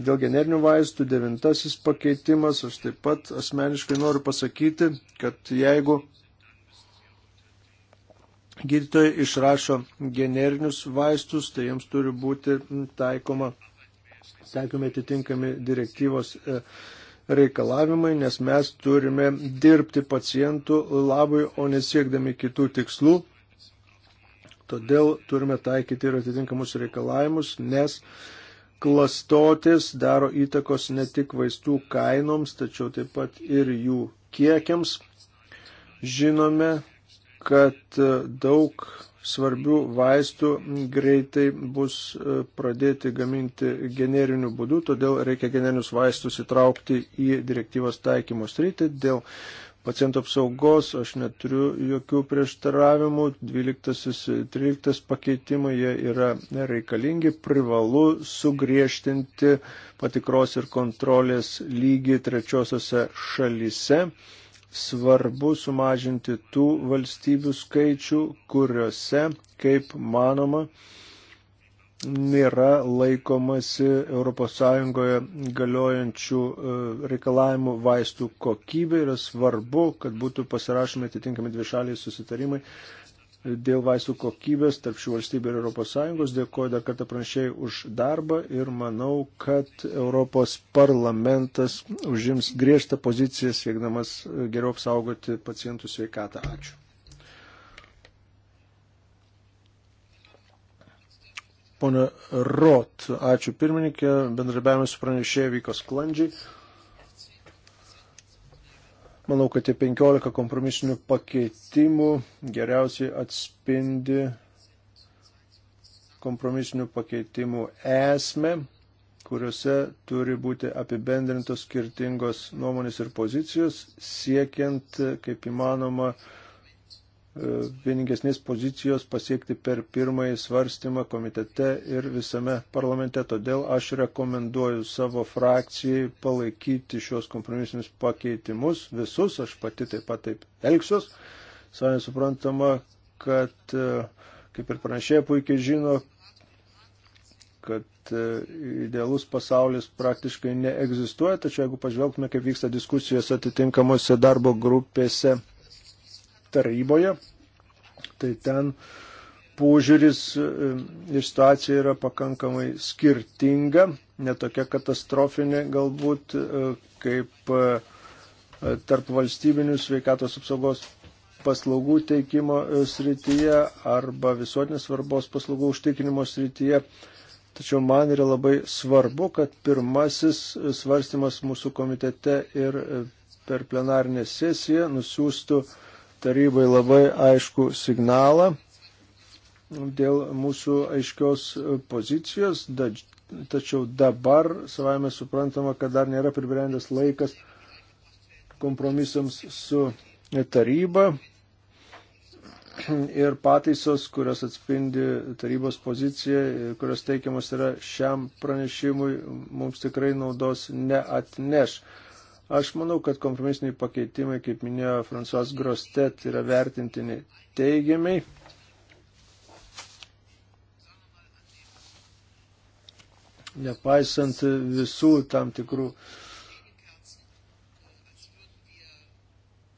Dėl generinių vaistų devintasis pakeitimas, aš taip pat asmeniškai noriu pasakyti, kad jeigu gydytojai išrašo generinius vaistus, tai jiems turi būti taikoma, taikomi atitinkami direktyvos e, reikalavimai, nes mes turime dirbti pacientų labui, o nesiekdami kitų tikslų. Todėl turime taikyti ir atitinkamus reikalavimus, nes uh, klastotis daro įtakos ne tik vaistų kainoms, tačiau taip pat ir jų kiekiams. Žinome, kad e, daug svarbių vaistų greitai bus e, pradėti gaminti generiniu būdu, todėl reikia generinius vaistus įtraukti į direktyvos taikymus rytį. Dėl pacientų apsaugos, aš neturiu jokių prieštaravimų, 12, 13 pakeitimai jie yra reikalingi, privalu sugriežtinti patikros ir kontrolės lygį trečiosiose šalyse. Svarbu sumažinti tų valstybių skaičių, kuriuose, kaip manoma, nėra laikomasi ES galiojančių e, reikalavimų vaistų kokybė. Yra svarbu, kad būtų pasirašomi atitinkami dvišaliai susitarimai dėl vaistų kokybės tarp šių valstybių ir ES. Dėkuoju dar kartą pranešėjai už darbą ir manau, kad Europos parlamentas užims griežtą poziciją siekdamas geriau apsaugoti pacientų sveikatą. Ačiū. Pone Rot, ačiū pirmininkė, bendrabiavimas su pranešėjai vyko sklandžiai. Manau, kad tie 15 kompromisinių pakeitimų geriausiai atspindi kompromisinių pakeitimų esmę, kuriuose turi būti apibendrintos skirtingos nuomonės ir pozicijos, siekiant kaip įmanoma uh, E, vieningesnės pozicijos pasiekti per pirmąjį svarstymą komitete ir visame parlamente. Todėl aš rekomenduoju savo frakcijai palaikyti šios kompromisinius pakeitimus visus, aš pati taip pat taip elgsiuos. Savai suprantama, kad e, kaip ir pranešėja puikiai žino, kad e, idealus pasaulis praktiškai neegzistuoja, tačiau jeigu pažvelgtume, kaip vyksta diskusijos atitinkamuose darbo grupėse, taryboje, tai ten požiūris ir e, situacija yra pakankamai skirtinga, netokia katastrofinė galbūt e, kaip e, tarp valstybinių sveikatos apsaugos paslaugų teikimo srityje arba visuotinės svarbos paslaugų užtikrinimo srityje. Tačiau man yra labai svarbu, kad pirmasis svarstymas mūsų komitete ir per plenarinę sesiją nusiųstų uh, tarybai labai aišku signalą dėl mūsų aiškios pozicijos, tačiau dabar savame suprantama, kad dar nėra pribrendęs laikas kompromisams su taryba ir pataisos, kurios atspindi tarybos poziciją, kurios teikiamas yra šiam pranešimui, mums tikrai naudos neatneš. Aš manau, kad kompromisiniai pakeitimai, kaip minėjo Fransuas Grostet, yra vertintini teigiamai. Nepaisant visų tam tikrų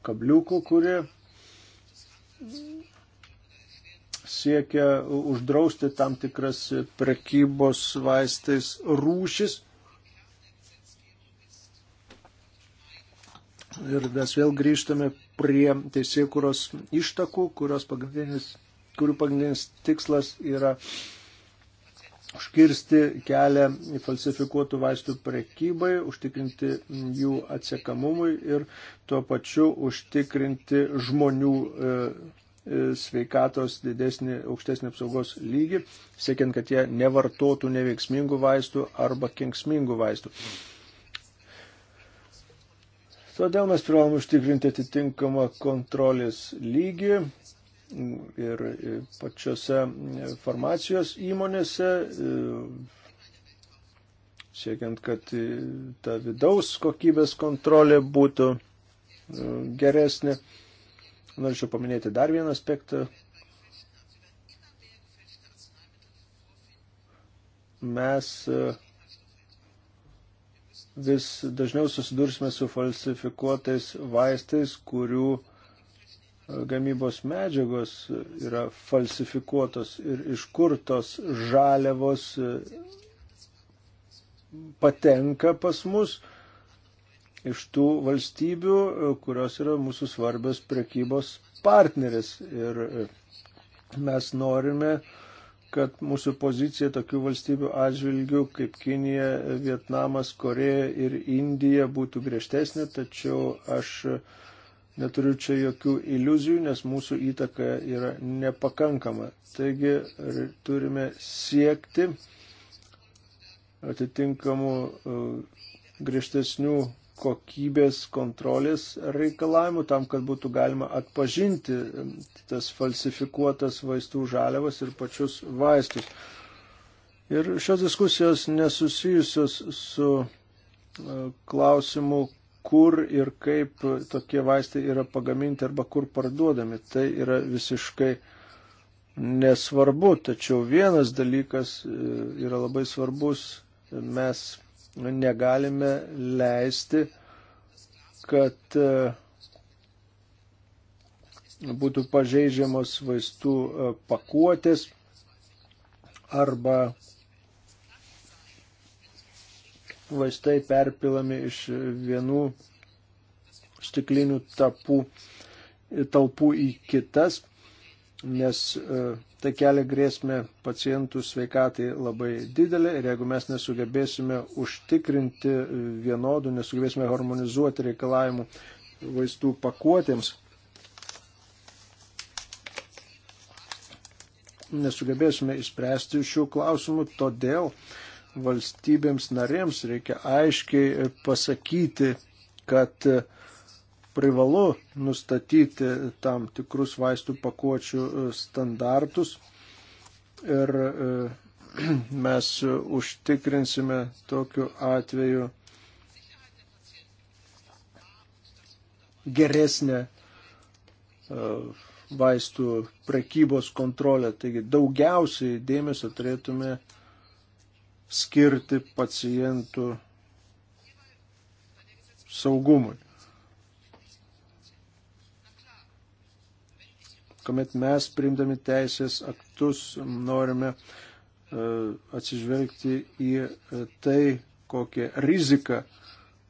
kabliukų, kurie siekia uždrausti tam tikras prekybos vaistais rūšis. Ir mes vėl grįžtame prie teisėkuros ištakų, pagrindinis, kurių pagrindinis tikslas yra užkirsti kelią falsifikuotų vaistų prekybai, užtikrinti jų atsiekamumui ir tuo pačiu užtikrinti žmonių e, e, sveikatos didesnį, aukštesnį apsaugos lygį, siekiant, kad jie nevartotų neveiksmingų vaistų arba kenksmingų vaistų. Mm. Todėl mes privalom užtikrinti atitinkamą kontrolės lygį ir pačiose farmacijos įmonėse, e, siekiant, kad ta vidaus kokybės kontrolė būtų e, geresnė. Norėčiau paminėti dar vieną aspektą. Mes uh, vis dažniau susidursime su falsifikuotais vaistais, kurių e, gamybos medžiagos yra falsifikuotos ir iš kur tos žaliavos e, patenka pas mus iš tų valstybių, e, kurios yra mūsų svarbios prekybos partneris. Ir mes norime uh, kad mūsų pozicija tokių valstybių atžvilgių kaip Kinija, Vietnamas, Koreja ir Indija būtų griežtesnė, tačiau aš neturiu čia jokių iliuzijų, nes mūsų įtaka yra nepakankama. Taigi turime siekti atitinkamų uh, griežtesnių kokybės kontrolės reikalavimų tam, kad būtų galima atpažinti tas falsifikuotas vaistų žaliavas ir pačius vaistus. Ir šios diskusijos nesusijusios su e, klausimu, kur ir kaip tokie vaistai yra pagaminti arba kur parduodami. Tai yra visiškai nesvarbu, tačiau vienas dalykas e, yra labai svarbus. Mes negalime leisti, kad e, būtų pažeidžiamos vaistų e, pakuotės arba vaistai perpilami iš vienų stiklinių tapų, talpų į kitas nes e, tai kelia grėsmę pacientų sveikatai labai didelė ir jeigu mes nesugebėsime užtikrinti vienodų, nesugebėsime harmonizuoti reikalavimų vaistų pakuotėms, nesugebėsime įspręsti šių klausimų, todėl valstybėms narėms reikia aiškiai pasakyti, kad uh, privalu nustatyti tam tikrus vaistų pakuočių e, standartus ir e, mes užtikrinsime tokiu atveju geresnę e, vaistų prekybos kontrolę. Taigi daugiausiai dėmesio turėtume skirti pacientų saugumui. kuomet mes priimdami teisės aktus norime e, atsižvelgti į e, tai, kokią riziką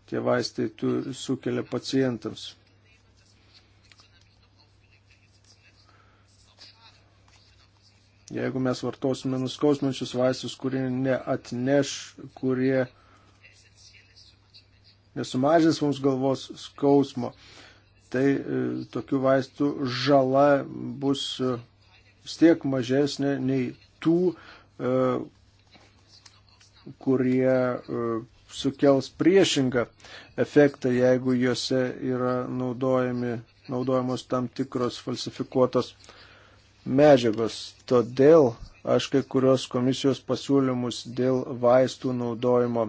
tie vaistai sukelia pacientams. Jeigu mes vartosime nuskausmančius vaistus, kurie neatneš, kurie nesumažins mums galvos skausmo, uh, tai e, tokių vaistų žala bus e, vis tiek mažesnė nei tų, e, kurie sukels priešingą efektą, jeigu juose yra naudojami, naudojamos tam tikros falsifikuotos medžiagos. Todėl aš kai kurios komisijos pasiūlymus dėl vaistų naudojimo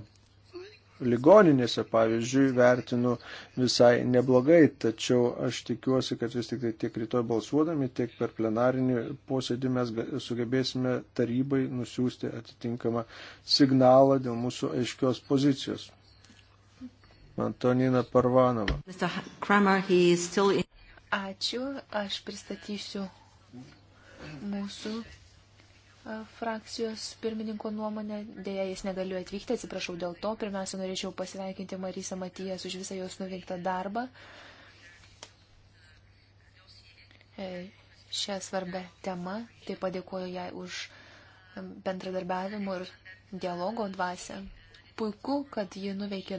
ligoninėse, pavyzdžiui, vertinu visai neblogai, tačiau aš tikiuosi, kad vis tik tai tiek rytoj balsuodami, tiek per plenarinį posėdį mes sugebėsime tarybai nusiųsti atitinkamą signalą dėl mūsų aiškios pozicijos. Antonina Parvanova.
Ačiū, aš pristatysiu mūsų frakcijos pirmininko nuomonę. Dėja, jis negaliu atvykti, atsiprašau dėl to. Pirmiausia, norėčiau pasveikinti Marysą Matijas už visą jos nuveiktą darbą. E, šią svarbę temą. Taip padėkoju jai už bendradarbiavimo ir dialogo dvasę. Puiku, kad ji nuveikė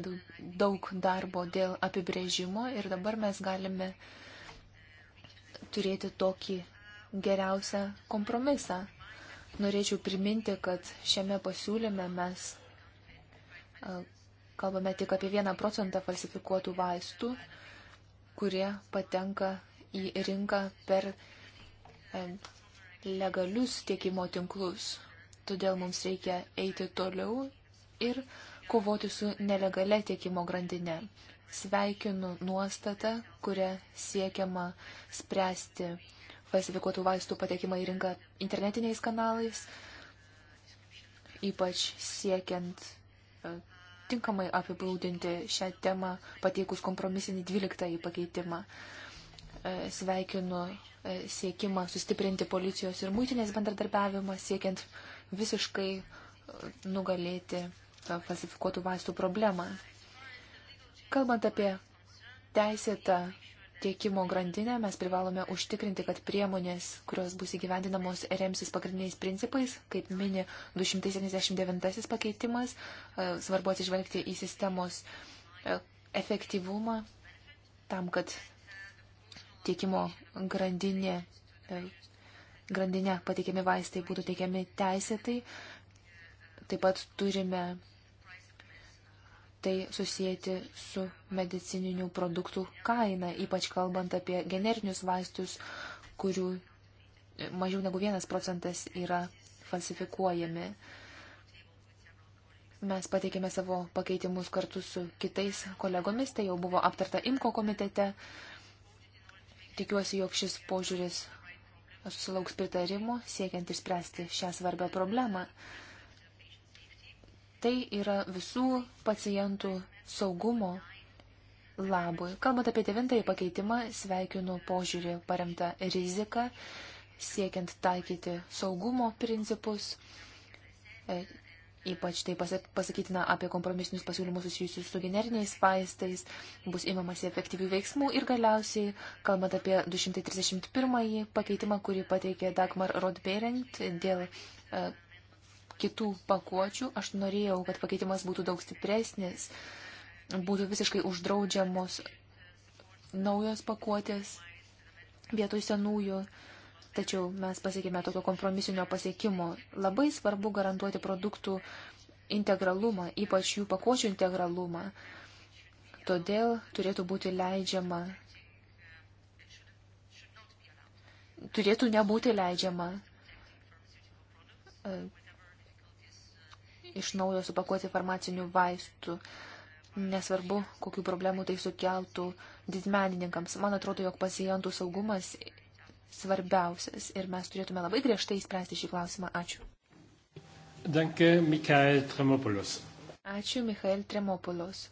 daug darbo dėl apibrėžimo ir dabar mes galime turėti tokį geriausią kompromisą Norėčiau priminti, kad šiame pasiūlyme mes kalbame tik apie vieną procentą falsifikuotų vaistų, kurie patenka į rinką per legalius tiekimo tinklus. Todėl mums reikia eiti toliau ir kovoti su nelegale tiekimo grandinė. Sveikinu nuostatą, kuria siekiama spręsti falsifikuotų vaistų patekimą į rinką internetiniais kanalais, ypač siekiant e, tinkamai apibūdinti šią temą, pateikus kompromisinį 12 pakeitimą. E, sveikinu e, siekimą sustiprinti policijos ir mūtinės bendradarbiavimą, siekiant visiškai nugalėti falsifikuotų vaistų problemą. Kalbant apie teisėtą tiekimo grandinę, mes privalome užtikrinti, kad priemonės, kurios bus įgyvendinamos, remsis pagrindiniais principais, kaip mini 279 pakeitimas, e, svarbu atsižvelgti į sistemos e, efektyvumą tam, kad tiekimo grandinė, e, grandinė pateikiami vaistai būtų teikiami teisėtai. Taip pat turime tai susijęti su medicininių produktų kaina, ypač kalbant apie generinius vaistus, kurių mažiau negu vienas procentas yra falsifikuojami. Mes pateikėme savo pakeitimus kartu su kitais kolegomis, tai jau buvo aptarta IMKO komitete. Tikiuosi, jog šis požiūris susilauks pritarimo, siekiant išspręsti šią svarbę problemą. Tai yra visų pacientų saugumo labui. Kalbant apie devintąjį pakeitimą, sveikinu požiūrį paremtą riziką, siekiant taikyti saugumo principus. E, ypač tai pasakytina apie kompromisinius pasiūlymus susijusius su generiniais vaistais, bus imamasi efektyvių veiksmų ir galiausiai, kalbant apie 231 pakeitimą, kurį pateikė Dagmar Rodberent dėl e, kitų pakuočių. Aš norėjau, kad pakeitimas būtų daug stipresnis, būtų visiškai uždraudžiamos naujos pakuotės vietoj senųjų. Tačiau mes pasiekime tokio kompromisinio pasiekimo. Labai svarbu garantuoti produktų integralumą, ypač jų pakuočių integralumą. Todėl turėtų būti leidžiama turėtų nebūti leidžiama iš naujo supakuoti farmacinių vaistų. Nesvarbu, kokių problemų tai sukeltų didmenininkams. Man atrodo, jog pacientų saugumas svarbiausias ir mes turėtume labai griežtai spręsti šį klausimą. Ačiū.
Danke, Mikael Tremopolos.
Ačiū, Mikael Tremopolos.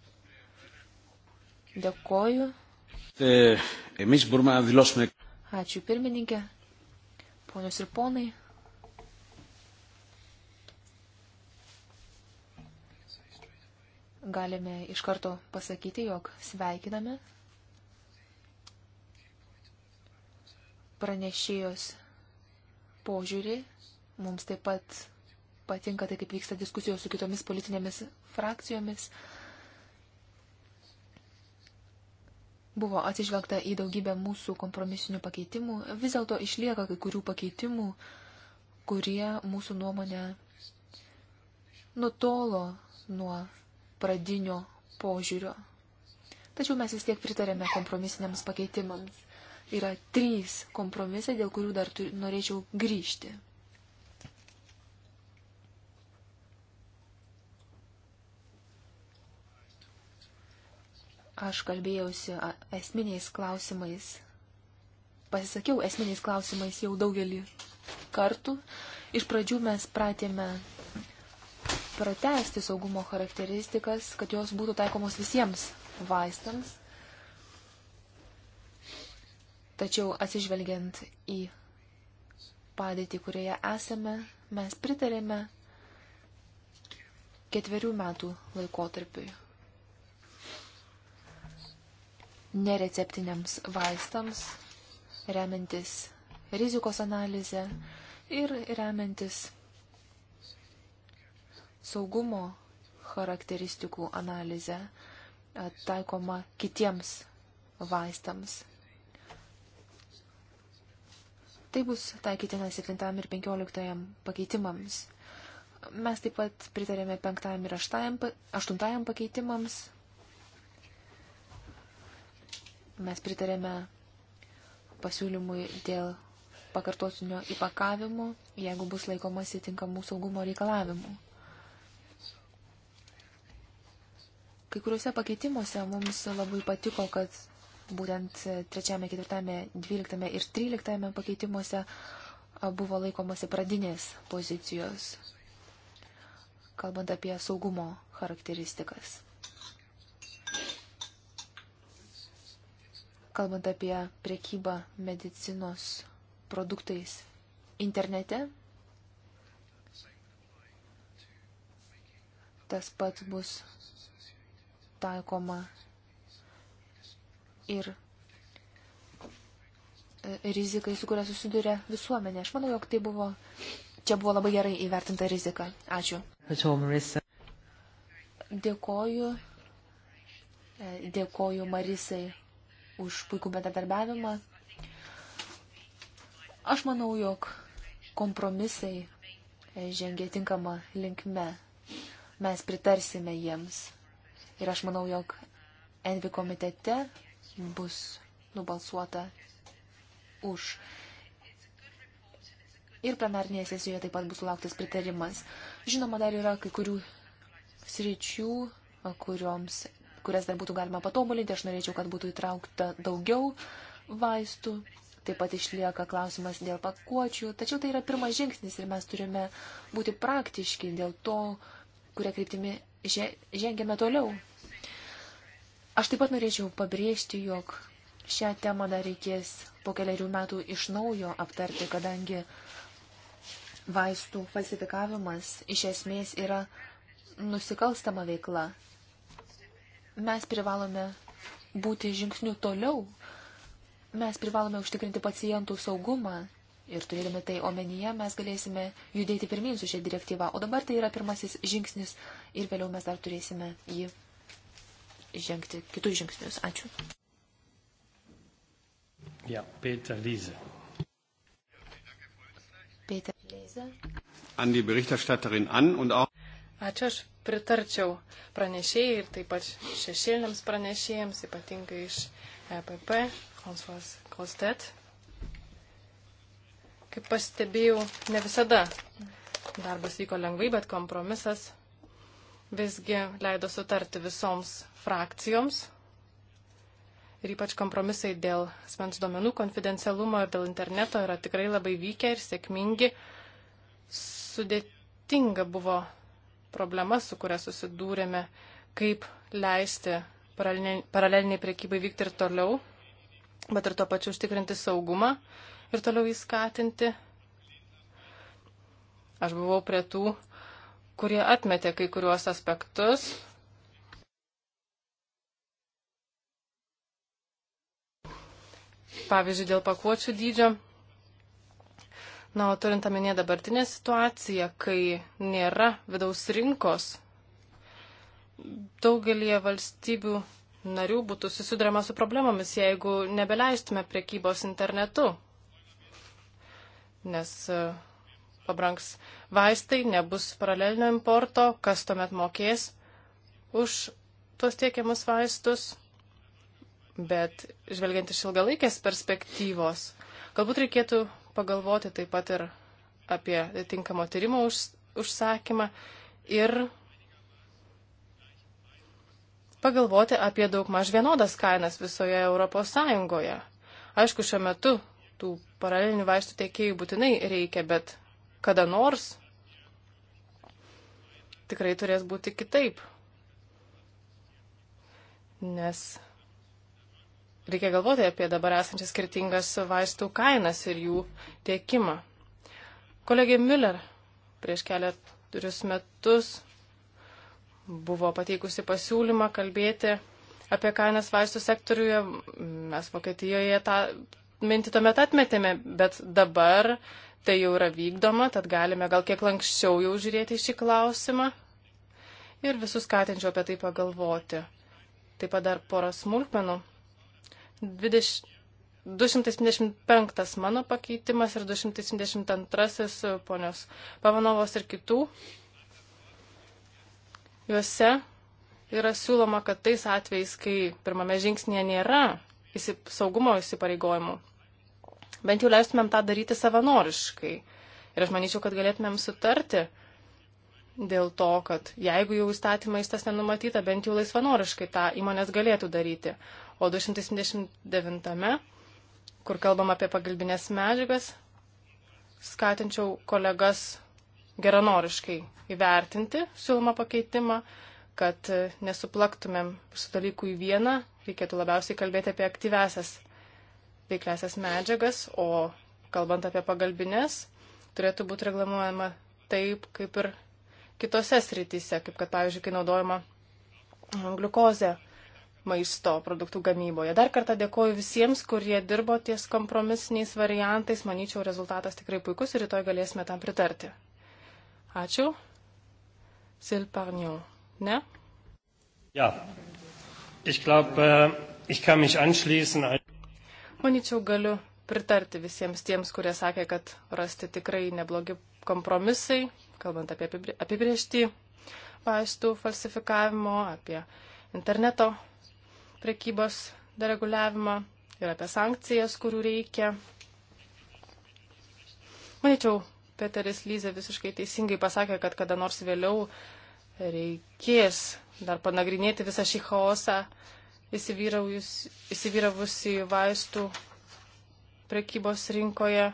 Dėkoju. Ačiū, pirmininkė. Ponios ir ponai. galime iš karto pasakyti, jog sveikiname pranešėjos požiūrį. Mums taip pat patinka tai, kaip vyksta diskusijos su kitomis politinėmis frakcijomis. Buvo atsižvelgta į daugybę mūsų kompromisinių pakeitimų, vis dėlto išlieka kai kurių pakeitimų, kurie mūsų nuomonė nutolo nuo pradinio požiūrio. Tačiau mes vis tiek pritarėme kompromisiniams pakeitimams. Yra trys kompromisai, dėl kurių dar turi, norėčiau grįžti. Aš kalbėjausi esminiais klausimais, pasisakiau esminiais klausimais jau daugelį kartų. Iš pradžių mes pratėme pratesti saugumo charakteristikas, kad jos būtų taikomos visiems vaistams. Tačiau atsižvelgiant į padėtį, kurioje esame, mes pritarėme ketverių metų laikotarpiui. Nereceptiniams vaistams, remiantis rizikos analizę ir remiantis saugumo charakteristikų analizę e, taikoma kitiems vaistams. Tai bus taikytina 7 ir 15 pakeitimams. Mes taip pat pritarėme 5 ir 8 pakeitimams. Mes pritarėme pasiūlymui dėl pakartotinio įpakavimo, jeigu bus laikomasi tinkamų saugumo reikalavimų. Kai kuriuose pakeitimuose mums labai patiko, kad būtent trečiame, ketvirtame, dvyliktame ir tryliktame pakeitimuose buvo laikomasi pradinės pozicijos, kalbant apie saugumo charakteristikas. Kalbant apie priekybą medicinos produktais internete, tas pat bus taikoma ir e, rizikai, su kuria susiduria visuomenė. Aš manau, jog tai buvo, čia buvo labai gerai įvertinta rizika. Ačiū. Dėkoju, e, dėkoju Marisai už puikų bendradarbiavimą. Aš manau, jog kompromisai e, žengia tinkama linkme. Mes pritarsime jiems. Ir aš manau, jog Envi komitete bus nubalsuota už. Ir plenarnėje sesijoje taip pat bus lauktas pritarimas. Žinoma, dar yra kai kurių sričių, kurioms, kurias dar būtų galima patobulinti. Aš norėčiau, kad būtų įtraukta daugiau vaistų. Taip pat išlieka klausimas dėl pakuočių. Tačiau tai yra pirmas žingsnis ir mes turime būti praktiški dėl to, kuria kryptimi žengėme toliau. Aš taip pat norėčiau pabrėžti, jog šią temą dar reikės po keliarių metų iš naujo aptarti, kadangi vaistų falsifikavimas iš esmės yra nusikalstama veikla. Mes privalome būti žingsnių toliau, mes privalome užtikrinti pacientų saugumą Ir turėdami tai omenyje, mes galėsime judėti pirmin su šia direktyva. O dabar tai yra pirmasis žingsnis ir vėliau mes dar turėsime jį žengti kitus žingsnius. Ačiū.
Ja, Peter Liese.
Peter Liese.
An die Berichterstatterin an und auch.
Ačiū, aš pritarčiau pranešėjai ir taip pat šešėliniams pranešėjams, ypatingai iš EPP, Konsulas Kostet. Kaip pastebėjau, ne visada darbas vyko lengvai, bet kompromisas visgi leido sutarti visoms frakcijoms. Ir ypač kompromisai dėl asmens duomenų konfidencialumo ir dėl interneto yra tikrai labai vykę ir sėkmingi. Sudėtinga buvo problema, su kuria susidūrėme, kaip leisti paraleliniai priekybai vykti ir toliau, bet ir tuo pačiu užtikrinti saugumą ir toliau įskatinti. Aš buvau prie tų, kurie atmetė kai kuriuos aspektus. Pavyzdžiui, dėl pakuočių dydžio. Na, o turint omenyje dabartinę situaciją, kai nėra vidaus rinkos, daugelie valstybių narių būtų susidurima su problemomis, jeigu nebeleistume priekybos internetu nes e, pabranks vaistai, nebus paralelinio importo, kas tuomet mokės už tuos tiekiamus vaistus. Bet žvelgiant iš ilgalaikės perspektyvos, galbūt reikėtų pagalvoti taip pat ir apie tinkamo tyrimo už, užsakymą ir pagalvoti apie daug maž vienodas kainas visoje Europos Sąjungoje. Aišku, šiuo metu tų paralelinių vaistų tiekėjų būtinai reikia, bet kada nors tikrai turės būti kitaip. Nes reikia galvoti apie dabar esančias skirtingas vaistų kainas ir jų tiekimą. Kolegė Miller prieš keliarius metus buvo pateikusi pasiūlymą kalbėti apie kainas vaistų sektoriuje. Mes Vokietijoje tą mintį tuomet atmetėme, bet dabar tai jau yra vykdoma, tad galime gal kiek lankščiau jau žiūrėti į šį klausimą ir visus skatinčiau apie tai pagalvoti. Taip pat dar porą smulkmenų. 20, 275 mano pakeitimas ir 272 ponios Pavanovos ir kitų. Juose yra siūloma, kad tais atvejais, kai pirmame žingsnėje nėra įsip, saugumo įsipareigojimų, bent jau leistumėm tą daryti savanoriškai. Ir aš manyčiau, kad galėtumėm sutarti dėl to, kad jeigu jau įstatymais tas nenumatyta, bent jau laisvanoriškai tą įmonės galėtų daryti. O 279, kur kalbam apie pagalbinės medžiagas, skatinčiau kolegas geranoriškai įvertinti siūlomą pakeitimą kad e, nesuplaktumėm su dalykų į vieną, reikėtų labiausiai kalbėti apie aktyvesias veiklesias medžiagas, o kalbant apie pagalbinės, turėtų būti reglamuojama taip, kaip ir kitose srityse, kaip kad, pavyzdžiui, kai naudojama mm, gliukozė maisto produktų gamyboje. Dar kartą dėkoju visiems, kurie dirbo ties kompromisiniais variantais. Manyčiau, rezultatas tikrai puikus ir rytoj galėsime tam pritarti. Ačiū. Silparniau. Ne?
Ja. Ich glaube, äh, ich kann mich anschließen.
Manyčiau, galiu pritarti visiems tiems, kurie sakė, kad rasti tikrai neblogi kompromisai, kalbant apie apibriežtį vaistų falsifikavimo, apie interneto prekybos dereguliavimą ir apie sankcijas, kurių reikia. Manyčiau, Peteris Lyze visiškai teisingai pasakė, kad kada nors vėliau reikės dar panagrinėti visą šį chaosą įsivyravusi vaistų prekybos rinkoje.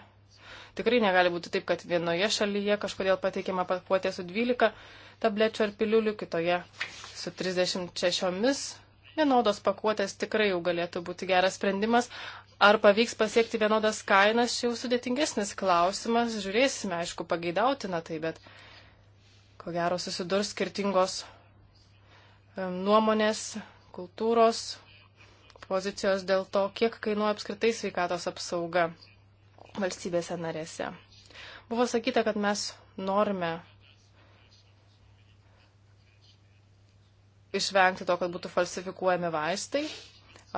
Tikrai negali būti taip, kad vienoje šalyje kažkodėl pateikiama pakuotė su 12 tablečių ar piliulių, kitoje su 36. Vienodos pakuotės tikrai jau galėtų būti geras sprendimas. Ar pavyks pasiekti vienodas kainas, čia jau sudėtingesnis klausimas. Žiūrėsime, aišku, pageidautina tai, bet ko gero susidurs skirtingos nuomonės, kultūros, pozicijos dėl to, kiek kainuoja apskritai sveikatos apsauga valstybėse narėse. Buvo sakyta, kad mes norime išvengti to, kad būtų falsifikuojami vaistai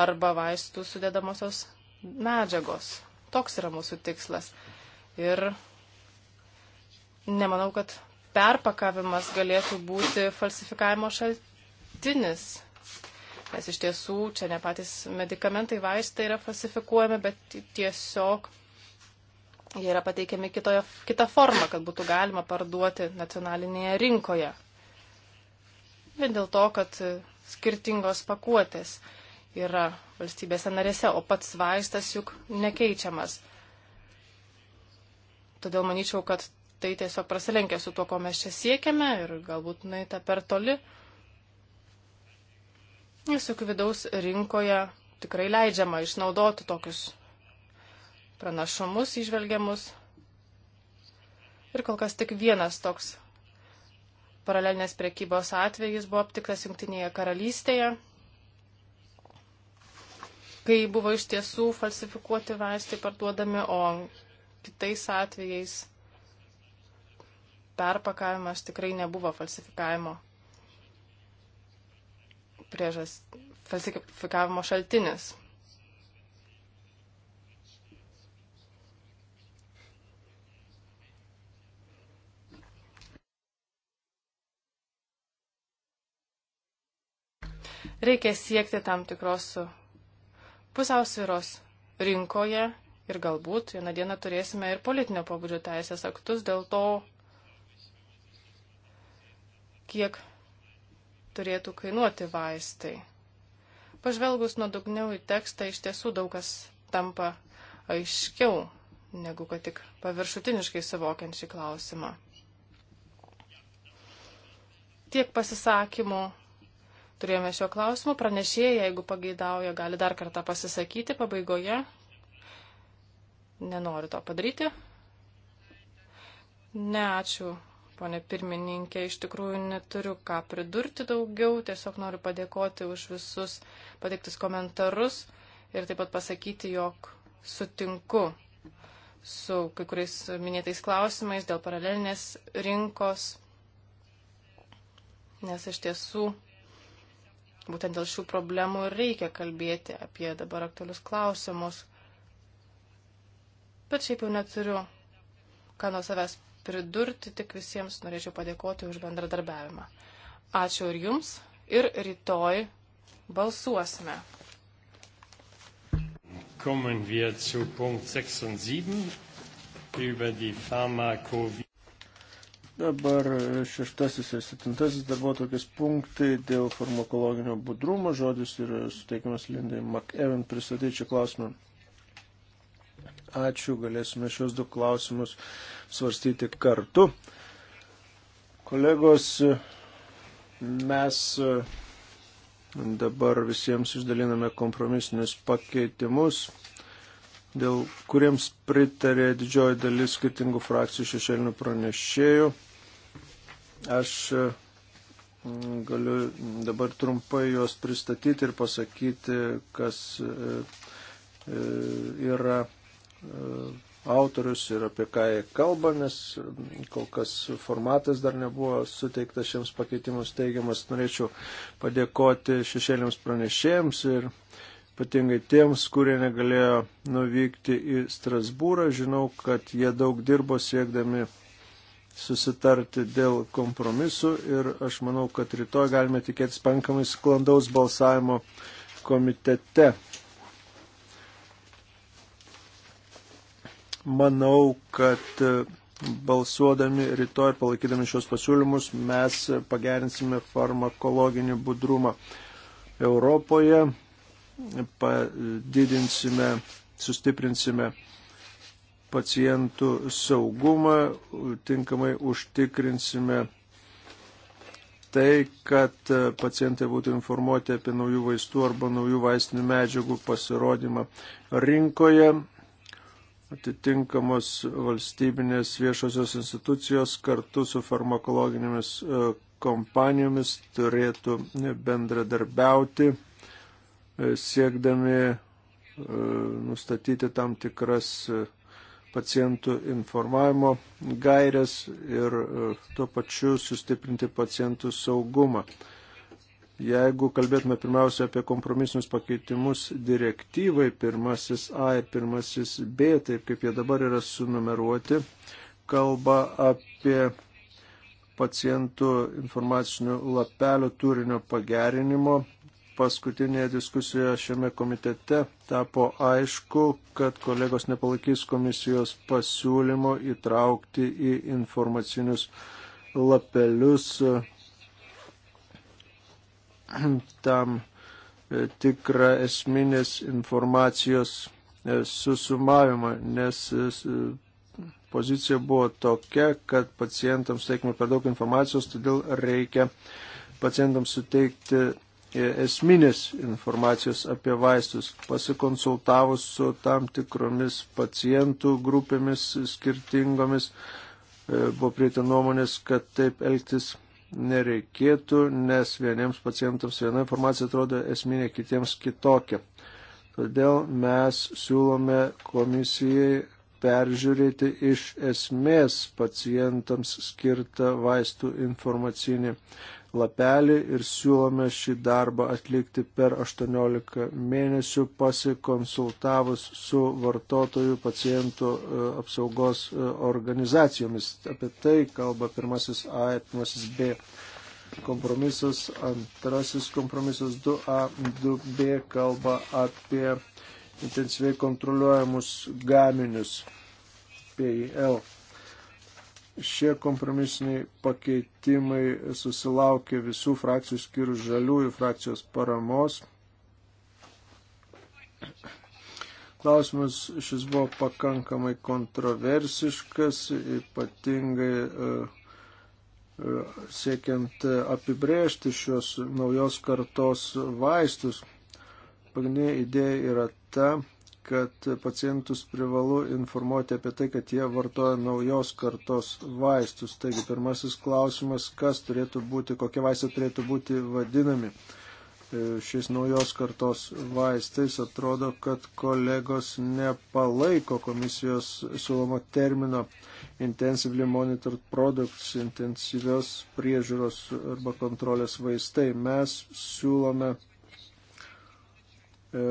arba vaistų sudėdamosios medžiagos. Toks yra mūsų tikslas. Ir nemanau, kad perpakavimas galėtų būti falsifikavimo šaltinis. Nes iš tiesų čia ne patys medikamentai, vaistai yra falsifikuojami, bet tiesiog jie yra pateikiami kitoje, kitą formą, kad būtų galima parduoti nacionalinėje rinkoje. Vien dėl to, kad skirtingos pakuotės yra valstybėse narėse, o pats vaistas juk nekeičiamas. Todėl manyčiau, kad tai tiesiog prasilenkia su tuo, ko mes čia siekiame ir galbūt nueita per toli. Nes juk vidaus rinkoje tikrai leidžiama išnaudoti tokius pranašumus išvelgiamus. Ir kol kas tik vienas toks paralelinės priekybos atvejis buvo aptiktas Junktinėje karalystėje, kai buvo iš tiesų falsifikuoti vaistai parduodami, o kitais atvejais perpakavimas tikrai nebuvo falsifikavimo priežas, falsifikavimo šaltinis. Reikia siekti tam tikros pusiausviros rinkoje ir galbūt vieną dieną turėsime ir politinio pabudžio teisės aktus, dėl to kiek turėtų kainuoti vaistai. Pažvelgus nuodugniau į tekstą, iš tiesų daug kas tampa aiškiau, negu kad tik paviršutiniškai suvokiant šį klausimą. Tiek pasisakymų turėjome šio klausimu. Pranešėjai, jeigu pageidauja, gali dar kartą pasisakyti pabaigoje. Nenoriu to padaryti. Ne, ačiū Pone pirmininkė, iš tikrųjų neturiu ką pridurti daugiau, tiesiog noriu padėkoti už visus pateiktus komentarus ir taip pat pasakyti, jog sutinku su kai kuriais minėtais klausimais dėl paralelinės rinkos, nes iš tiesų būtent dėl šių problemų ir reikia kalbėti apie dabar aktualius klausimus. Bet šiaip jau neturiu ką nuo savęs pridurti, tik visiems norėčiau padėkoti už bendradarbiavimą. Ačiū ir jums ir rytoj balsuosime.
Kommen wir zu Punkt 6 und 7 über die Pharmakovie.
Dabar äh, šeštasis ir septintasis darbo tokias punktai dėl farmakologinio budrumo žodis ir suteikimas Lindai McEwen pristatyti čia klausimą. Ačiū, galėsime šios du klausimus svarstyti kartu. Kolegos, mes dabar visiems išdaliname kompromisinius pakeitimus, dėl kuriems pritarė didžioji dalis skirtingų frakcijų šešėlinių pranešėjų. Aš mm, galiu dabar trumpai juos pristatyti ir pasakyti, kas e, e, yra autorius ir apie ką jie kalba, nes kol kas formatas dar nebuvo suteiktas šiems pakeitimus teigiamas. Norėčiau padėkoti šešėliams pranešėjams ir ypatingai tiems, kurie negalėjo nuvykti į Strasbūrą. Žinau, kad jie daug dirbo siekdami susitarti dėl kompromisų ir aš manau, kad rytoj galime tikėtis pankamai sklandaus balsavimo komitete. manau, kad e, balsuodami rytoj ir palaikydami šios pasiūlymus mes pagerinsime farmakologinį budrumą Europoje, padidinsime, sustiprinsime pacientų saugumą, tinkamai užtikrinsime tai, kad e, pacientai būtų informuoti apie naujų vaistų arba naujų vaistinių medžiagų pasirodymą rinkoje atitinkamos valstybinės viešosios institucijos kartu su farmakologinėmis e, kompanijomis turėtų bendradarbiauti, e, siekdami e, nustatyti tam tikras pacientų informavimo gairias ir tuo pačiu sustiprinti pacientų saugumą. Jeigu kalbėtume pirmiausia apie kompromisinius pakeitimus direktyvai, pirmasis A ir pirmasis B, taip kaip jie dabar yra sunumeruoti, kalba apie pacientų informacinių lapelių turinio pagerinimo. Paskutinėje diskusijoje šiame komitete tapo aišku, kad kolegos nepalaikys komisijos pasiūlymo įtraukti į informacinius lapelius tam e, tikrą esminės informacijos e, susumavimą, nes e, pozicija buvo tokia, kad pacientams teikime per daug informacijos, todėl reikia pacientams suteikti esminės informacijos apie vaistus, pasikonsultavus su tam tikromis pacientų grupėmis skirtingomis, buvo prieita nuomonės, kad taip elgtis nereikėtų, nes vieniems pacientams viena informacija atrodo esminė, kitiems kitokia. Todėl mes siūlome komisijai peržiūrėti iš esmės pacientams skirtą vaistų informacinį lapelį ir siūlome šį darbą atlikti per 18 mėnesių pasikonsultavus su vartotojų pacientų e, apsaugos e, organizacijomis. Apie tai kalba pirmasis A ir pirmasis B kompromisas, antrasis kompromisas 2A, 2B kalba apie intensyviai kontroliuojamus gaminius PIL. Šie kompromisiniai pakeitimai susilaukė visų frakcijų skirus žaliųjų frakcijos paramos. Klausimas šis buvo pakankamai kontroversiškas, ypatingai uh, siekiant apibrėžti šios naujos kartos vaistus. Pagrindinė idėja yra ta, kad pacientus privalu informuoti apie tai, kad jie vartoja naujos kartos vaistus. Taigi pirmasis klausimas, kas turėtų būti, kokie vaistai turėtų būti vadinami e, šiais naujos kartos vaistais. Atrodo, kad kolegos nepalaiko komisijos siūlomo termino intensively monitored products, intensyvios priežiūros arba kontrolės vaistai. Mes siūlome e,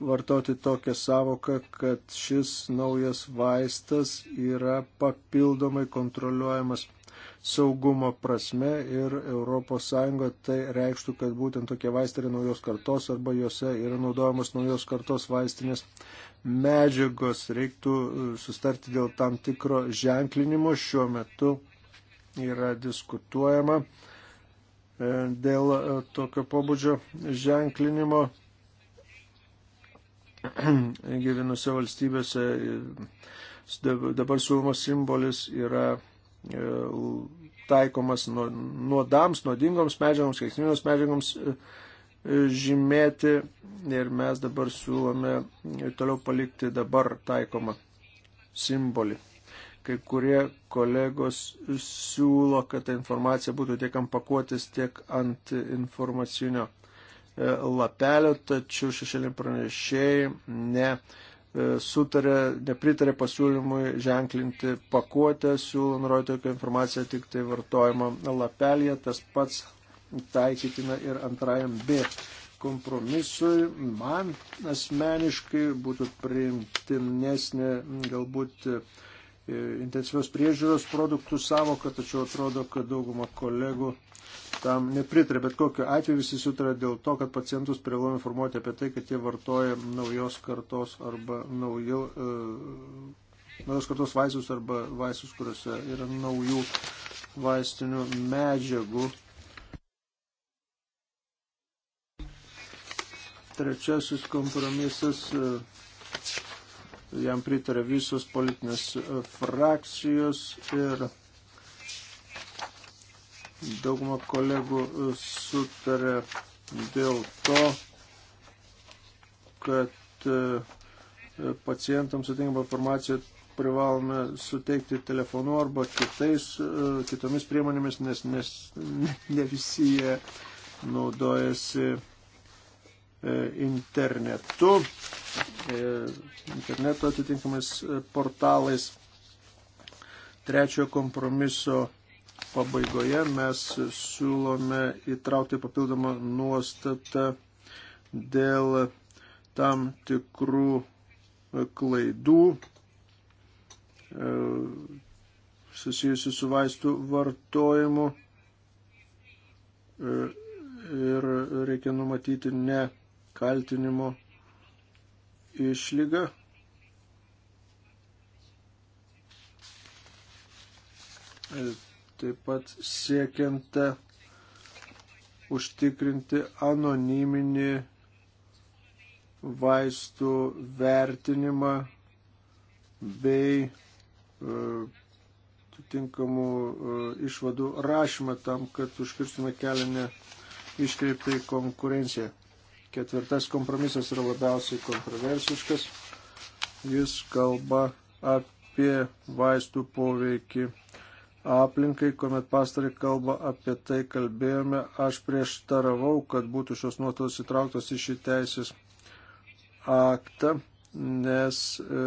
vartoti tokią savoką, kad šis naujas vaistas yra papildomai kontroliuojamas saugumo prasme ir ES tai reikštų, kad būtent tokie vaistai yra naujos kartos arba juose yra naudojamos naujos kartos vaistinės medžiagos. Reiktų e, sustarti dėl tam tikro ženklinimo šiuo metu yra diskutuojama e, dėl e, tokio pobūdžio ženklinimo gyvenose valstybėse dabar siūlomas simbolis yra e, taikomas nuodams, nuodingoms medžiagoms, keiksmingoms medžiagoms e, e, žymėti ir mes dabar siūlome toliau palikti dabar taikomą simbolį. Kai kurie kolegos siūlo, kad ta informacija būtų tiek ant pakuotės, tiek ant informacinio lapelio, tačiau šešėlė pranešėjai ne e, sutarė, nepritarė pasiūlymui ženklinti pakuotę, siūlo nurodyti tokią informaciją tik tai vartojimo lapelėje, tas pats taikytina ir antrajam B kompromisui. Man asmeniškai būtų priimtinesnė galbūt intensyvios priežiūros produktų savoką, tačiau atrodo, kad dauguma kolegų tam nepritarė. Bet kokiu atveju visi sutarė dėl to, kad pacientus privalu informuoti apie tai, kad jie vartoja naujos kartos arba naujų, e, naujos kartos vaistus arba vaistus, kuriuose yra naujų vaistinių medžiagų. Trečiasis kompromisas. E, jam pritarė visos politinės e, frakcijos ir dauguma kolegų e, sutarė dėl to, kad e, pacientams atitinkamą informaciją privalome suteikti telefonu arba kitais, kitomis priemonėmis, nes, nes ne, ne visi jie naudojasi E, internetu, e, interneto atitinkamais e, portalais. Trečiojo kompromiso pabaigoje mes siūlome įtraukti papildomą nuostatą dėl tam tikrų klaidų susijusių su vaistų vartojimu ir reikia numatyti ne kaltinimo išlyga. Taip pat siekiant užtikrinti anoniminį vaistų vertinimą bei atitinkamų e, e, išvadų rašymą tam, kad užkirstume kelią neiškreiptai konkurenciją. Ketvirtas kompromisas yra labiausiai kontroversiškas. Jis kalba apie vaistų poveikį aplinkai, kuomet pastarį kalbą apie tai kalbėjome. Aš prieštaravau, kad būtų šios nuotos įtrauktos į šį teisės aktą, nes e,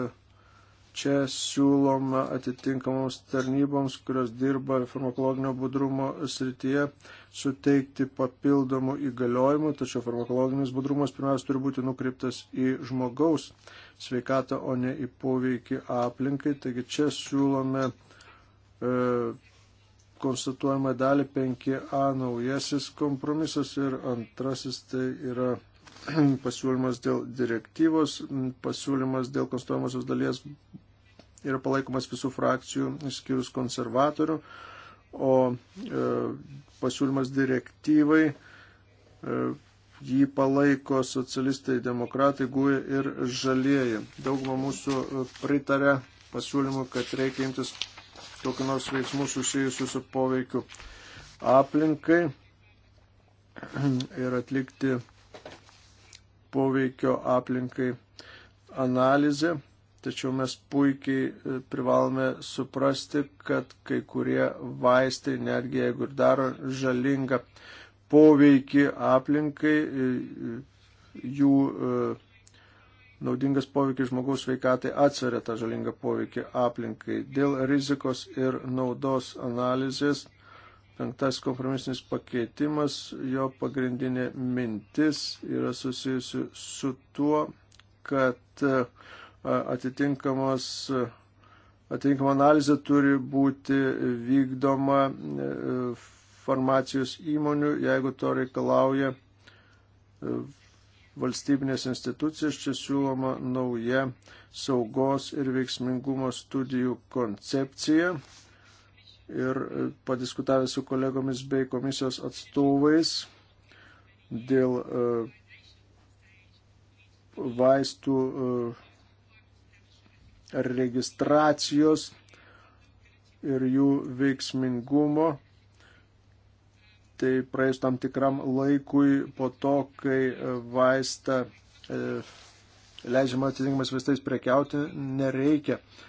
Čia siūloma atitinkamoms tarnyboms, kurios dirba farmakologinio budrumo srityje, suteikti papildomų įgaliojimų, tačiau farmakologinis budrumas pirmiausia turi būti nukreiptas į žmogaus sveikatą, o ne į poveikį aplinkai. Taigi čia siūlome e, konstatuojama dalį 5a naujasis kompromisas ir antrasis tai yra pasiūlymas dėl direktyvos, pasiūlymas dėl konstituojamosios dalies yra palaikomas visų frakcijų, išskyrus konservatorių, o e, pasiūlymas direktyvai e, jį palaiko socialistai, demokratai, gūja ir žalieji. Dauguma mūsų e, pritarė pasiūlymu, kad reikia imtis kokių nors veiksmų susijusių su poveikiu aplinkai ir atlikti poveikio aplinkai analizė, tačiau mes puikiai e, privalome suprasti, kad kai kurie vaistai, netgi jeigu ir daro žalingą poveikį aplinkai, e, jų e, naudingas poveikis žmogaus veikatai atsveria tą žalingą poveikį aplinkai. Dėl rizikos ir naudos analizės Penktas kompromisinis pakeitimas, jo pagrindinė mintis yra susijusi su tuo, kad e, atitinkamos e, atitinkama analizė turi būti vykdoma e, farmacijos įmonių, jeigu to reikalauja valstybinės institucijas, čia siūloma nauja saugos ir veiksmingumo studijų koncepcija, ir padiskutavę su kolegomis bei komisijos atstovais dėl e, vaistų e, registracijos ir jų veiksmingumo. Tai praėjus tam tikram laikui po to, kai e, vaistą leidžiama atitinkamas vaistais prekiauti, nereikia uh,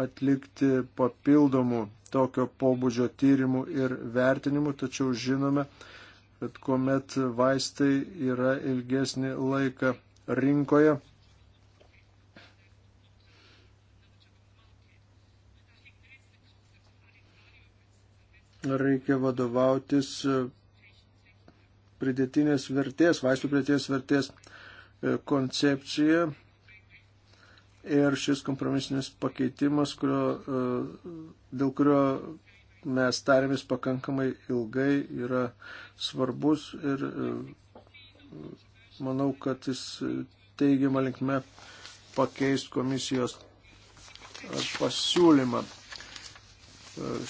atlikti papildomų tokio pobūdžio tyrimų ir vertinimų, tačiau žinome, kad kuomet vaistai yra ilgesnį laiką rinkoje, reikia vadovautis pridėtinės vertės, vaistų pridėtinės vertės koncepcija ir šis kompromisinis pakeitimas, kurio, e, dėl kurio mes tarėmės pakankamai ilgai, yra svarbus ir e, manau, kad jis teigiamą linkme pakeis komisijos e, pasiūlymą.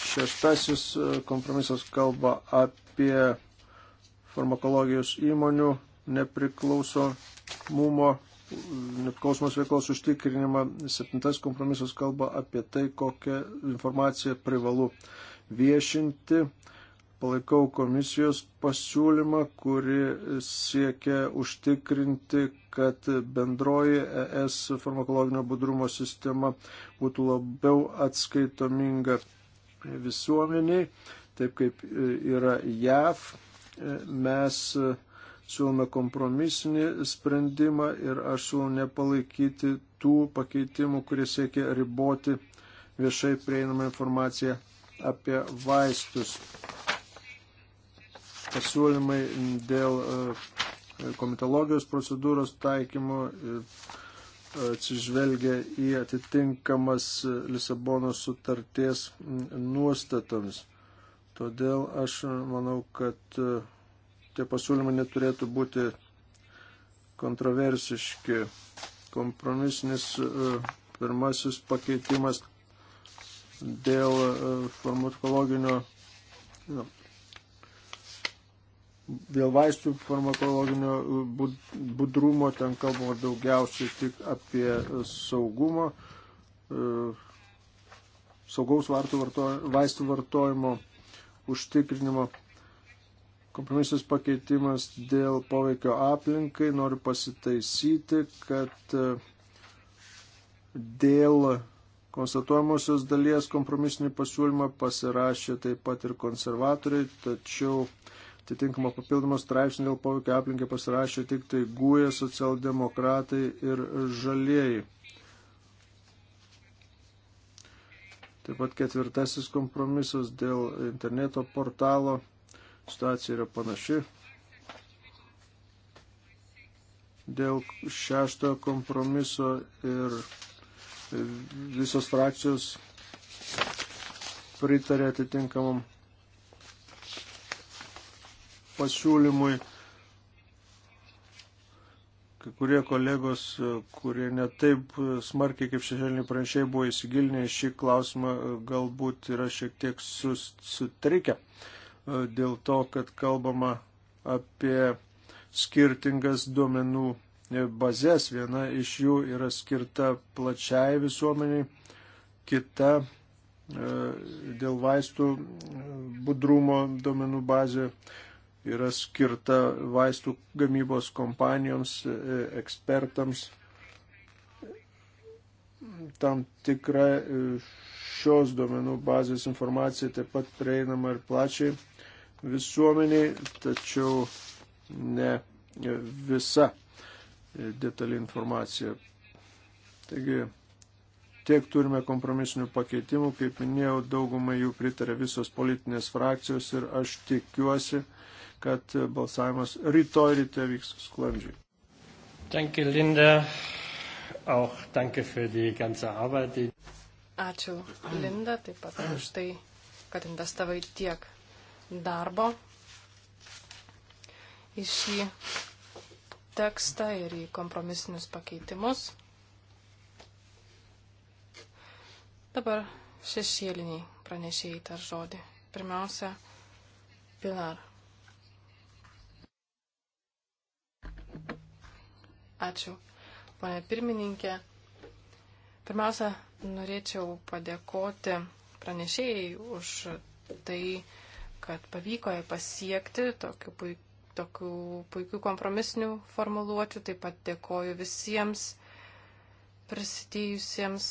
Šeštasis kompromisas kalba apie farmakologijos įmonių nepriklausomumo nepriklausomos veiklos užtikrinimą. Septintas kompromisas kalba apie tai, kokią informaciją privalu viešinti. Palaikau komisijos pasiūlymą, kuri siekia užtikrinti, kad bendroji ES farmakologinio budrumo sistema būtų labiau atskaitominga visuomeniai, taip kaip yra JAV. Mes siūlome kompromisinį sprendimą ir aš siūlau nepalaikyti tų pakeitimų, kurie siekia riboti viešai prieinamą informaciją apie vaistus. Pasiūlymai dėl e, komitologijos procedūros taikymo e, atsižvelgia į atitinkamas Lisabonos sutarties nuostatomis. Todėl aš manau, kad e, tie pasiūlymai neturėtų būti kontroversiški. Kompromisinis e, pirmasis pakeitimas dėl e, farmakologinio, dėl vaistų farmakologinio e, budrumo, ten kalbama daugiausiai tik apie saugumo, saugaus vartų varto, vaistų vartojimo užtikrinimo Kompromisas pakeitimas dėl poveikio aplinkai. Noriu pasitaisyti, kad e, dėl konstatuojamosios dalies kompromisinį pasiūlymą pasirašė taip pat ir konservatoriai, tačiau atitinkamą papildomą straipsnį dėl poveikio aplinkai pasirašė tik tai guoja socialdemokratai ir žalieji. Taip pat ketvirtasis kompromisas dėl interneto portalo situacija yra panaši. Dėl šešto kompromiso ir visos frakcijos pritarė atitinkamam pasiūlymui. Kai kurie kolegos, kurie netaip smarkiai kaip šešėliniai pranešėjai buvo įsigilinę į šį klausimą, galbūt yra šiek tiek sus, sutrikę. Uh, E, dėl to, kad kalbama apie skirtingas duomenų e, bazės. Viena iš jų yra skirta plačiai visuomeniai, kita e, dėl vaistų budrumo duomenų bazė yra skirta vaistų gamybos kompanijoms, ekspertams. Tam tikra šios duomenų bazės informacija taip pat prieinama ir plačiai visuomeniai, tačiau ne visa detali informacija. Taigi tiek turime kompromisinių pakeitimų, kaip minėjau, daugumai jų pritarė visos politinės frakcijos ir aš tikiuosi, kad balsavimas rytoj ryte vyks sklandžiai.
Danke, Linda. Auch danke für die ganze Arbeit.
Ačiū, Linda, taip pat už tai, kad investavai tiek darbo į šį tekstą ir į kompromisinius pakeitimus. Dabar šešėliniai pranešėjai tar žodį. Pirmiausia, Pilar. Ačiū, ponė pirmininkė. Pirmiausia, norėčiau padėkoti pranešėjai už tai, kad pavyko pasiekti tokių, puik, tokių puikių kompromisinių formuluočių. Taip pat dėkoju visiems prisidėjusiems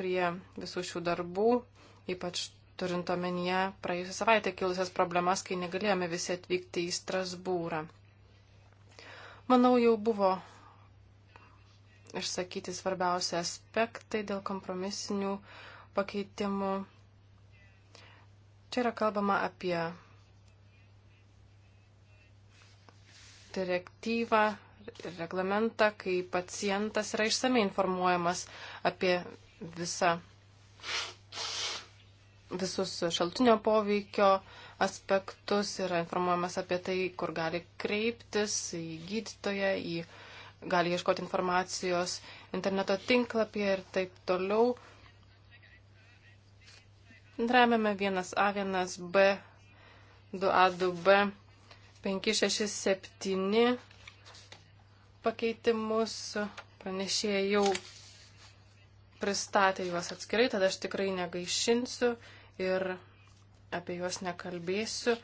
prie visų šių darbų, ypač turint omenyje praėjusią savaitę kilusias problemas, kai negalėjome visi atvykti į Strasbūrą. Manau, jau buvo išsakyti svarbiausi aspektai dėl kompromisinių pakeitimų Čia yra kalbama apie direktyvą ir reglamentą, kai pacientas yra išsamei informuojamas apie visą, visus šaltinio poveikio aspektus, yra informuojamas apie tai, kur gali kreiptis į gydytoją, į, gali ieškoti informacijos interneto tinklapyje ir taip toliau. Remiame 1A, 1B, 2A, 2B, 5, 6, 7 pakeitimus. Pranešėjai jau pristatė juos atskirai, tada aš tikrai negaišinsiu ir apie juos nekalbėsiu.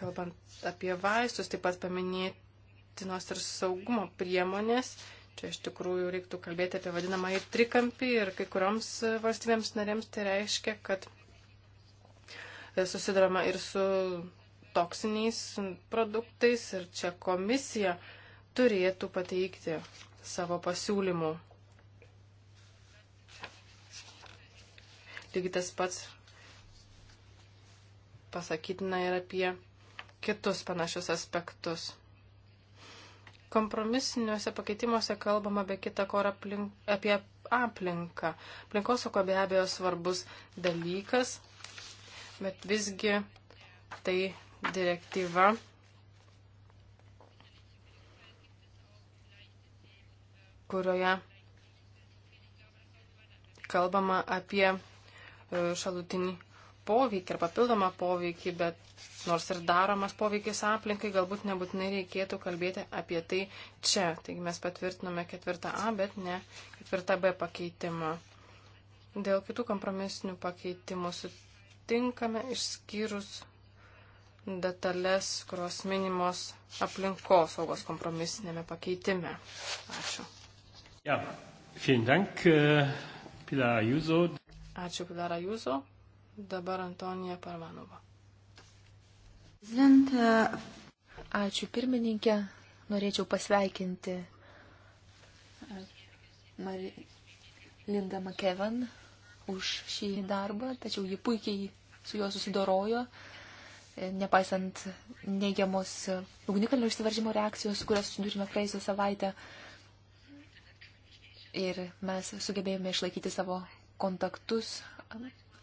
Kalbant apie vaistus, taip pat paminėtinos ir saugumo priemonės Čia iš tikrųjų reiktų kalbėti apie vadinamąjį trikampį ir kai kurioms valstybėms narėms tai reiškia, kad susidurama ir su toksiniais produktais ir čia komisija turėtų pateikti savo pasiūlymų. Lygiai tas pats pasakytina ir apie kitus panašius aspektus. Kompromisiniuose pakeitimuose kalbama be kita ko aplink, apie aplinką. Aplinkosauga be abejo svarbus dalykas, bet visgi tai direktyva. kurioje kalbama apie e, šalutinį poveikį ar papildomą poveikį, bet nors ir daromas poveikis aplinkai, galbūt nebūtinai reikėtų kalbėti apie tai čia. Taigi mes patvirtinome ketvirtą A, bet ne ketvirtą B pakeitimą. Dėl kitų kompromisinių pakeitimų sutinkame išskyrus detalės, kurios minimos aplinkos saugos kompromisinėme pakeitime. Ačiū. Ja,
vielen Dank, äh, Pilar Juso.
Ačiū, Pilar Juso. Dabar Antonija Parvanova. E,
Ačiū pirmininkė. Norėčiau pasveikinti
e,
Mari... Linda McKevan už šį darbą, tačiau ji puikiai su juo susidorojo, e, nepaisant neigiamos ugnikalnio išsivaržymo reakcijos, kurias susidūrime praėjusią savaitę. Ir mes sugebėjome išlaikyti savo kontaktus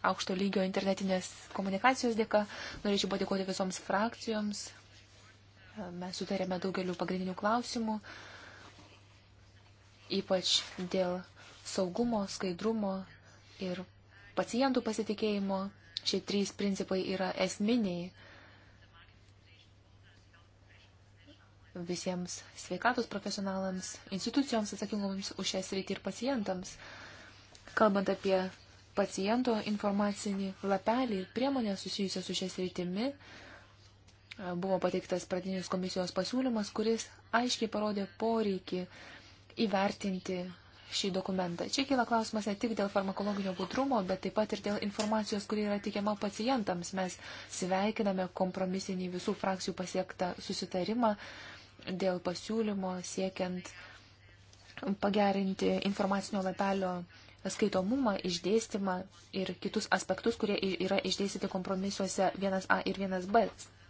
aukšto lygio internetinės komunikacijos dėka. Norėčiau padėkoti visoms frakcijoms. Mes sutarėme daugeliu pagrindinių klausimų, ypač dėl saugumo, skaidrumo ir pacientų pasitikėjimo. Šie trys principai yra esminiai visiems sveikatos profesionalams, institucijoms atsakingoms už šią sritį ir pacientams. Kalbant apie paciento informacinį lapelį ir priemonę susijusią su šias rytimi. Buvo pateiktas pradinis komisijos pasiūlymas, kuris aiškiai parodė poreikį įvertinti šį dokumentą. Čia kyla klausimas ne tik dėl farmakologinio budrumo, bet taip pat ir dėl informacijos, kuri yra tikiama pacientams. Mes sveikiname kompromisinį visų frakcijų pasiektą susitarimą dėl pasiūlymo siekiant pagerinti informacinio lapelio skaitomumą, išdėstymą ir kitus aspektus, kurie yra išdėstyti kompromisuose 1A ir 1B.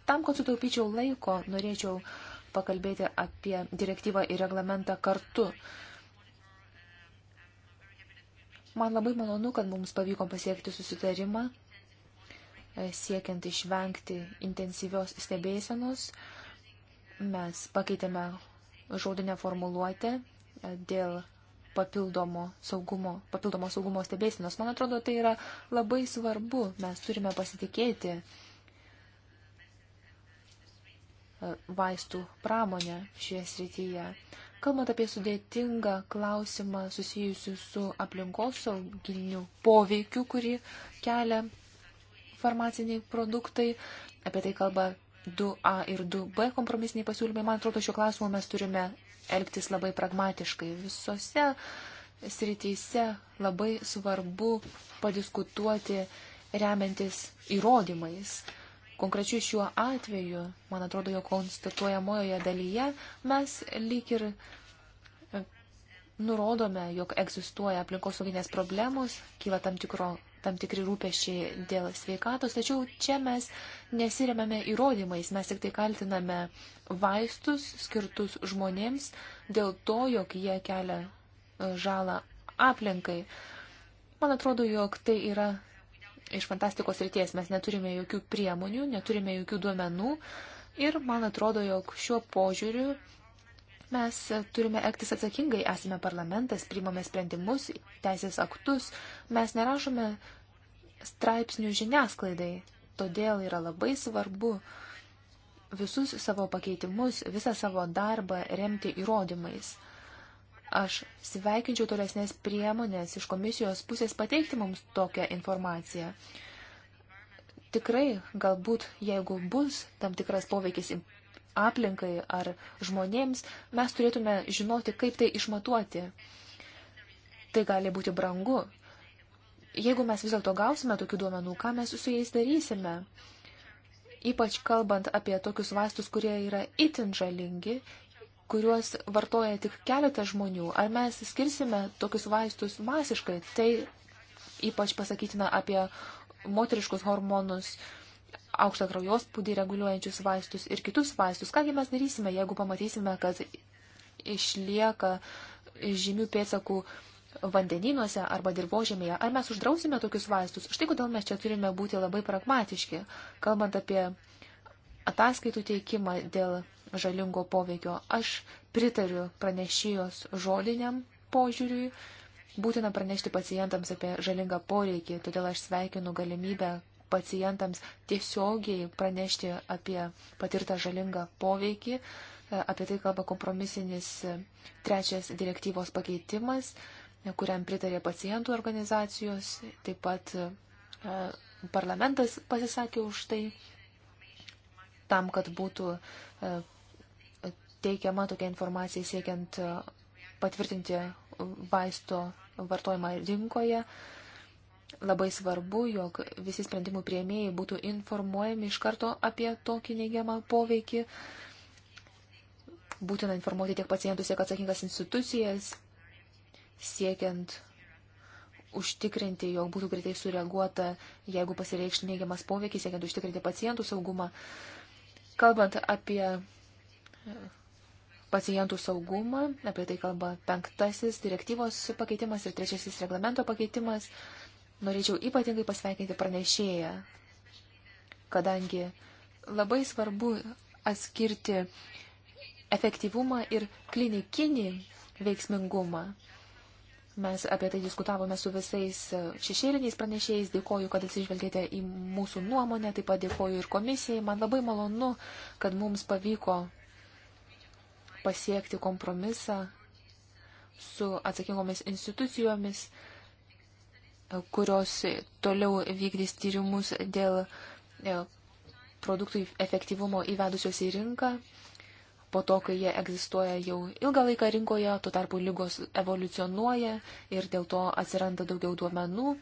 Tam, kad sutaupyčiau laiko, norėčiau pakalbėti apie direktyvą ir reglamentą kartu. Man labai malonu, kad mums pavyko pasiekti susitarimą, e, siekiant išvengti intensyvios stebėsenos. Mes pakeitėme žodinę formuluotę e, dėl papildomo saugumo, papildomo saugumo stebėsinos. Man atrodo, tai yra labai svarbu. Mes turime pasitikėti e, vaistų pramonę šioje srityje. Kalbant apie sudėtingą klausimą susijusiu su aplinkosauginiu poveikiu, kurį kelia farmaciniai produktai, apie tai kalba 2A ir 2B kompromisiniai pasiūlymai. Man atrodo, šiuo klausimu mes turime elgtis labai pragmatiškai. Visose srityse labai svarbu padiskutuoti remiantis įrodymais. Konkrečiai šiuo atveju, man atrodo, jo konstatuojamojoje dalyje mes lyg ir e, nurodome, jog egzistuoja aplinkosauginės problemos, kyla tam tikro tam tikri rūpešiai dėl sveikatos, tačiau čia mes nesiremame įrodymais, mes tik tai kaltiname vaistus skirtus žmonėms dėl to, jog jie kelia e, žalą aplinkai. Man atrodo, jog tai yra iš fantastikos ryties, mes neturime jokių priemonių, neturime jokių duomenų ir man atrodo, jog šiuo požiūriu Mes turime elgtis atsakingai, esame parlamentas, priimame sprendimus, teisės aktus, mes nerašome straipsnių žiniasklaidai. Todėl yra labai svarbu visus savo pakeitimus, visą savo darbą remti įrodymais. Aš sveikinčiau tolesnės priemonės iš komisijos pusės pateikti mums tokią informaciją. Tikrai, galbūt, jeigu bus tam tikras poveikis aplinkai ar žmonėms, mes turėtume žinoti, kaip tai išmatuoti. Tai gali būti brangu. Jeigu mes vis dėlto gausime tokių duomenų, ką mes su jais darysime? Ypač kalbant apie tokius vaistus, kurie yra itin žalingi, kuriuos vartoja tik keletas žmonių. Ar mes skirsime tokius vaistus masiškai? Tai ypač pasakytina apie moteriškus hormonus, uh, aukštą kraujospūdį reguliuojančius vaistus ir kitus vaistus. Kągi mes darysime, jeigu pamatysime, kad išlieka žymių pėtsakų vandenynuose arba dirbožėmėje, ar mes uždrausime tokius vaistus. Štai kodėl mes čia turime būti labai pragmatiški, kalbant apie ataskaitų teikimą dėl žalingo poveikio. Aš pritariu pranešėjos žodiniam požiūriui, būtina pranešti pacientams apie žalingą poreikį, todėl aš sveikinu galimybę, pacientams tiesiogiai pranešti apie patirtą žalingą poveikį. E, apie tai kalba kompromisinis e, trečias direktyvos pakeitimas, e, kuriam pritarė pacientų organizacijos, taip pat parlamentas pasisakė už tai, tam, kad būtų teikiama tokia informacija siekiant patvirtinti vaisto vartojimą rinkoje. Labai svarbu, jog visi sprendimų prieimėjai būtų informuojami iš karto apie tokį neigiamą poveikį. Būtina informuoti tiek pacientus, tiek atsakingas institucijas, siekiant užtikrinti, jog būtų greitai sureaguota, jeigu pasireikš neigiamas poveikis, siekiant užtikrinti pacientų saugumą. Kalbant apie e, pacientų saugumą, apie tai kalba penktasis direktyvos pakeitimas ir trečiasis reglamento pakeitimas. Norėčiau ypatingai pasveikinti pranešėją, kadangi labai svarbu atskirti efektyvumą ir klinikinį veiksmingumą. Mes apie tai diskutavome su visais šešėliniais pranešėjais. Dėkoju, kad atsižvelgėte į mūsų nuomonę, taip pat dėkoju ir komisijai. Man labai malonu, kad mums pavyko pasiekti kompromisą su atsakingomis institucijomis kurios toliau vykdys tyrimus dėl e, produktų efektyvumo įvedusios į rinką, po to, kai jie egzistuoja jau ilgą laiką rinkoje, tuo tarpu lygos evoliucionuoja ir dėl to atsiranda daugiau duomenų.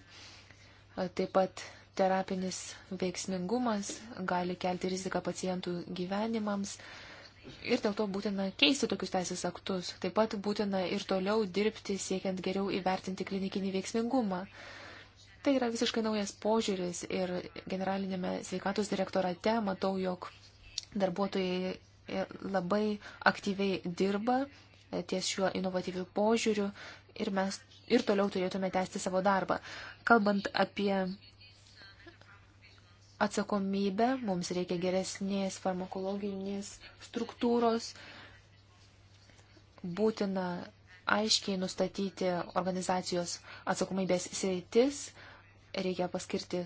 E, taip pat terapinis veiksmingumas gali kelti riziką pacientų gyvenimams. Ir dėl to būtina keisti tokius teisės aktus. Taip pat būtina ir toliau dirbti, siekiant geriau įvertinti klinikinį veiksmingumą. Tai yra visiškai naujas požiūris ir generalinėme sveikatos direktorate matau, jog darbuotojai labai aktyviai dirba ties šiuo inovatyviu požiūriu ir mes ir toliau turėtume tęsti savo darbą. Kalbant apie atsakomybę, mums reikia geresnės farmakologinės struktūros, būtina aiškiai nustatyti organizacijos atsakomybės sritis, reikia paskirti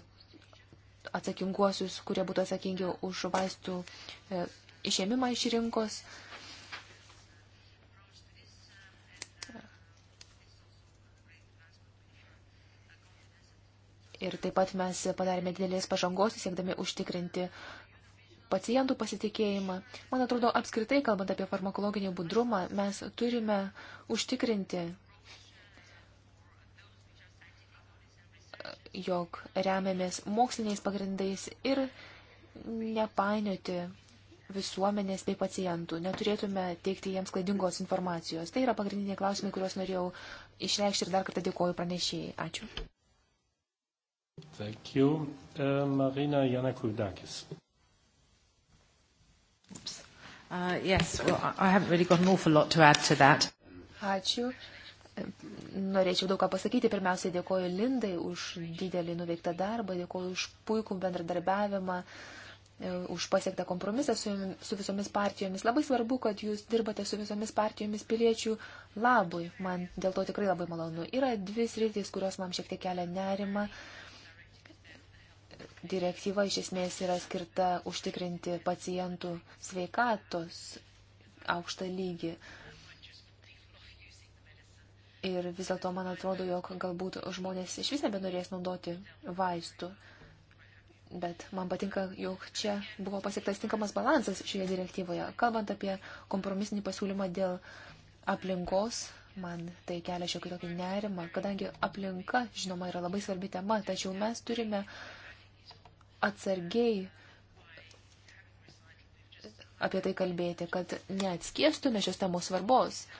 atsakinguosius, kurie būtų atsakingi už vaistų e, išėmimą iš rinkos. Ir taip pat mes padarėme didelės pažangos, siekdami užtikrinti pacientų pasitikėjimą. Man atrodo, apskritai, kalbant apie farmakologinį budrumą, mes turime užtikrinti jog remiamės moksliniais pagrindais ir nepainioti visuomenės bei pacientų. Neturėtume teikti jiems klaidingos informacijos. Tai yra pagrindiniai klausimai, kuriuos norėjau išreikšti ir dar kartą dėkoju pranešėjai. Ačiū.
Thank you. Uh, Marina Janakudakis.
Uh, yes, well, I haven't really got an awful lot to add to that. Ačiū. Uh, Norėčiau daug ką pasakyti. Pirmiausiai dėkoju Lindai už didelį nuveiktą darbą, dėkoju už puikų bendradarbiavimą, e, už pasiektą kompromisą su, su visomis partijomis. Labai svarbu, kad jūs dirbate su visomis partijomis piliečių labui. Man dėl to tikrai labai malonu. Yra dvi sritys, kurios man šiek tiek kelia nerima. Direktyva iš esmės yra skirta užtikrinti pacientų sveikatos aukštą lygį. Ir vis dėlto man atrodo, jog galbūt žmonės iš vis nebenorės naudoti vaistų. Bet man patinka, jog čia buvo pasiektas tinkamas balansas šioje direktyvoje. Kalbant apie kompromisinį pasiūlymą dėl aplinkos, man tai kelia šiek tiek tokį nerimą, kadangi aplinka, žinoma, yra labai svarbi tema, tačiau mes turime atsargiai apie tai kalbėti, kad neatskiestume šios temos svarbos. Uh,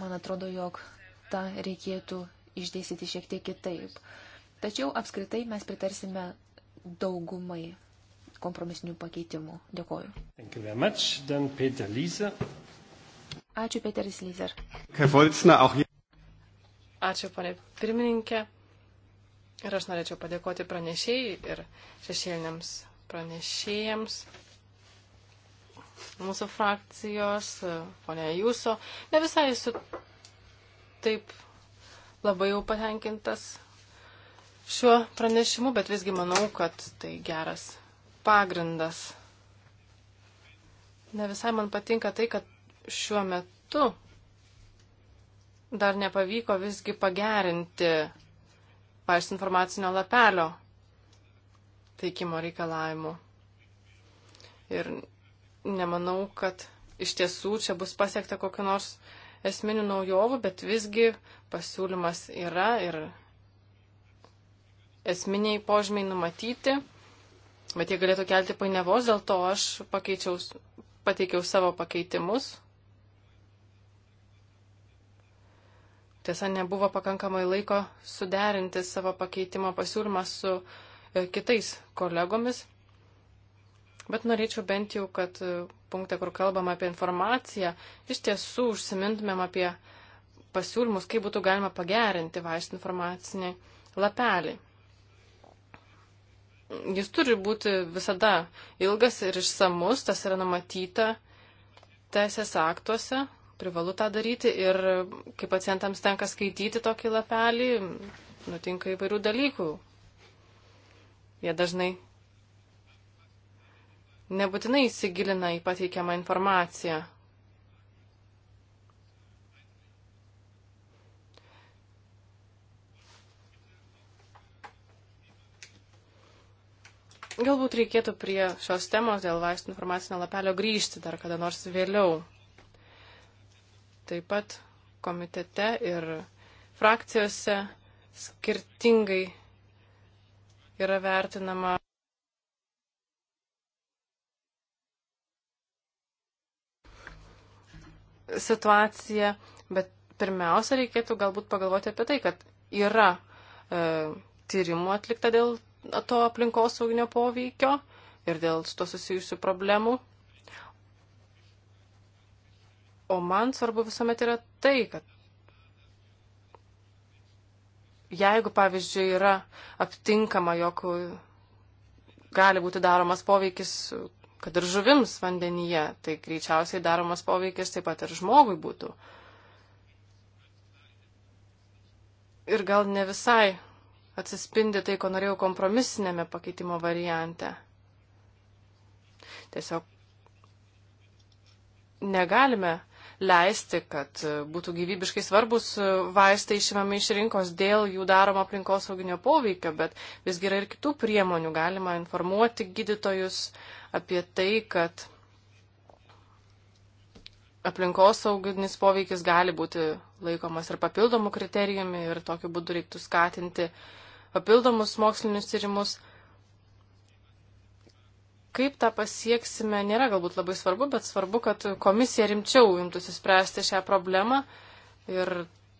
man atrodo, jog tą reikėtų išdėstyti šiek tiek kitaip. Tačiau apskritai mes pritarsime daugumai kompromisinių pakeitimų. Dėkoju.
Peter
Ačiū, Peteris Lyzer. Ačiū, ponė pirmininkė. Ir aš norėčiau padėkoti pranešėjai ir šešėliniams pranešėjams mūsų frakcijos, ponia Jūso, ne visai esu taip labai jau patenkintas šiuo pranešimu, bet visgi manau, kad tai geras pagrindas. Ne visai man patinka tai, kad šiuo metu dar nepavyko visgi pagerinti, paaiškinti informacinio lapelio teikimo reikalavimų. Ir nemanau, kad iš tiesų čia bus pasiekta kokiu nors esminių naujovių, bet visgi pasiūlymas yra ir esminiai požymiai numatyti, bet jie galėtų kelti painiavos, dėl to aš pateikiau savo pakeitimus. Tiesa, nebuvo pakankamai laiko suderinti savo pakeitimo pasiūlymą su e, kitais kolegomis, Bet norėčiau bent jau, kad e, punktą, kur kalbam apie informaciją, iš tiesų užsimintumėm apie pasiūlymus, kaip būtų galima pagerinti vaistų informacinį lapelį. Jis turi būti visada ilgas ir išsamus, tas yra numatyta teisės aktuose, privalu tą daryti ir kai pacientams tenka skaityti tokį lapelį, nutinka įvairių dalykų. Jie dažnai nebūtinai įsigilina į pateikiamą informaciją. Galbūt reikėtų prie šios temos dėl vaistų informacinio lapelio grįžti dar kada nors vėliau. Taip pat komitete ir frakcijose skirtingai yra vertinama situaciją, bet pirmiausia reikėtų galbūt pagalvoti apie tai, kad yra e, tyrimų atlikta dėl to aplinkosauginio poveikio ir dėl su to susijusių problemų. O man svarbu visuomet yra tai, kad jeigu, pavyzdžiui, yra aptinkama, jog gali būti daromas poveikis kad ir žuvims vandenyje, tai greičiausiai daromas poveikis taip pat ir žmogui būtų. Ir gal ne visai atsispindi tai, ko norėjau kompromisinėme pakeitimo variante. Tiesiog negalime leisti, kad būtų gyvybiškai svarbus vaistai išimami iš rinkos dėl jų daromo aplinkosauginio poveikio, bet visgi yra ir kitų priemonių. Galima informuoti gydytojus apie tai, kad aplinkosauginis poveikis gali būti laikomas ir papildomų kriterijumi ir tokiu būdu reiktų skatinti papildomus mokslinius tyrimus. Kaip tą pasieksime, nėra galbūt labai svarbu, bet svarbu, kad komisija rimčiau imtųsi spręsti šią problemą ir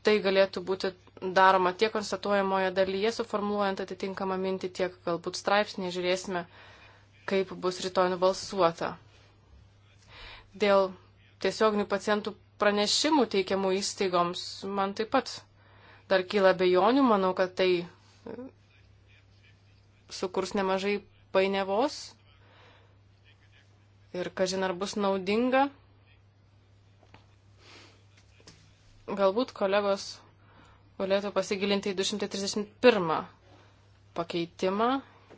tai galėtų būti daroma tiek konstatuojamoje dalyje, suformuojant atitinkamą mintį, tiek galbūt straipsnėje žiūrėsime, uh, kaip bus rytoj nubalsuota. Dėl tiesioginių pacientų pranešimų teikiamų įstaigoms man taip pat dar kyla bejonių, manau, kad tai e, sukurs nemažai painiavos ir kažin ar bus naudinga. Galbūt kolegos galėtų pasigilinti į 231 pakeitimą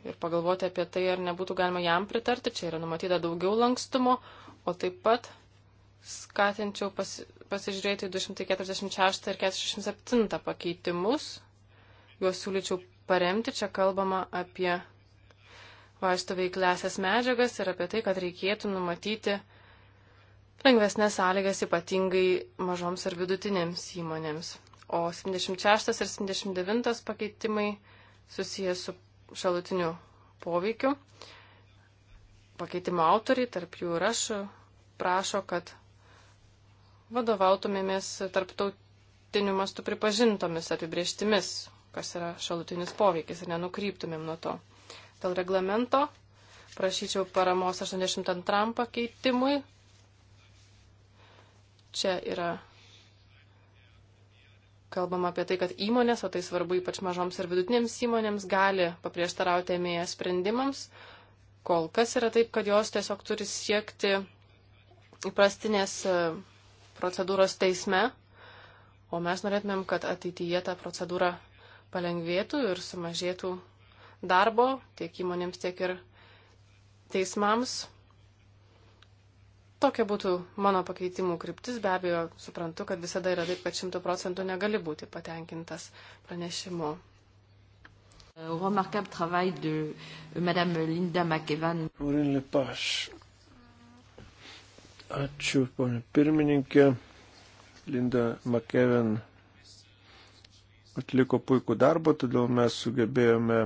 ir pagalvoti apie tai, ar nebūtų galima jam pritarti. Čia yra numatyta daugiau lankstumo, o taip pat skatinčiau pasi, pasižiūrėti 246 ir 47 pakeitimus. Juos siūlyčiau paremti. Čia kalbama apie vaistų veiklesias medžiagas ir apie tai, kad reikėtų numatyti lengvesnės sąlygas ypatingai mažoms ir vidutinėms įmonėms. O 76 ir 79 pakeitimai susijęs su šalutinių poveikių. Pakeitimo autoriai, tarp jų ir aš, prašo, kad vadovautumėmės tarptautiniu mastu pripažintomis apibrieštimis, kas yra šalutinis poveikis ir nenukryptumėm nuo to. Dėl reglamento prašyčiau paramos 82 pakeitimui. Čia yra kalbama apie tai, kad įmonės, o tai svarbu ypač mažoms ir vidutinėms įmonėms, gali paprieštarauti emėje sprendimams. Kol kas yra taip, kad jos tiesiog turi siekti įprastinės e, procedūros teisme, o mes norėtumėm, kad ateityje ta procedūra palengvėtų ir sumažėtų darbo tiek įmonėms, tiek ir teismams tokia būtų mano pakeitimų kryptis. Be abejo, suprantu, kad visada yra taip, kad šimtų procentų negali būti patenkintas pranešimu. Remarquable travail de Madame Linda McEvan.
Ačiū, ponė pirmininkė. Linda McEvan atliko puikų darbą, todėl mes sugebėjome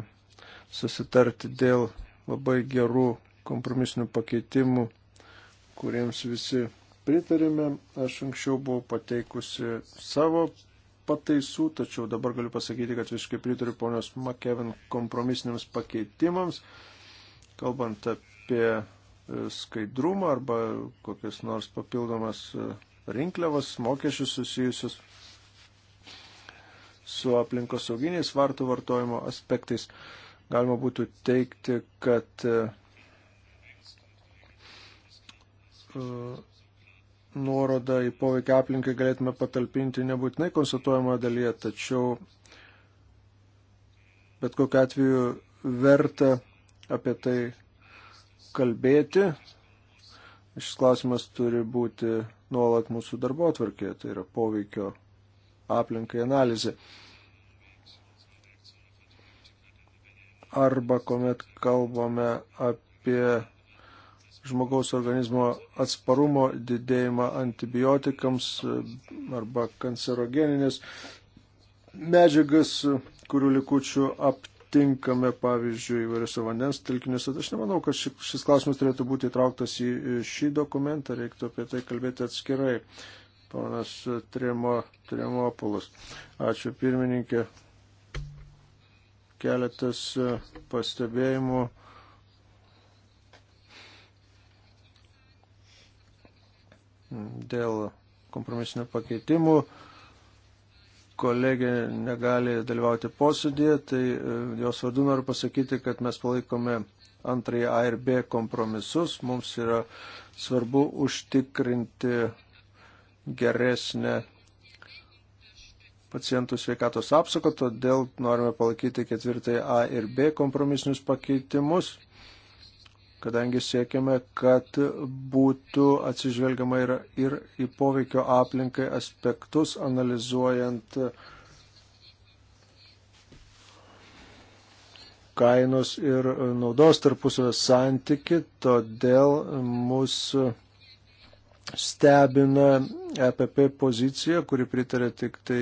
susitarti dėl labai gerų kompromisinių pakeitimų kuriems visi pritarėme. Aš anksčiau buvau pateikusi savo pataisų, tačiau dabar galiu pasakyti, kad visiškai pritariu ponios McKevin kompromisiniams pakeitimams, kalbant apie e, skaidrumą arba kokias nors papildomas e, rinkliavas, mokesčius susijusius su aplinkosauginiais vartų vartojimo aspektais. Galima būtų teikti, kad e, E, nuorodą į poveikį aplinkai galėtume patalpinti nebūtinai konstatuojamoje dalyje, tačiau bet kokiu atveju verta apie tai kalbėti. Šis klausimas turi būti nuolat mūsų darbo atvarkėje, tai yra poveikio aplinkai analizė. Arba kuomet kalbame apie žmogaus organizmo atsparumo didėjimą antibiotikams e, arba kancerogeninės medžiagas, kurių likučių aptinkame, pavyzdžiui, įvairiose vandens telkiniuose. Aš nemanau, kad šis, šis klausimas turėtų būti įtrauktas į šį dokumentą, reiktų apie tai kalbėti atskirai. Ponas Tremo, Tremopolas. Ačiū pirmininkė. Keletas e, pastebėjimų dėl kompromisinių pakeitimų kolegė negali dalyvauti posėdėje, tai e, jos vardu noriu pasakyti, kad mes palaikome antrąjį A ir B kompromisus. Mums yra svarbu užtikrinti geresnę pacientų sveikatos apsaugą, todėl norime palaikyti ketvirtąjį A ir B kompromisinius pakeitimus kadangi siekiame, kad būtų atsižvelgiama ir, ir į poveikio aplinkai aspektus, analizuojant kainos ir naudos tarpusavio santyki, todėl mūsų stebina EPP pozicija, kuri pritarė tik tai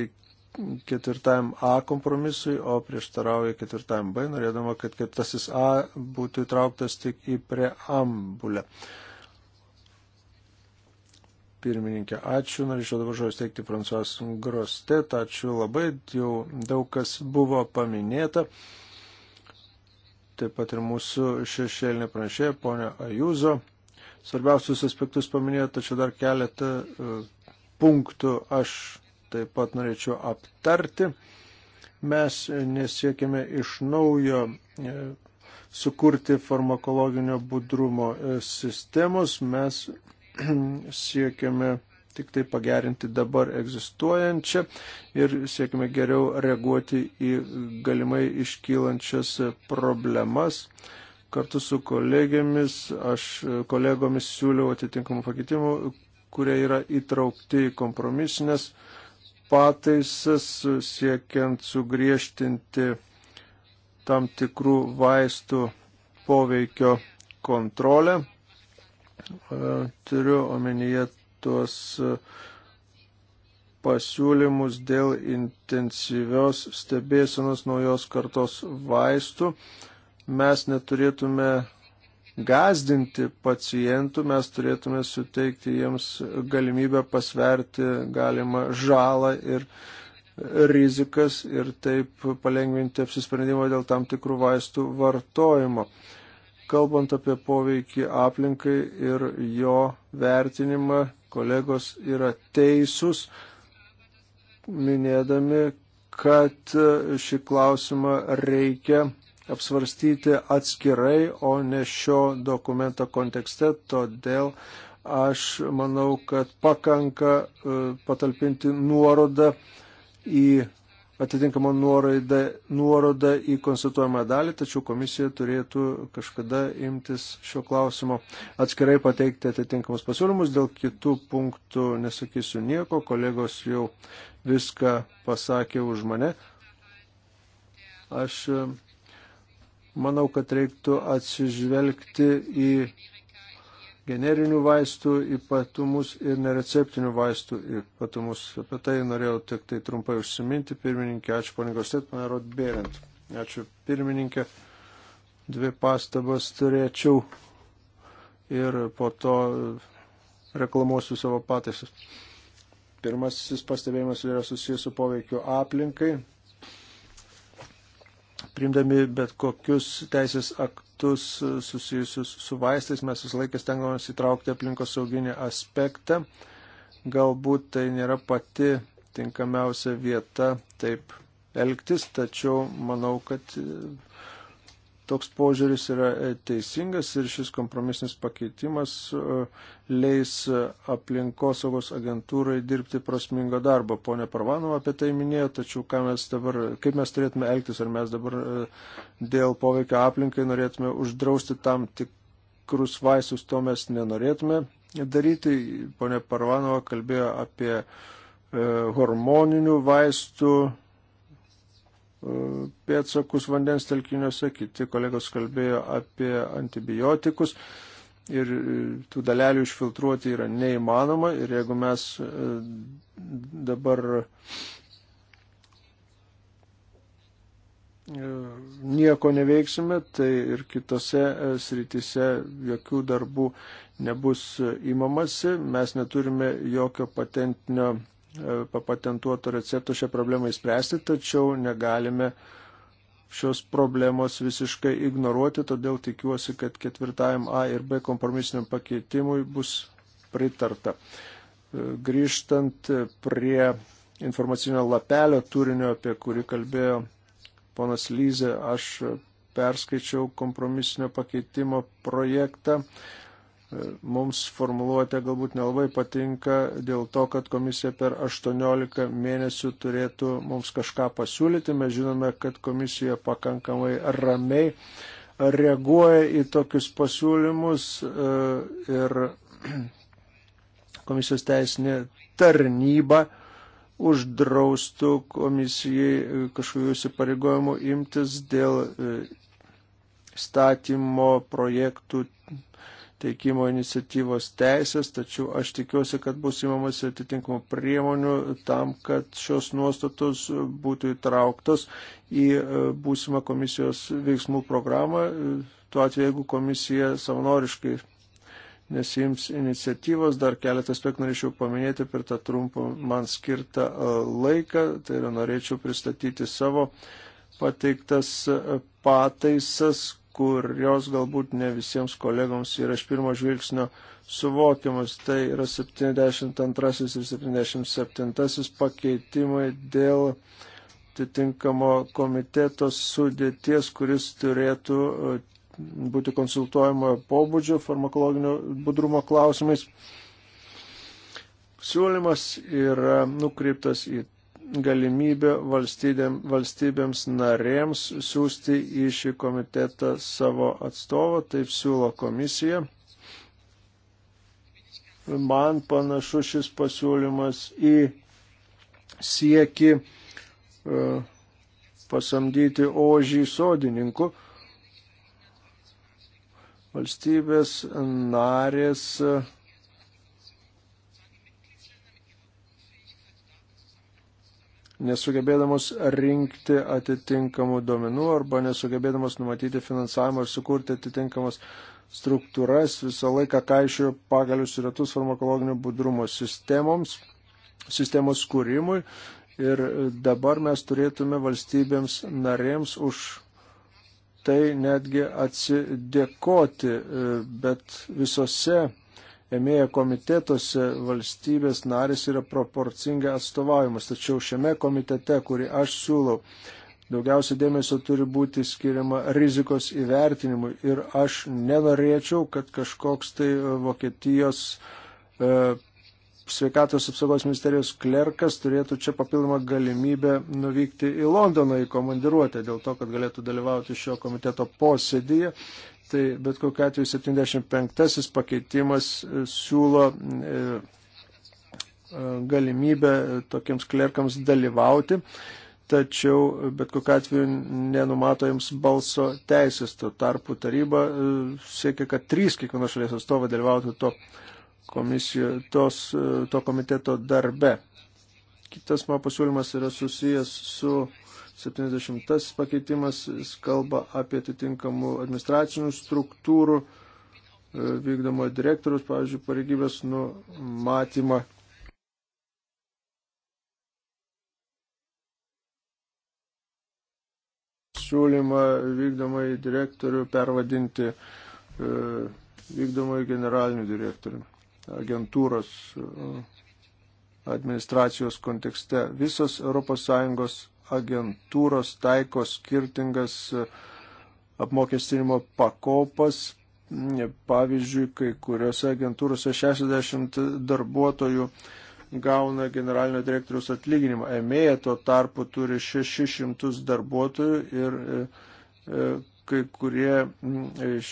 ketvirtajam A kompromisui, o prieštarauja ketvirtajam B, norėdama, kad ketvirtasis A būtų įtrauktas tik į preambulę. Pirmininkė, ačiū. Norėčiau dabar žodžiu steigti Fransuos Grostet. Ačiū labai. Jau daug kas buvo paminėta. Taip pat ir mūsų šešėlinė pranešėja, ponia Ajuzo. Svarbiausius aspektus paminėjo, tačiau dar keletą e, punktų aš taip pat norėčiau aptarti. Mes nesiekime iš naujo e, sukurti farmakologinio budrumo e, sistemos, mes siekiame tik tai pagerinti dabar egzistuojančią ir siekime geriau reaguoti į galimai iškylančias problemas. Kartu su kolegėmis, aš kolegomis siūliau atitinkamų pakeitimų, kurie yra įtraukti į kompromisinės pataisas siekiant sugriežtinti tam tikrų vaistų poveikio kontrolę. E, turiu omenyje tuos e, pasiūlymus dėl intensyvios stebėsenos naujos kartos vaistų. Mes neturėtume gazdinti pacientų, mes turėtume suteikti jiems galimybę pasverti galimą žalą ir rizikas ir taip palengvinti apsisprendimą dėl tam tikrų vaistų vartojimo. Kalbant apie poveikį aplinkai ir jo vertinimą, kolegos yra teisūs, minėdami, kad šį klausimą reikia apsvarstyti atskirai, o ne šio dokumento kontekste. Todėl aš manau, kad pakanka e, patalpinti nuorodą į atitinkamą nuorodą, nuorodą į konstatuojamą dalį, tačiau komisija turėtų kažkada imtis šio klausimo atskirai pateikti atitinkamus pasiūlymus. Dėl kitų punktų nesakysiu nieko, kolegos jau viską pasakė už mane. Aš e, Manau, kad reiktų atsižvelgti į generinių vaistų ypatumus ir nereceptinių vaistų ypatumus. Apie tai norėjau tik tai trumpai užsiminti. Pirmininkė, ačiū ponigos Tetmanė Rodbėrint. Ačiū pirmininkė. Dvi pastabas turėčiau ir po to reklamuosiu savo pataisus. Pirmasis pastebėjimas yra susijęs su poveikiu aplinkai primdami bet kokius teisės aktus susijusius su vaistais, mes visą laiką stengiamės įtraukti aplinkos sauginį aspektą. Galbūt tai nėra pati tinkamiausia vieta taip elgtis, tačiau manau, kad toks požiūris yra e, teisingas ir šis kompromisinis pakeitimas e, leis e, aplinkosaugos agentūrai dirbti prasmingą darbą. Pone Parvanova apie tai minėjo, tačiau mes dabar, kaip mes turėtume elgtis, ar mes dabar dėl poveikio aplinkai norėtume uždrausti tam tikrus vaistus, to mes nenorėtume daryti. Pone Parvanova kalbėjo apie hormoninių vaistų pėtsakus vandens telkiniuose, kiti kolegos kalbėjo apie antibiotikus ir e, tų dalelių išfiltruoti yra neįmanoma ir jeigu mes e, dabar e, nieko neveiksime, tai ir kitose srityse jokių darbų nebus įmamasi, mes neturime jokio patentinio E, papatentuotų receptų šią problemą įspręsti, tačiau negalime šios problemos visiškai ignoruoti, todėl tikiuosi, kad ketvirtajam A ir B kompromisiniam pakeitimui bus pritarta. E, grįžtant prie informacinio lapelio turinio, apie kurį kalbėjo ponas Lyze, aš perskaičiau kompromisinio pakeitimo projektą mums formuluotė galbūt nelabai patinka dėl to, kad komisija per 18 mėnesių turėtų mums kažką pasiūlyti. Mes žinome, kad komisija pakankamai ramiai reaguoja į tokius pasiūlymus e, ir komisijos teisinė tarnyba uždraustų komisijai kažkokių įsipareigojimų imtis dėl e, statymo projektų teikimo iniciatyvos teisės, tačiau aš tikiuosi, kad bus įmamas atitinkamų priemonių tam, kad šios nuostatos būtų įtrauktos į e, būsimą komisijos veiksmų programą, tuo atveju, jeigu komisija savanoriškai nesims iniciatyvos. Dar keletą aspektų norėčiau paminėti per tą trumpą man skirtą e, laiką. Tai yra norėčiau pristatyti savo pateiktas e, pataisas, kurios galbūt ne visiems kolegoms yra iš pirmo žvilgsnio suvokiamas. Tai yra 72 ir 77 pakeitimai dėl atitinkamo komiteto sudėties, kuris turėtų e, būti konsultuojamojo pobūdžio farmakologinio budrumo klausimais. Siūlymas yra nukreiptas į galimybė valstybėm, valstybėms narėms siūsti į šį komitetą savo atstovą, taip siūlo komisija. Man panašu šis pasiūlymas į sieki uh, e, pasamdyti ožį sodininku. Valstybės narės uh, nesugebėdamos rinkti atitinkamų duomenų arba nesugebėdamos numatyti finansavimo ir sukurti atitinkamas struktūras, visą laiką kaišiojo pagalius ir ratus farmakologinio budrumo sistemoms, sistemos kūrimui. Ir dabar mes turėtume valstybėms narėms už tai netgi atsidėkoti, e, bet visose emėja komitetuose valstybės narės yra proporcingai atstovavimas. Tačiau šiame komitete, kurį aš siūlau, Daugiausia dėmesio turi būti skiriama rizikos įvertinimui ir aš nenorėčiau, kad kažkoks tai e, Vokietijos e, sveikatos apsaugos ministerijos klerkas turėtų čia papildomą galimybę nuvykti į Londoną į komandiruotę dėl to, kad galėtų dalyvauti šio komiteto posėdėje Tai bet kokiu atveju 75 pakeitimas e, siūlo e, e, galimybę tokiems klerkams dalyvauti, tačiau bet kokiu atveju nenumato jums balso teisės. Tuo tarpu taryba siekia, kad trys kiekvienos šalies atstovai dalyvautų to, komisijo, tos, to komiteto darbe. Kitas mano pasiūlymas yra susijęs su 70 pakeitimas kalba apie atitinkamų administracinių struktūrų e, vykdomo direktorius, pavyzdžiui, pareigybės numatymą. Siūlymą vykdomai direktorių pervadinti e, vykdomai generaliniu direktoriumi agentūros e, administracijos kontekste. Visos ES agentūros taiko skirtingas e, apmokestinimo pakopas. Pavyzdžiui, kai kuriuose agentūrose 60 darbuotojų gauna generalinio direktoriaus atlyginimą. EMEA tuo tarpu turi 600 darbuotojų ir e, e, kai kurie iš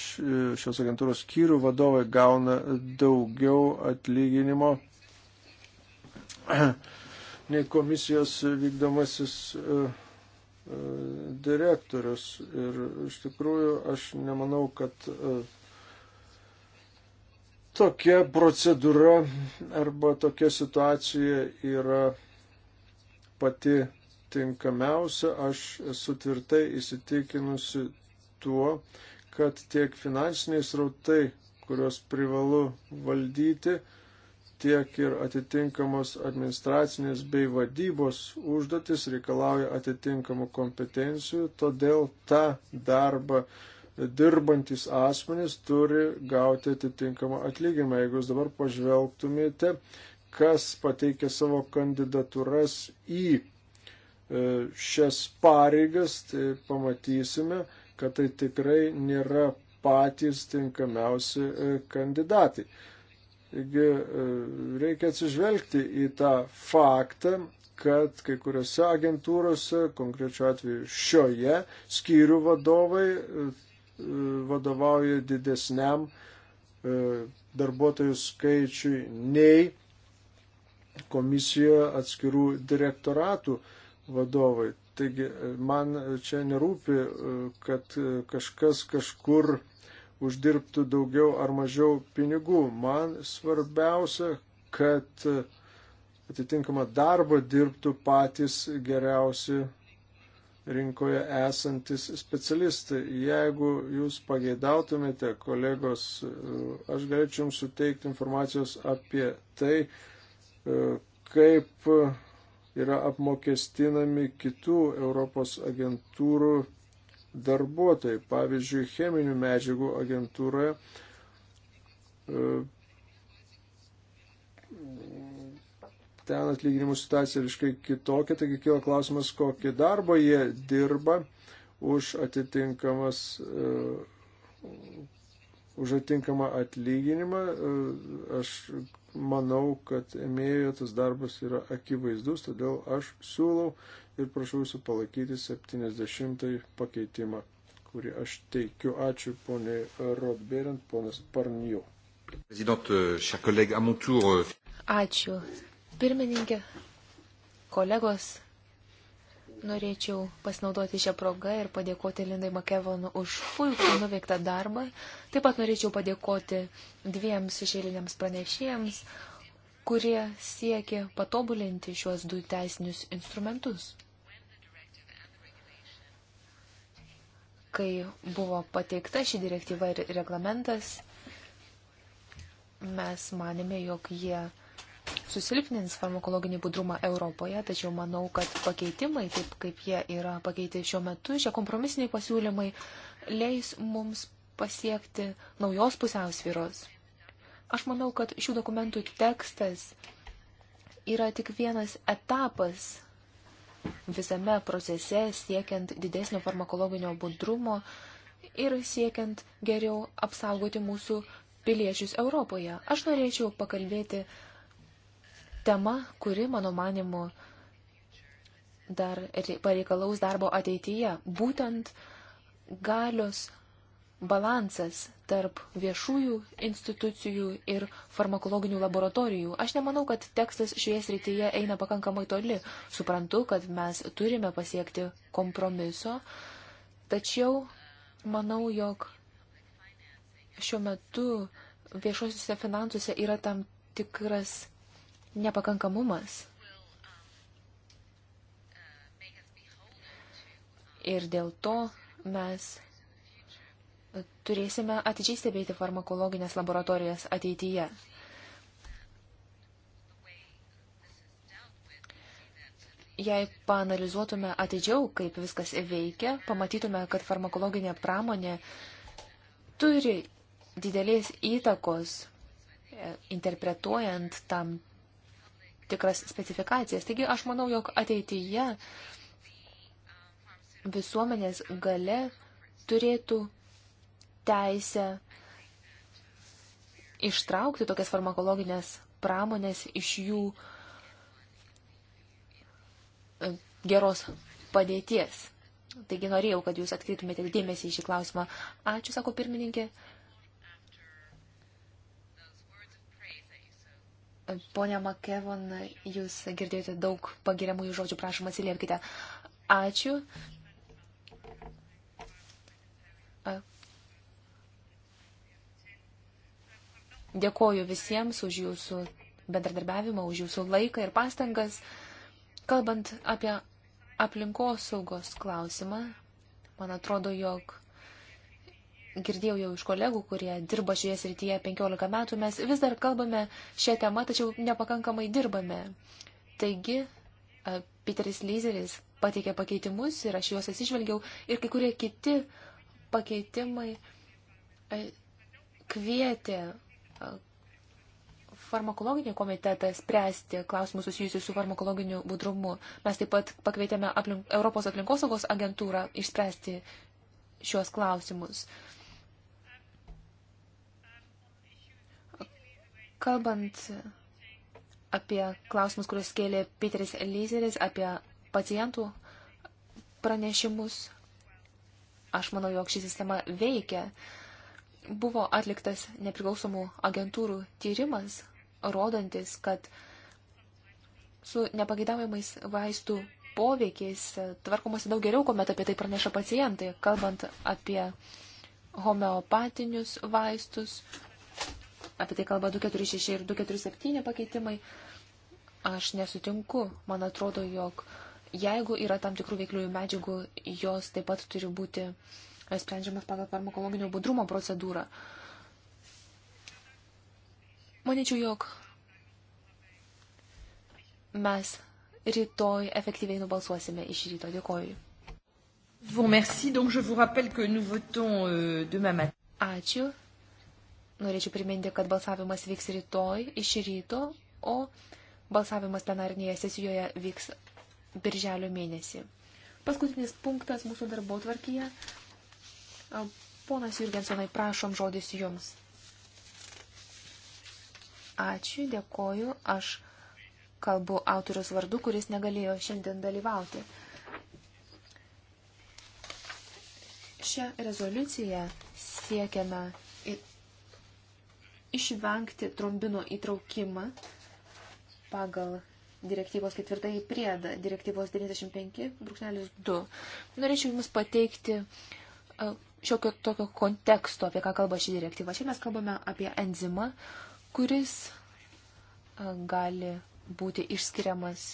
šios agentūros skyrių vadovai gauna daugiau atlyginimo nei komisijos vykdomasis e, e, direktorius. Ir iš tikrųjų aš nemanau, kad e, tokia procedūra arba tokia situacija yra pati tinkamiausia. Aš esu tvirtai įsitikinusi tuo, kad tiek finansiniai srautai, kuriuos privalu valdyti, tiek ir atitinkamos administracinės bei vadybos užduotis reikalauja atitinkamų kompetencijų, todėl tą darbą dirbantis asmenys turi gauti atitinkamą atlyginimą. Jeigu jūs dabar pažvelgtumėte, kas pateikė savo kandidatūras į e, šias pareigas, tai pamatysime, kad tai tikrai nėra patys tinkamiausi e, kandidatai. Taigi e, reikia atsižvelgti į tą faktą, kad kai kuriuose agentūrose, konkrečiu atveju šioje, skyrių vadovai e, e, vadovauja didesniam darbuotojų skaičiui nei komisijoje atskirų direktoratų vadovai. Taigi man čia nerūpi, kad kažkas kažkur uždirbtų daugiau ar mažiau pinigų. Man svarbiausia, kad atitinkamą darbą dirbtų patys geriausi rinkoje esantis specialistai. Jeigu jūs pageidautumėte, kolegos, aš galėčiau jums suteikti informacijos apie tai, kaip yra apmokestinami kitų Europos agentūrų darbuotojai. Pavyzdžiui, cheminių medžiagų agentūroje ten atlyginimų situacija visiškai kitokia, taigi kyla klausimas, kokį darbą jie dirba už atitinkamas, e, už atitinkamą atlyginimą. E, aš manau, kad emėjo tas darbas yra akivaizdus, todėl aš siūlau ir prašau jūsų palaikyti 70 pakeitimą, kurį aš teikiu. Ačiū poniai Rodberint, ponas Parnijau.
Euh,
Ačiū. Pirmininkė, kolegos, norėčiau pasinaudoti šią progą ir padėkoti Lindai Makevonu už puikų nuveiktą darbą. Taip pat norėčiau padėkoti dviems šešėliniams pranešėjams, kurie siekia patobulinti šiuos du teisinius instrumentus. kai buvo pateikta ši direktyva ir reglamentas, mes manėme, jog jie susilpnins farmakologinį budrumą Europoje, tačiau manau, kad pakeitimai, taip kaip jie yra pakeiti šiuo metu, šie kompromisiniai pasiūlymai leis mums pasiekti naujos pusiausvyros. Aš manau, kad šių dokumentų tekstas yra tik vienas etapas visame procese siekiant didesnio farmakologinio budrumo ir siekiant geriau apsaugoti mūsų piliečius Europoje. Aš norėčiau pakalbėti tema, kuri, mano manimu, dar pareikalaus darbo ateityje. Būtent galios balansas tarp viešųjų institucijų ir farmakologinių laboratorijų. Aš nemanau, kad tekstas šioje srityje eina pakankamai toli. Suprantu, kad mes turime pasiekti kompromiso, tačiau manau, jog šiuo metu viešosiuose finansuose yra tam tikras nepakankamumas. Ir dėl to mes turėsime atidžiai stebėti farmakologinės laboratorijas ateityje. Jei panalizuotume atidžiau, kaip viskas veikia, pamatytume, kad farmakologinė pramonė turi didelės įtakos e, interpretuojant tam tikras specifikacijas. Taigi aš manau, jog ateityje visuomenės gale turėtų teisę ištraukti tokias farmakologinės pramonės iš jų e, geros padėties. Taigi norėjau, kad jūs atkreiptumėte dėmesį į šį klausimą. Ačiū, sako pirmininkė. Pone Makevon, jūs girdėjote daug pagiriamųjų žodžių, prašom atsiliepkite. Ačiū. Dėkoju visiems už jūsų bendradarbiavimą, už jūsų laiką ir pastangas. Kalbant apie aplinkos saugos klausimą, man atrodo, jog girdėjau jau iš kolegų, kurie dirba šioje srityje 15 metų, mes vis dar kalbame šią temą, tačiau nepakankamai dirbame. Taigi, Peteris Lyzeris pateikė pakeitimus ir aš juos atsižvelgiau ir kai kurie kiti pakeitimai kvietė farmakologinį komitetą spręsti klausimus susijusius su farmakologiniu budrumu. Mes taip pat pakvietėme aplink, Europos aplinkosaugos agentūrą išspręsti šios klausimus. Kalbant apie klausimus, kuriuos kėlė Peteris Lyzeris, apie pacientų pranešimus, aš manau, jog ši sistema veikia. Uh, Buvo atliktas nepriklausomų agentūrų tyrimas, rodantis, kad su nepageidaujamais vaistų poveikiais tvarkomasi daug geriau, kuomet apie tai praneša pacientai, kalbant apie homeopatinius vaistus, apie tai kalba 246 ir 247 pakeitimai. Aš nesutinku, man atrodo, jog jeigu yra tam tikrų veikliųjų medžiagų, jos taip pat turi būti uh, sprendžiamas pagal farmakologinio budrumo procedūrą. Manyčiau, jog mes rytoj efektyviai nubalsuosime iš ryto. Dėkoju. Vous merci, donc je vous rappelle que nous votons euh, demain matin. Ačiū. Norėčiau priminti, kad balsavimas vyks rytoj iš ryto, o balsavimas plenarinėje sesijoje vyks birželio mėnesį. Paskutinis punktas mūsų darbo tvarkyje Ponas Jurgensonai, prašom žodis jums. Ačiū, dėkoju. Aš kalbu autorius vardu, kuris negalėjo šiandien dalyvauti. Šią rezoliuciją siekiame išvengti trombino įtraukimą pagal direktyvos ketvirtąjį priedą, direktyvos 95.2. Norėčiau Jums pateikti šiokio tokio konteksto, apie ką kalba ši direktyva. Čia mes kalbame apie enzimą, kuris gali būti išskiriamas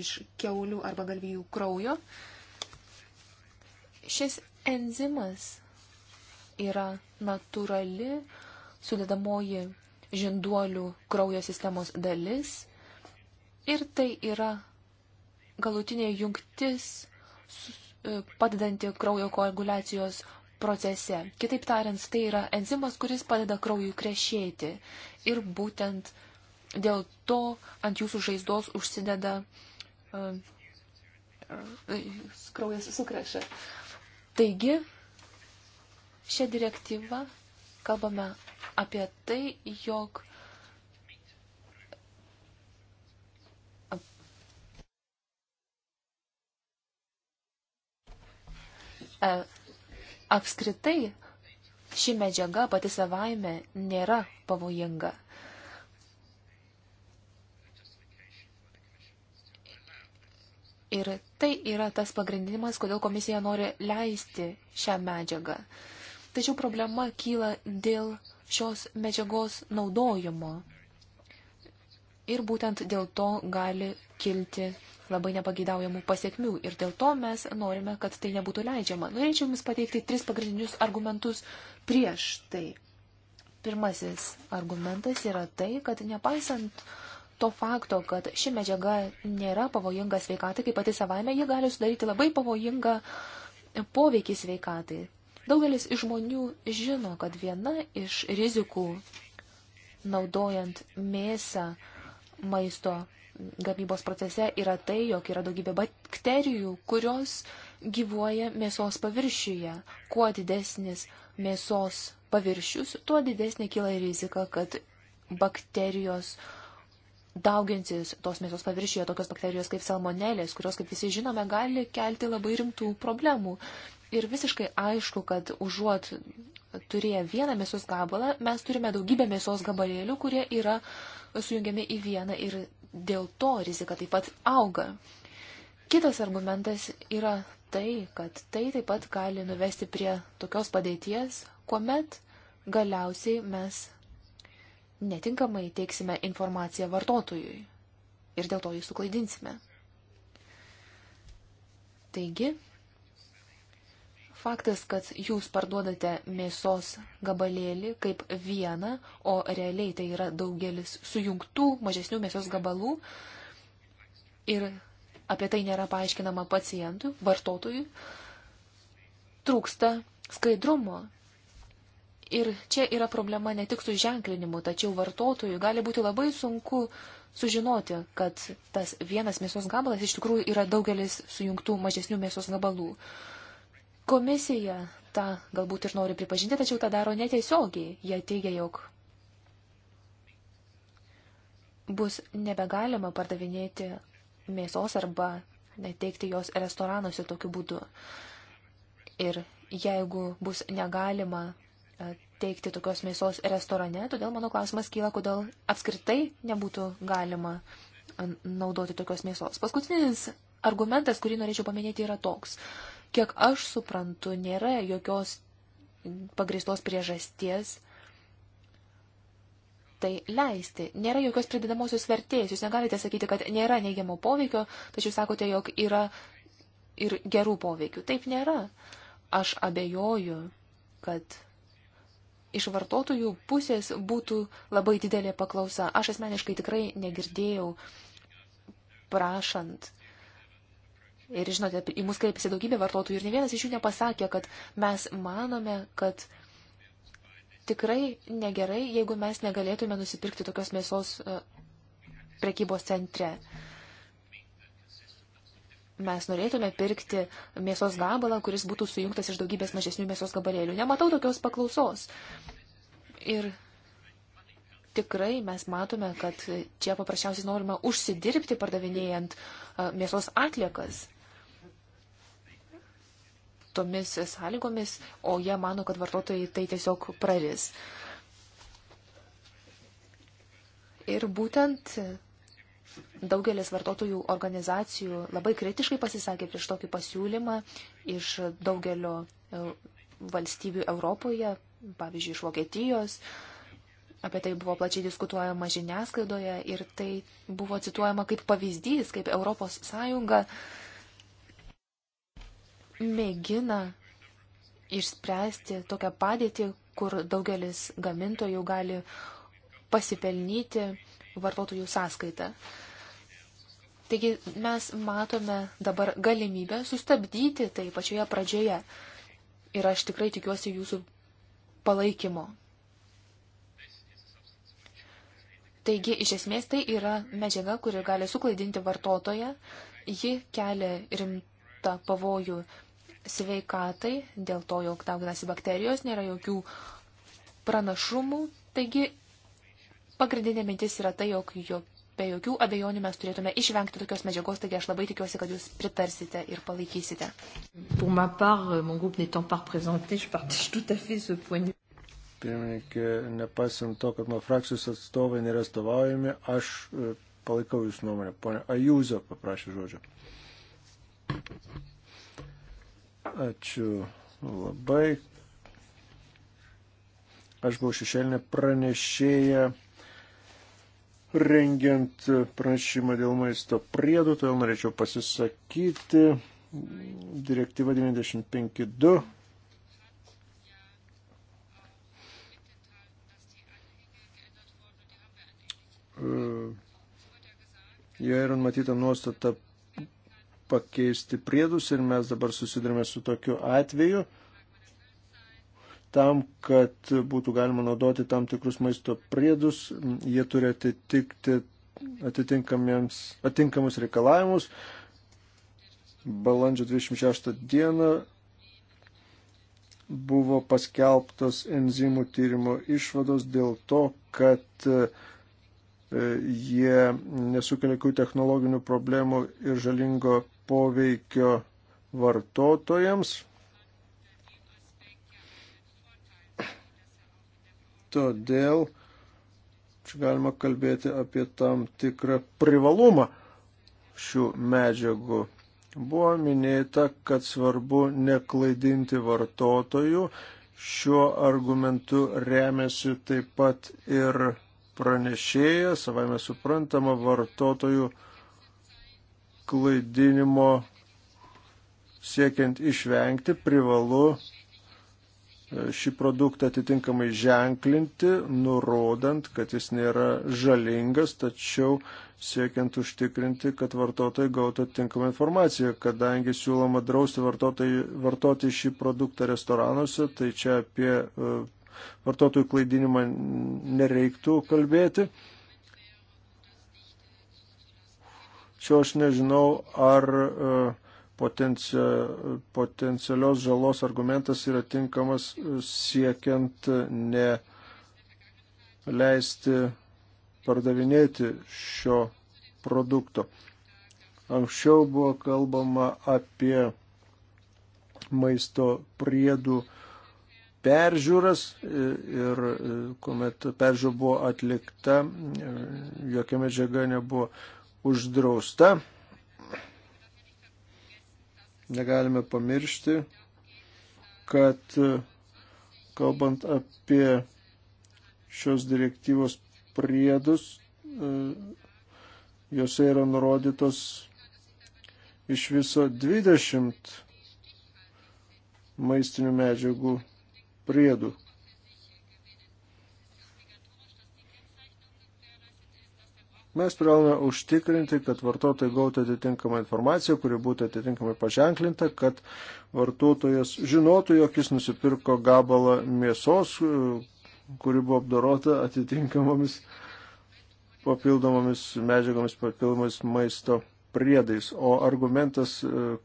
iš keulių arba galvijų kraujo. Šis enzimas yra natūrali sudedamoji žinduolių kraujo sistemos dalis ir tai yra galutinė jungtis su, E, padedanti kraujo koaguliacijos procese. Kitaip tariant, tai yra enzimas, kuris padeda kraujui krešėti. Ir būtent dėl to ant jūsų žaizdos užsideda uh, uh, kraujas sukreša. Taigi, šią direktyvą kalbame apie tai, jog E, apskritai ši medžiaga pati savaime nėra pavojinga. Ir tai yra tas pagrindinimas, kodėl komisija nori leisti šią medžiagą. Tačiau problema kyla dėl šios medžiagos naudojimo. Ir būtent dėl to gali kilti labai nepageidaujamų pasiekmių ir dėl to mes norime, kad tai nebūtų leidžiama. Norėčiau Jums pateikti tris pagrindinius argumentus prieš tai. Pirmasis argumentas yra tai, kad nepaisant to fakto, kad ši medžiaga nėra pavojinga sveikatai, kaip pati savaime, ji gali sudaryti labai pavojingą poveikį sveikatai. Daugelis žmonių žino, kad viena iš rizikų naudojant mėsą maisto gamybos procese yra tai, jog yra daugybė bakterijų, kurios gyvuoja mėsos paviršiuje. Kuo didesnis mėsos paviršius, tuo didesnė kyla rizika, kad bakterijos dauginsis tos mėsos paviršiuje, tokios bakterijos kaip salmonelės, kurios, kaip visi žinome, gali kelti labai rimtų problemų. Ir visiškai aišku, kad užuot turėję vieną mėsos gabalą, mes turime daugybę mėsos gabalėlių, kurie yra sujungiami į vieną ir dėl to rizika taip pat auga. Kitas argumentas yra tai, kad tai taip pat gali nuvesti prie tokios padėties, kuomet galiausiai mes netinkamai teiksime informaciją vartotojui ir dėl to jį suklaidinsime. Taigi, Faktas, kad jūs parduodate mėsos gabalėlį kaip vieną, o realiai tai yra daugelis sujungtų mažesnių mėsos gabalų ir apie tai nėra paaiškinama pacientui, vartotojui, trūksta skaidrumo. Ir čia yra problema ne tik su ženklinimu, tačiau vartotojui gali būti labai sunku sužinoti, kad tas vienas mėsos gabalas iš tikrųjų yra daugelis sujungtų mažesnių mėsos gabalų. Komisija tą galbūt ir nori pripažinti, tačiau tą daro netiesiogiai. Jie teigia, jog bus nebegalima pardavinėti mėsos arba neteikti jos restoranuose tokiu būdu. Ir jeigu bus negalima e, teikti tokios mėsos restorane, todėl mano klausimas kyla, kodėl apskritai nebūtų galima e, naudoti tokios mėsos. Paskutinis argumentas, kurį norėčiau paminėti, yra toks. Kiek aš suprantu, nėra jokios pagristos priežasties tai leisti. Nėra jokios pridedamosios vertės. Jūs negalite sakyti, kad nėra neigiamo poveikio, tačiau sakote, jog yra ir gerų poveikių. Taip nėra. Aš abejoju, kad iš vartotojų pusės būtų labai didelė paklausa. Aš asmeniškai tikrai negirdėjau prašant Ir žinote, į mus kreipėsi daugybė vartotojų ir ne vienas iš jų nepasakė, kad mes manome, kad tikrai negerai, jeigu mes negalėtume nusipirkti tokios mėsos e, prekybos centre. Mes norėtume pirkti mėsos gabalą, kuris būtų sujungtas iš daugybės mažesnių mėsos gabalėlių. Nematau tokios paklausos. Ir tikrai mes matome, kad čia paprasčiausiai norima užsidirbti pardavinėjant e, mėsos atliekas tomis sąlygomis, o jie mano, kad vartotojai tai tiesiog praris. Ir būtent daugelis vartotojų organizacijų labai kritiškai pasisakė prieš tokį pasiūlymą iš daugelio e, valstybių Europoje, pavyzdžiui, iš Vokietijos. Apie tai buvo plačiai diskutuojama žiniasklaidoje ir tai buvo cituojama kaip pavyzdys, kaip Europos Sąjunga uh, mėgina išspręsti tokią padėtį, kur daugelis gamintojų gali pasipelnyti vartotojų sąskaitą. Taigi mes matome dabar galimybę sustabdyti tai pačioje pradžioje. Ir aš tikrai tikiuosi jūsų palaikymo. Taigi, iš esmės, tai yra medžiaga, kuri gali suklaidinti vartotoją, ji kelia rimtą pavojų sveikatai, dėl to, jog dauginasi bakterijos, nėra jokių pranašumų. Taigi, pagrindinė mintis yra tai, jog, jog be jokių abejonių mes turėtume išvengti tokios medžiagos, taigi aš labai tikiuosi, kad jūs pritarsite ir palaikysite.
Euh,
Pirmininkė, nepaisant to, kad mano frakcijos atstovai nėra atstovaujami, aš euh, palaikau jūsų nuomonę. Pone Ajūzo paprašė žodžio. Ačiū labai. Aš buvau šešėlinė pranešėja rengiant pranešimą dėl maisto priedų, todėl norėčiau pasisakyti. Direktyva 95.2. E, joje yra numatyta nuostata pakeisti priedus ir mes dabar susidurime su tokiu atveju. Tam, kad būtų galima naudoti tam tikrus maisto priedus, jie turi atitikti atitinkamus reikalavimus. Balandžio 26 dieną buvo paskelbtos enzimų tyrimo išvados dėl to, kad e, jie nesukelia jokių technologinių problemų ir žalingo poveikio vartotojams. Todėl čia galima kalbėti apie tam tikrą privalumą šių medžiagų. Buvo minėta, kad svarbu neklaidinti vartotojų. Šiuo argumentu remiasi taip pat ir pranešėja, savame suprantama, vartotojų klaidinimo siekiant išvengti, privalu e, šį produktą atitinkamai ženklinti, nurodant, kad jis nėra žalingas, tačiau siekiant užtikrinti, kad vartotojai gautų atitinkamą informaciją. Kadangi siūloma drausti vartoti šį produktą restoranuose, tai čia apie e, vartotojų klaidinimą nereiktų kalbėti. Čia aš nežinau, ar e, potencia, potencialios žalos argumentas yra tinkamas e, siekiant e, ne leisti pardavinėti šio produkto. Anksčiau buvo kalbama apie maisto priedų peržiūras ir kuomet peržiūra buvo atlikta, jokia medžiaga nebuvo uždrausta. Negalime pamiršti, kad e, kalbant apie šios direktyvos priedus, e, jose yra nurodytos iš viso 20 maistinių medžiagų priedų. Mes privalome užtikrinti, kad vartotojai gautų atitinkamą informaciją, kuri būtų atitinkamai paženklinta, kad vartotojas žinotų, jog jis nusipirko gabalą mėsos, kuri buvo apdorota atitinkamomis papildomomis medžiagomis, papildomomis maisto priedais. O argumentas,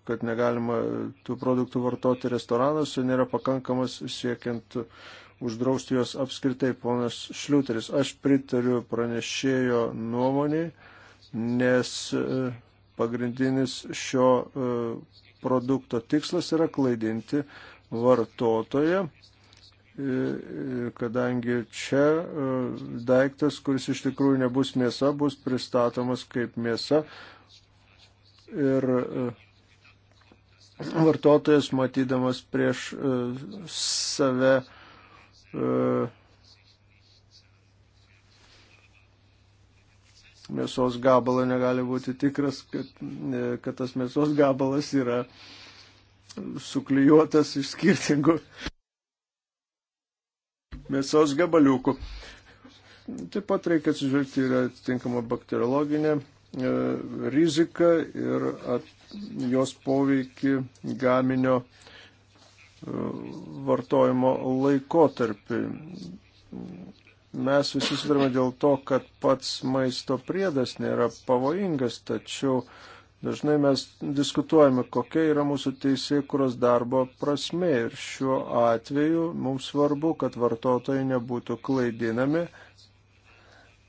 kad negalima tų produktų vartoti restoranuose, nėra pakankamas siekiant uždrausti juos apskritai, ponas Šliuteris. Aš pritariu pranešėjo nuomonį, nes e, pagrindinis šio e, produkto tikslas yra klaidinti vartotoje, kadangi čia e, daiktas, kuris iš tikrųjų nebus mėsa, bus pristatomas kaip mėsa. Ir vartotojas, matydamas prieš save E, mėsos gabalą negali būti tikras, kad, e, kad tas mėsos gabalas yra suklijuotas iš skirtingų mėsos gabaliukų. Taip pat reikia atsižvelgti ir atitinkamą bakteriologinę e, riziką ir at, jos poveikį gaminio uh, vartojimo laikotarpį. Mes visi sudarome dėl to, kad pats maisto priedas nėra pavojingas, tačiau dažnai mes diskutuojame, kokia yra mūsų teisėkuros darbo prasme ir šiuo atveju mums svarbu, kad vartotojai nebūtų klaidinami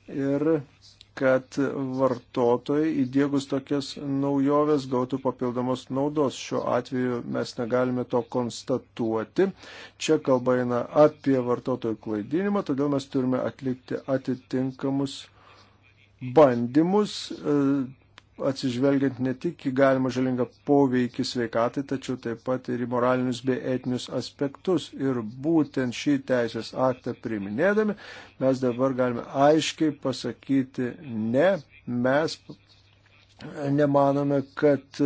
ir kad vartotojai įdėgus tokias naujoves gautų papildomos naudos. Šiuo atveju mes negalime to konstatuoti. Čia kalba eina apie vartotojų klaidinimą, todėl mes turime atlikti atitinkamus bandymus e, atsižvelgiant ne tik į galimą žalingą poveikį sveikatai, tačiau taip pat ir į moralinius bei etinius aspektus. Ir būtent šį teisės aktą priminėdami mes dabar galime aiškiai pasakyti ne, mes nemanome, kad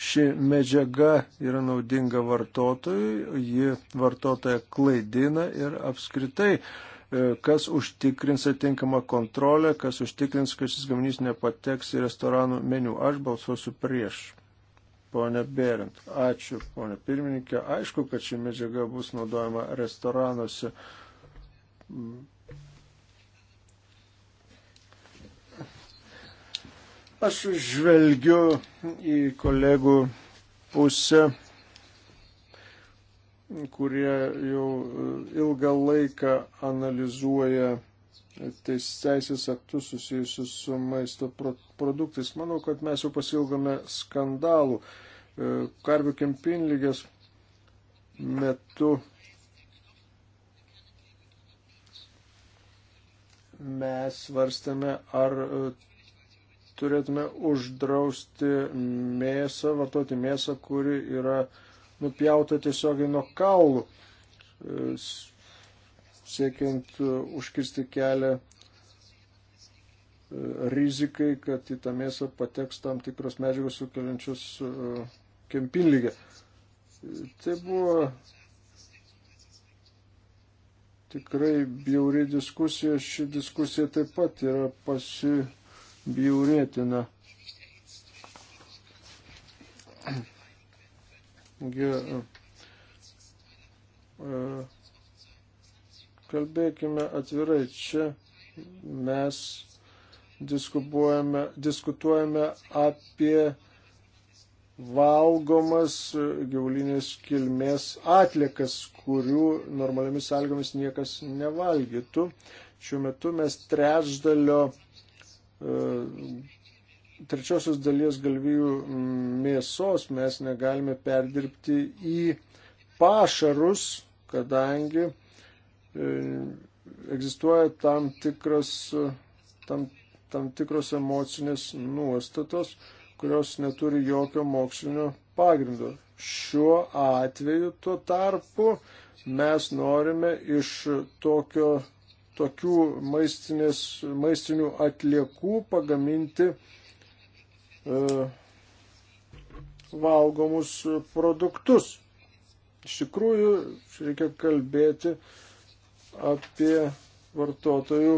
ši medžiaga yra naudinga vartotojui, ji vartotoja klaidina ir apskritai uh, E, kas užtikrins atinkamą kontrolę, kas užtikrins, kad šis gaminys nepateks į restoranų meniu. Aš balsuosiu prieš. Pone Berint, ačiū, pone pirmininkė. Aišku, kad ši medžiaga bus naudojama restoranuose. Aš žvelgiu į kolegų pusę kurie jau e, ilgą laiką analizuoja teisės aktus susijusius su maisto produktais. Manau, kad mes jau pasilgome skandalų. E, karvių kempinlygės metu mes svarstame, ar e, turėtume uždrausti mėsą, vartoti mėsą, kuri yra uh, nupjauta tiesiogiai nuo kaulų, e, siekiant e, užkirsti kelią e, rizikai, kad į tą mėsą pateks tam tikros medžiagos sukeliančios kempinlygę. Tai buvo tikrai bjauri diskusija, ši diskusija taip pat yra pasibjaurėtina. E, e, kalbėkime atvirai, čia mes diskutuojame, diskutuojame apie valgomas gyvulinės kilmės atlikas, kurių normaliamis sąlygomis niekas nevalgytų. Šiuo metu mes trečdalio e, trečiosios dalies galvijų mėsos mes negalime perdirbti į pašarus, kadangi e, egzistuoja tam tikras, tam, tam tikros emocinės nuostatos, kurios neturi jokio mokslinio pagrindo. Šiuo atveju tuo tarpu mes norime iš tokio, tokių maistinės, maistinių atliekų pagaminti E, valgomus produktus. Iš tikrųjų, reikia kalbėti apie vartotojų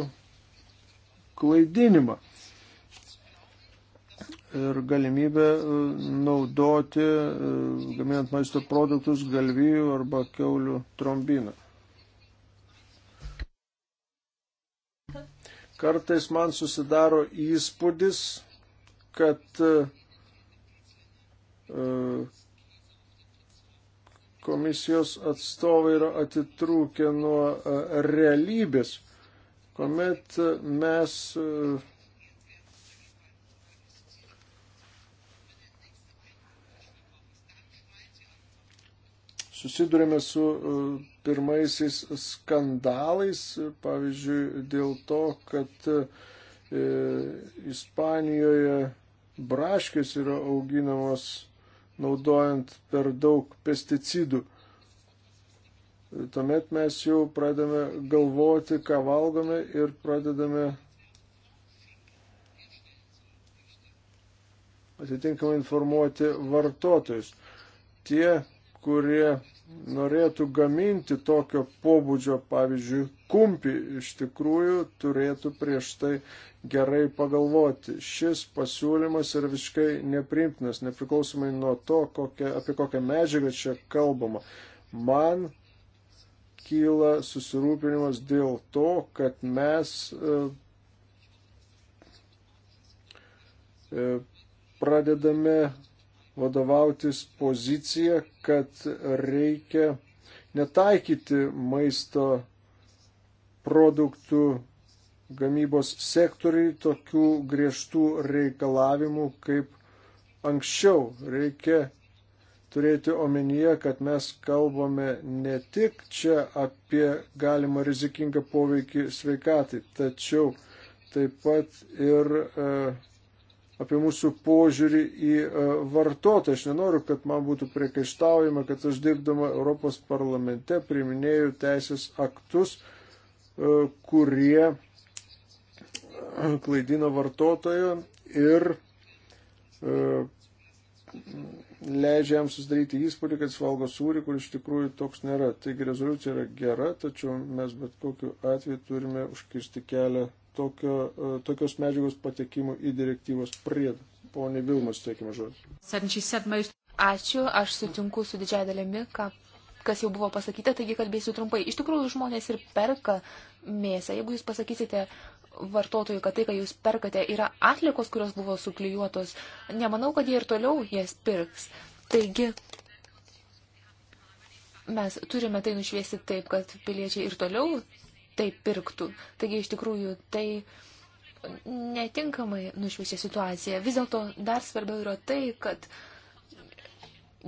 klaidinimą ir galimybę e, naudoti, e, gaminant maisto produktus, galvijų arba keulių trombiną. Kartais man susidaro įspūdis, kad e, komisijos atstovai yra atitrūkę nuo e, realybės, kuomet mes e, susidurėme su pirmaisiais skandalais, pavyzdžiui, dėl to, kad Ispanijoje braškės yra auginamos naudojant per daug pesticidų. Tuomet mes jau pradedame galvoti, ką valgome ir pradedame atitinkamai informuoti vartotojus. Tie, kurie norėtų gaminti tokio pobūdžio, pavyzdžiui, kumpi iš tikrųjų turėtų prieš tai gerai pagalvoti. Šis pasiūlymas yra visiškai neprimtinas, nepriklausomai nuo to, kokia, apie kokią medžiagą čia kalbama. Man kyla susirūpinimas dėl to, kad mes e, e, pradedame vadovautis poziciją, kad reikia netaikyti maisto produktų gamybos sektoriui tokių griežtų reikalavimų kaip anksčiau. Reikia turėti omenyje, kad mes kalbame ne tik čia apie galimą rizikingą poveikį sveikatai, tačiau taip pat ir e, apie mūsų požiūrį į e, vartotoją. Aš nenoriu, kad man būtų priekaištaujama, kad aš dirbdama Europos parlamente priminėjau teisės aktus, E, kurie klaidina vartotojo ir e, leidžia jam susidaryti įspūdį, kad jis valgo sūrį, kur iš tikrųjų toks nėra. Taigi rezoliucija yra gera, tačiau mes bet kokiu atveju turime užkirsti kelią tokio, e, tokios medžiagos patekimų į direktyvos priedą. Pone Vilmas, teikime
žodį. Ačiū, aš sutinku su didžiai dalimi, ką kas jau buvo pasakyta, taigi kalbėsiu trumpai. Iš tikrųjų, žmonės ir perka mėsą. Jeigu jūs pasakysite vartotojui, kad tai, ką jūs perkate, yra atlikos, kurios buvo suklijuotos, nemanau, kad jie ir toliau jas pirks. Taigi, mes turime tai nušviesti taip, kad piliečiai ir toliau tai pirktų. Taigi, iš tikrųjų, tai netinkamai nušviečia situaciją. Vis dėlto dar svarbiau yra tai, kad uh,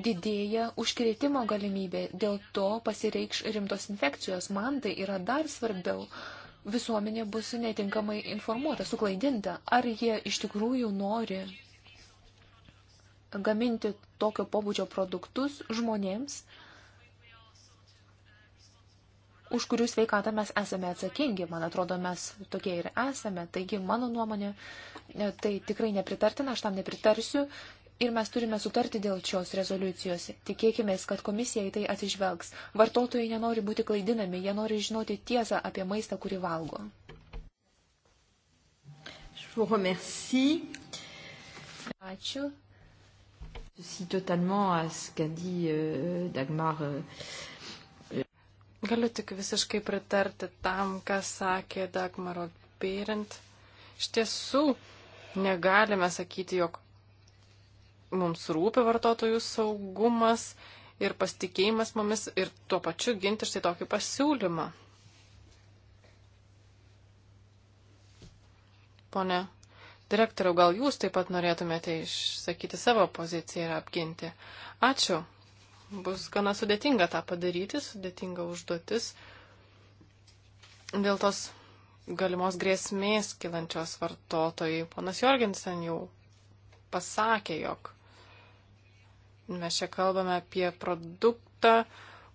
didėja užkrėtimo galimybė, dėl to pasireikš rimtos infekcijos. Man tai yra dar svarbiau. Visuomenė bus netinkamai informuota, suklaidinta, ar jie iš tikrųjų nori gaminti tokio pobūdžio produktus žmonėms, už kurių sveikatą mes esame atsakingi. Man atrodo, mes tokie ir esame. Taigi, mano nuomonė, tai tikrai nepritartina, aš tam nepritarsiu ir mes turime sutarti dėl šios rezoliucijos. Tikėkime, kad komisija į tai atsižvelgs. Vartotojai nenori būti klaidinami, jie nori žinoti tiesą apie maistą, kurį valgo. Ačiū. Euh,
euh, Galiu tik visiškai pritarti tam, ką sakė Dagmaro Beirint. Iš tiesų, negalime sakyti, jog mums rūpi vartotojų saugumas ir pasitikėjimas mumis ir tuo pačiu ginti štai tokį pasiūlymą. Pone direktoriau, gal jūs taip pat norėtumėte išsakyti savo poziciją ir apginti? Ačiū. Bus gana sudėtinga tą padaryti, sudėtinga užduotis dėl tos galimos grėsmės kilančios vartotojai. Ponas Jorgensen jau pasakė, jog Mes čia kalbame apie produktą,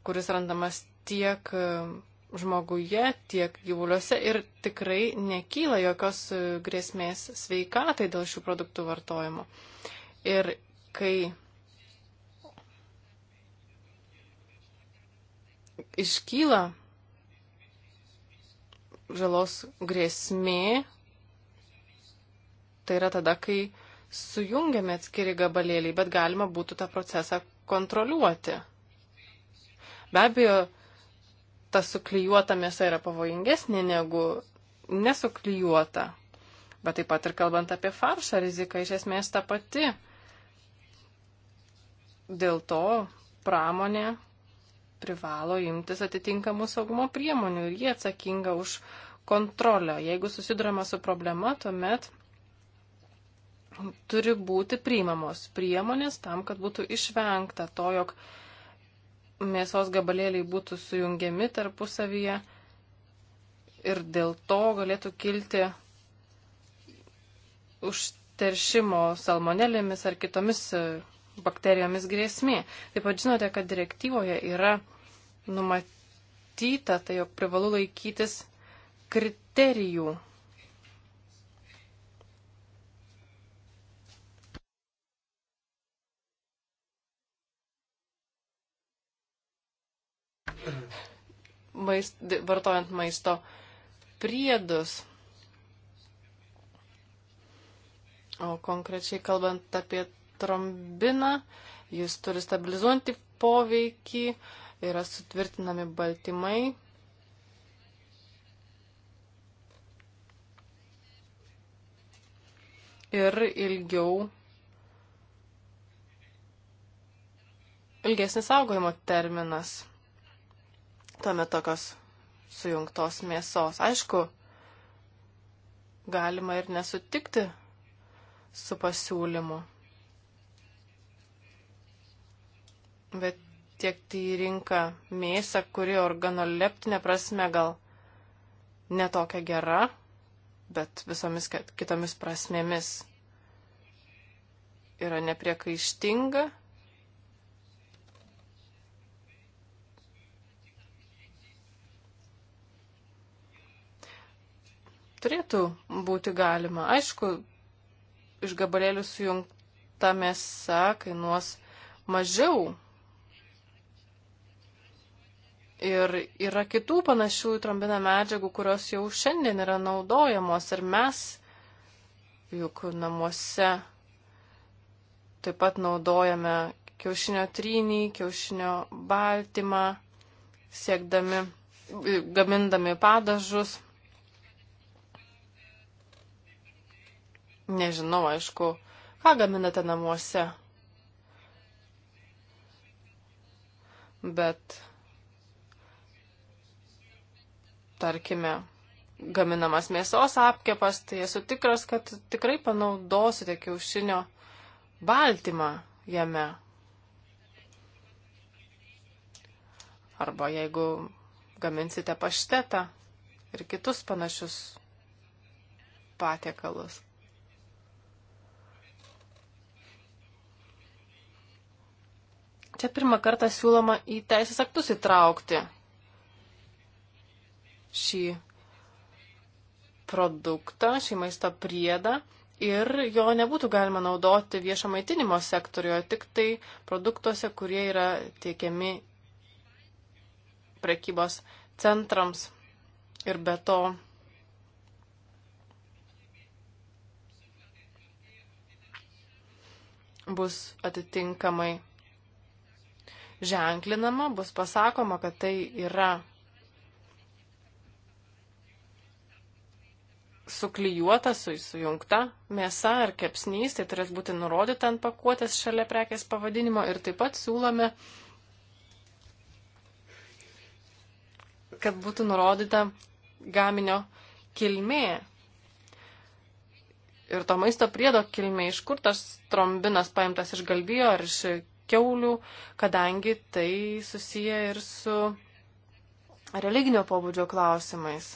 kuris randamas tiek e, žmoguje, tiek gyvuliuose ir tikrai nekyla jokios e, grėsmės sveikatai dėl šių produktų vartojimo. Ir kai iškyla žalos grėsmė, tai yra tada, kai sujungiami atskiri gabalėliai, bet galima būtų tą procesą kontroliuoti. Be abejo, ta suklyjuota mėsa yra pavojingesnė negu nesuklyjuota. Bet taip pat ir kalbant apie faršą, rizika iš esmės ta pati. Dėl to pramonė privalo imtis atitinkamų saugumo priemonių ir jie atsakinga už kontrolę. Jeigu susidurama su problema, tuomet turi būti priimamos priemonės tam, kad būtų išvengta to, jog mėsos gabalėliai būtų sujungiami tarpusavyje ir dėl to galėtų kilti užteršimo salmonelėmis ar kitomis e, bakterijomis grėsmė. Taip pat žinote, kad direktyvoje yra numatyta, tai jog privalu laikytis kriterijų maist, vartojant maisto priedus. O konkrečiai kalbant apie trombiną, jis turi stabilizuojantį poveikį, yra sutvirtinami baltymai. Ir ilgiau ilgesnis saugojimo terminas tuomet tokios sujungtos mėsos. Aišku, galima ir nesutikti su pasiūlymu. Bet tiek tai rinka mėsą, kuri organoleptinė prasme gal netokia gera, bet visomis kitomis prasmėmis yra nepriekaištinga turėtų būti galima. Aišku, iš gabalėlių sujungta mėsa kainuos mažiau. Ir yra kitų panašių į trombiną medžiagų, kurios jau šiandien yra naudojamos ir mes juk namuose taip pat naudojame kiaušinio trynį, kiaušinio baltymą, siekdami, gamindami padažus Nežinau, aišku, ką gaminate namuose. Bet, tarkime, gaminamas mėsos apkepas, tai esu tikras, kad tikrai panaudosite kiaušinio baltymą jame. Arba jeigu gaminsite paštetą ir kitus panašius patiekalus. Čia pirmą kartą siūloma į teisės aktus įtraukti šį produktą, šį maisto priedą ir jo nebūtų galima naudoti viešo maitinimo sektorijoje, tik tai produktuose, kurie yra tiekiami prekybos centrams ir be to. bus atitinkamai ženklinama, bus pasakoma, kad tai yra suklyjuota, su, sujungta mėsa ar kepsnys, tai turės būti nurodyta ant pakuotės šalia prekės pavadinimo ir taip pat siūlome, kad būtų nurodyta gaminio kilmė. Ir to maisto priedo kilmė, iš kur tas trombinas paimtas iš galvijo ar iš keulių, kadangi tai susiję ir su religinio pobūdžio klausimais.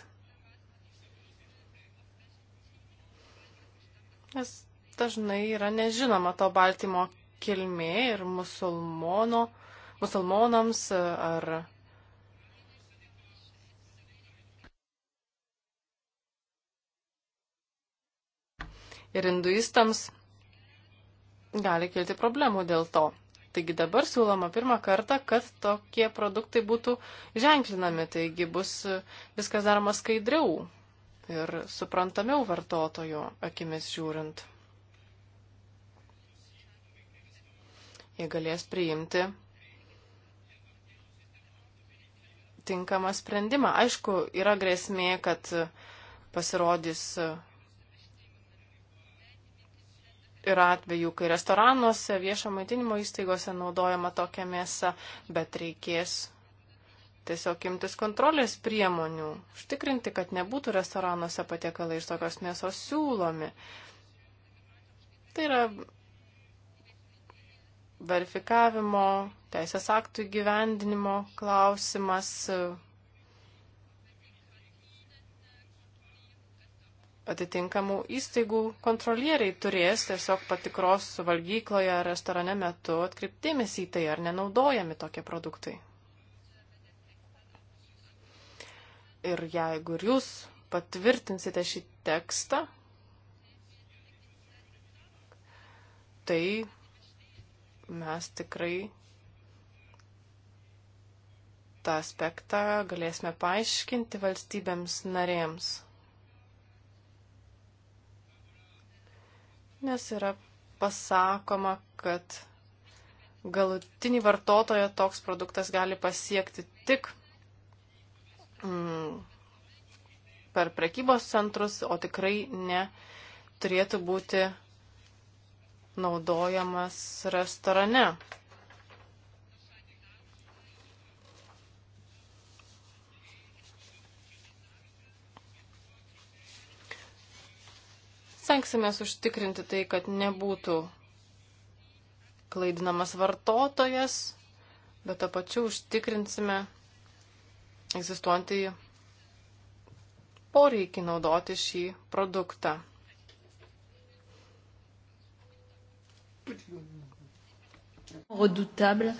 Nes dažnai yra nežinoma to Baltymo kilmė ir musulmono, musulmonams ar ir hinduistams gali kilti problemų dėl to. Taigi dabar siūloma pirmą kartą, kad tokie produktai būtų ženklinami, taigi bus viskas daroma skaidriau ir suprantamiau vartotojo akimis žiūrint. Jie galės priimti tinkamą sprendimą. Aišku, yra grėsmė, kad pasirodys Yra atvejų, kai restoranuose, viešo maitinimo įstaigose naudojama tokia mėsa, bet reikės tiesiog imtis kontrolės priemonių, užtikrinti, kad nebūtų restoranuose patiekalai iš tokios mėsos siūlomi. Tai yra verifikavimo, teisės aktų įgyvendinimo klausimas, atitinkamų įstaigų kontrolieriai turės tiesiog patikros valgykloje ar restorane metu atkreiptėmės į tai, ar nenaudojami tokie produktai. Ir jeigu ir jūs patvirtinsite šį tekstą, tai mes tikrai tą aspektą galėsime paaiškinti valstybėms narėms. nes yra pasakoma, kad galutinį vartotoją toks produktas gali pasiekti tik mm, per prekybos centrus, o tikrai ne turėtų būti naudojamas restorane. Stengsimės užtikrinti tai, kad nebūtų klaidinamas vartotojas, bet to pačiu užtikrinsime egzistuojantį poreikį naudoti šį produktą.
Redoutable,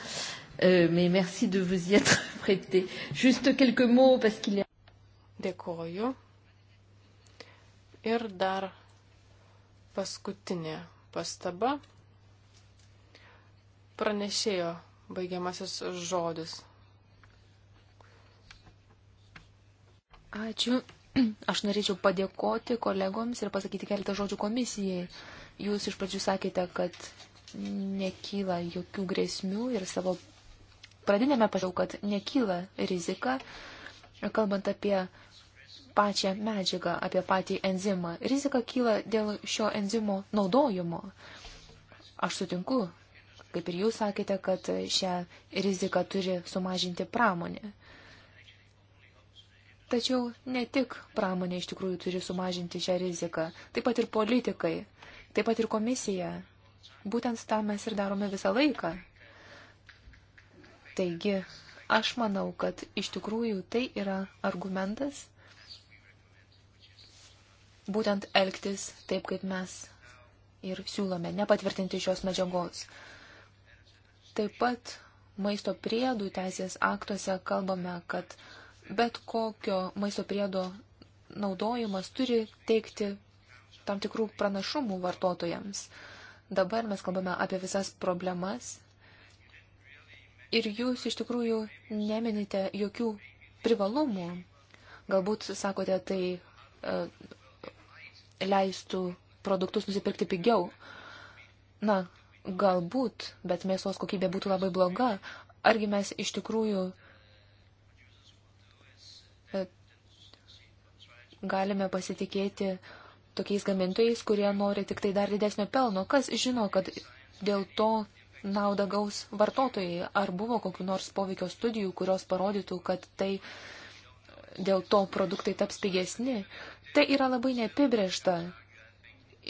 euh, mais merci de vous y être prêté. Juste quelques mots parce qu'il y a. Dėkoju. Ir dar paskutinė pastaba. Pranešėjo baigiamasis žodis.
Ačiū. Aš norėčiau padėkoti kolegoms ir pasakyti keletą žodžių komisijai. Jūs iš pradžių sakėte, kad nekyla jokių grėsmių ir savo pradinėme pažiau, kad nekyla rizika, kalbant apie pačią medžiagą, apie patį enzimą. Rizika kyla dėl šio enzimo naudojimo. Aš sutinku, kaip ir jūs sakėte, kad šią riziką turi sumažinti pramonė. Tačiau ne tik pramonė iš tikrųjų turi sumažinti šią riziką, taip pat ir politikai, taip pat ir komisija. Būtent tą mes ir darome visą laiką. Taigi, aš manau, kad iš tikrųjų tai yra argumentas, būtent elgtis taip, kaip mes ir siūlome, nepatvirtinti šios medžiagos. Taip pat maisto priedų teisės aktuose kalbame, kad bet kokio maisto priedo naudojimas turi teikti tam tikrų pranašumų vartotojams. Dabar mes kalbame apie visas problemas ir jūs iš tikrųjų neminite jokių privalumų. Galbūt sakote tai e, leistų produktus nusipirkti pigiau. Na, galbūt, bet mėsos kokybė būtų labai bloga. Argi mes iš tikrųjų e, galime pasitikėti tokiais gamintojais, kurie nori tik tai dar didesnio pelno. Kas žino, kad dėl to naudą gaus vartotojai? Ar buvo kokiu nors poveikio studijų, kurios parodytų, kad tai dėl to produktai taps pigesni? Tai yra labai neapibriešta.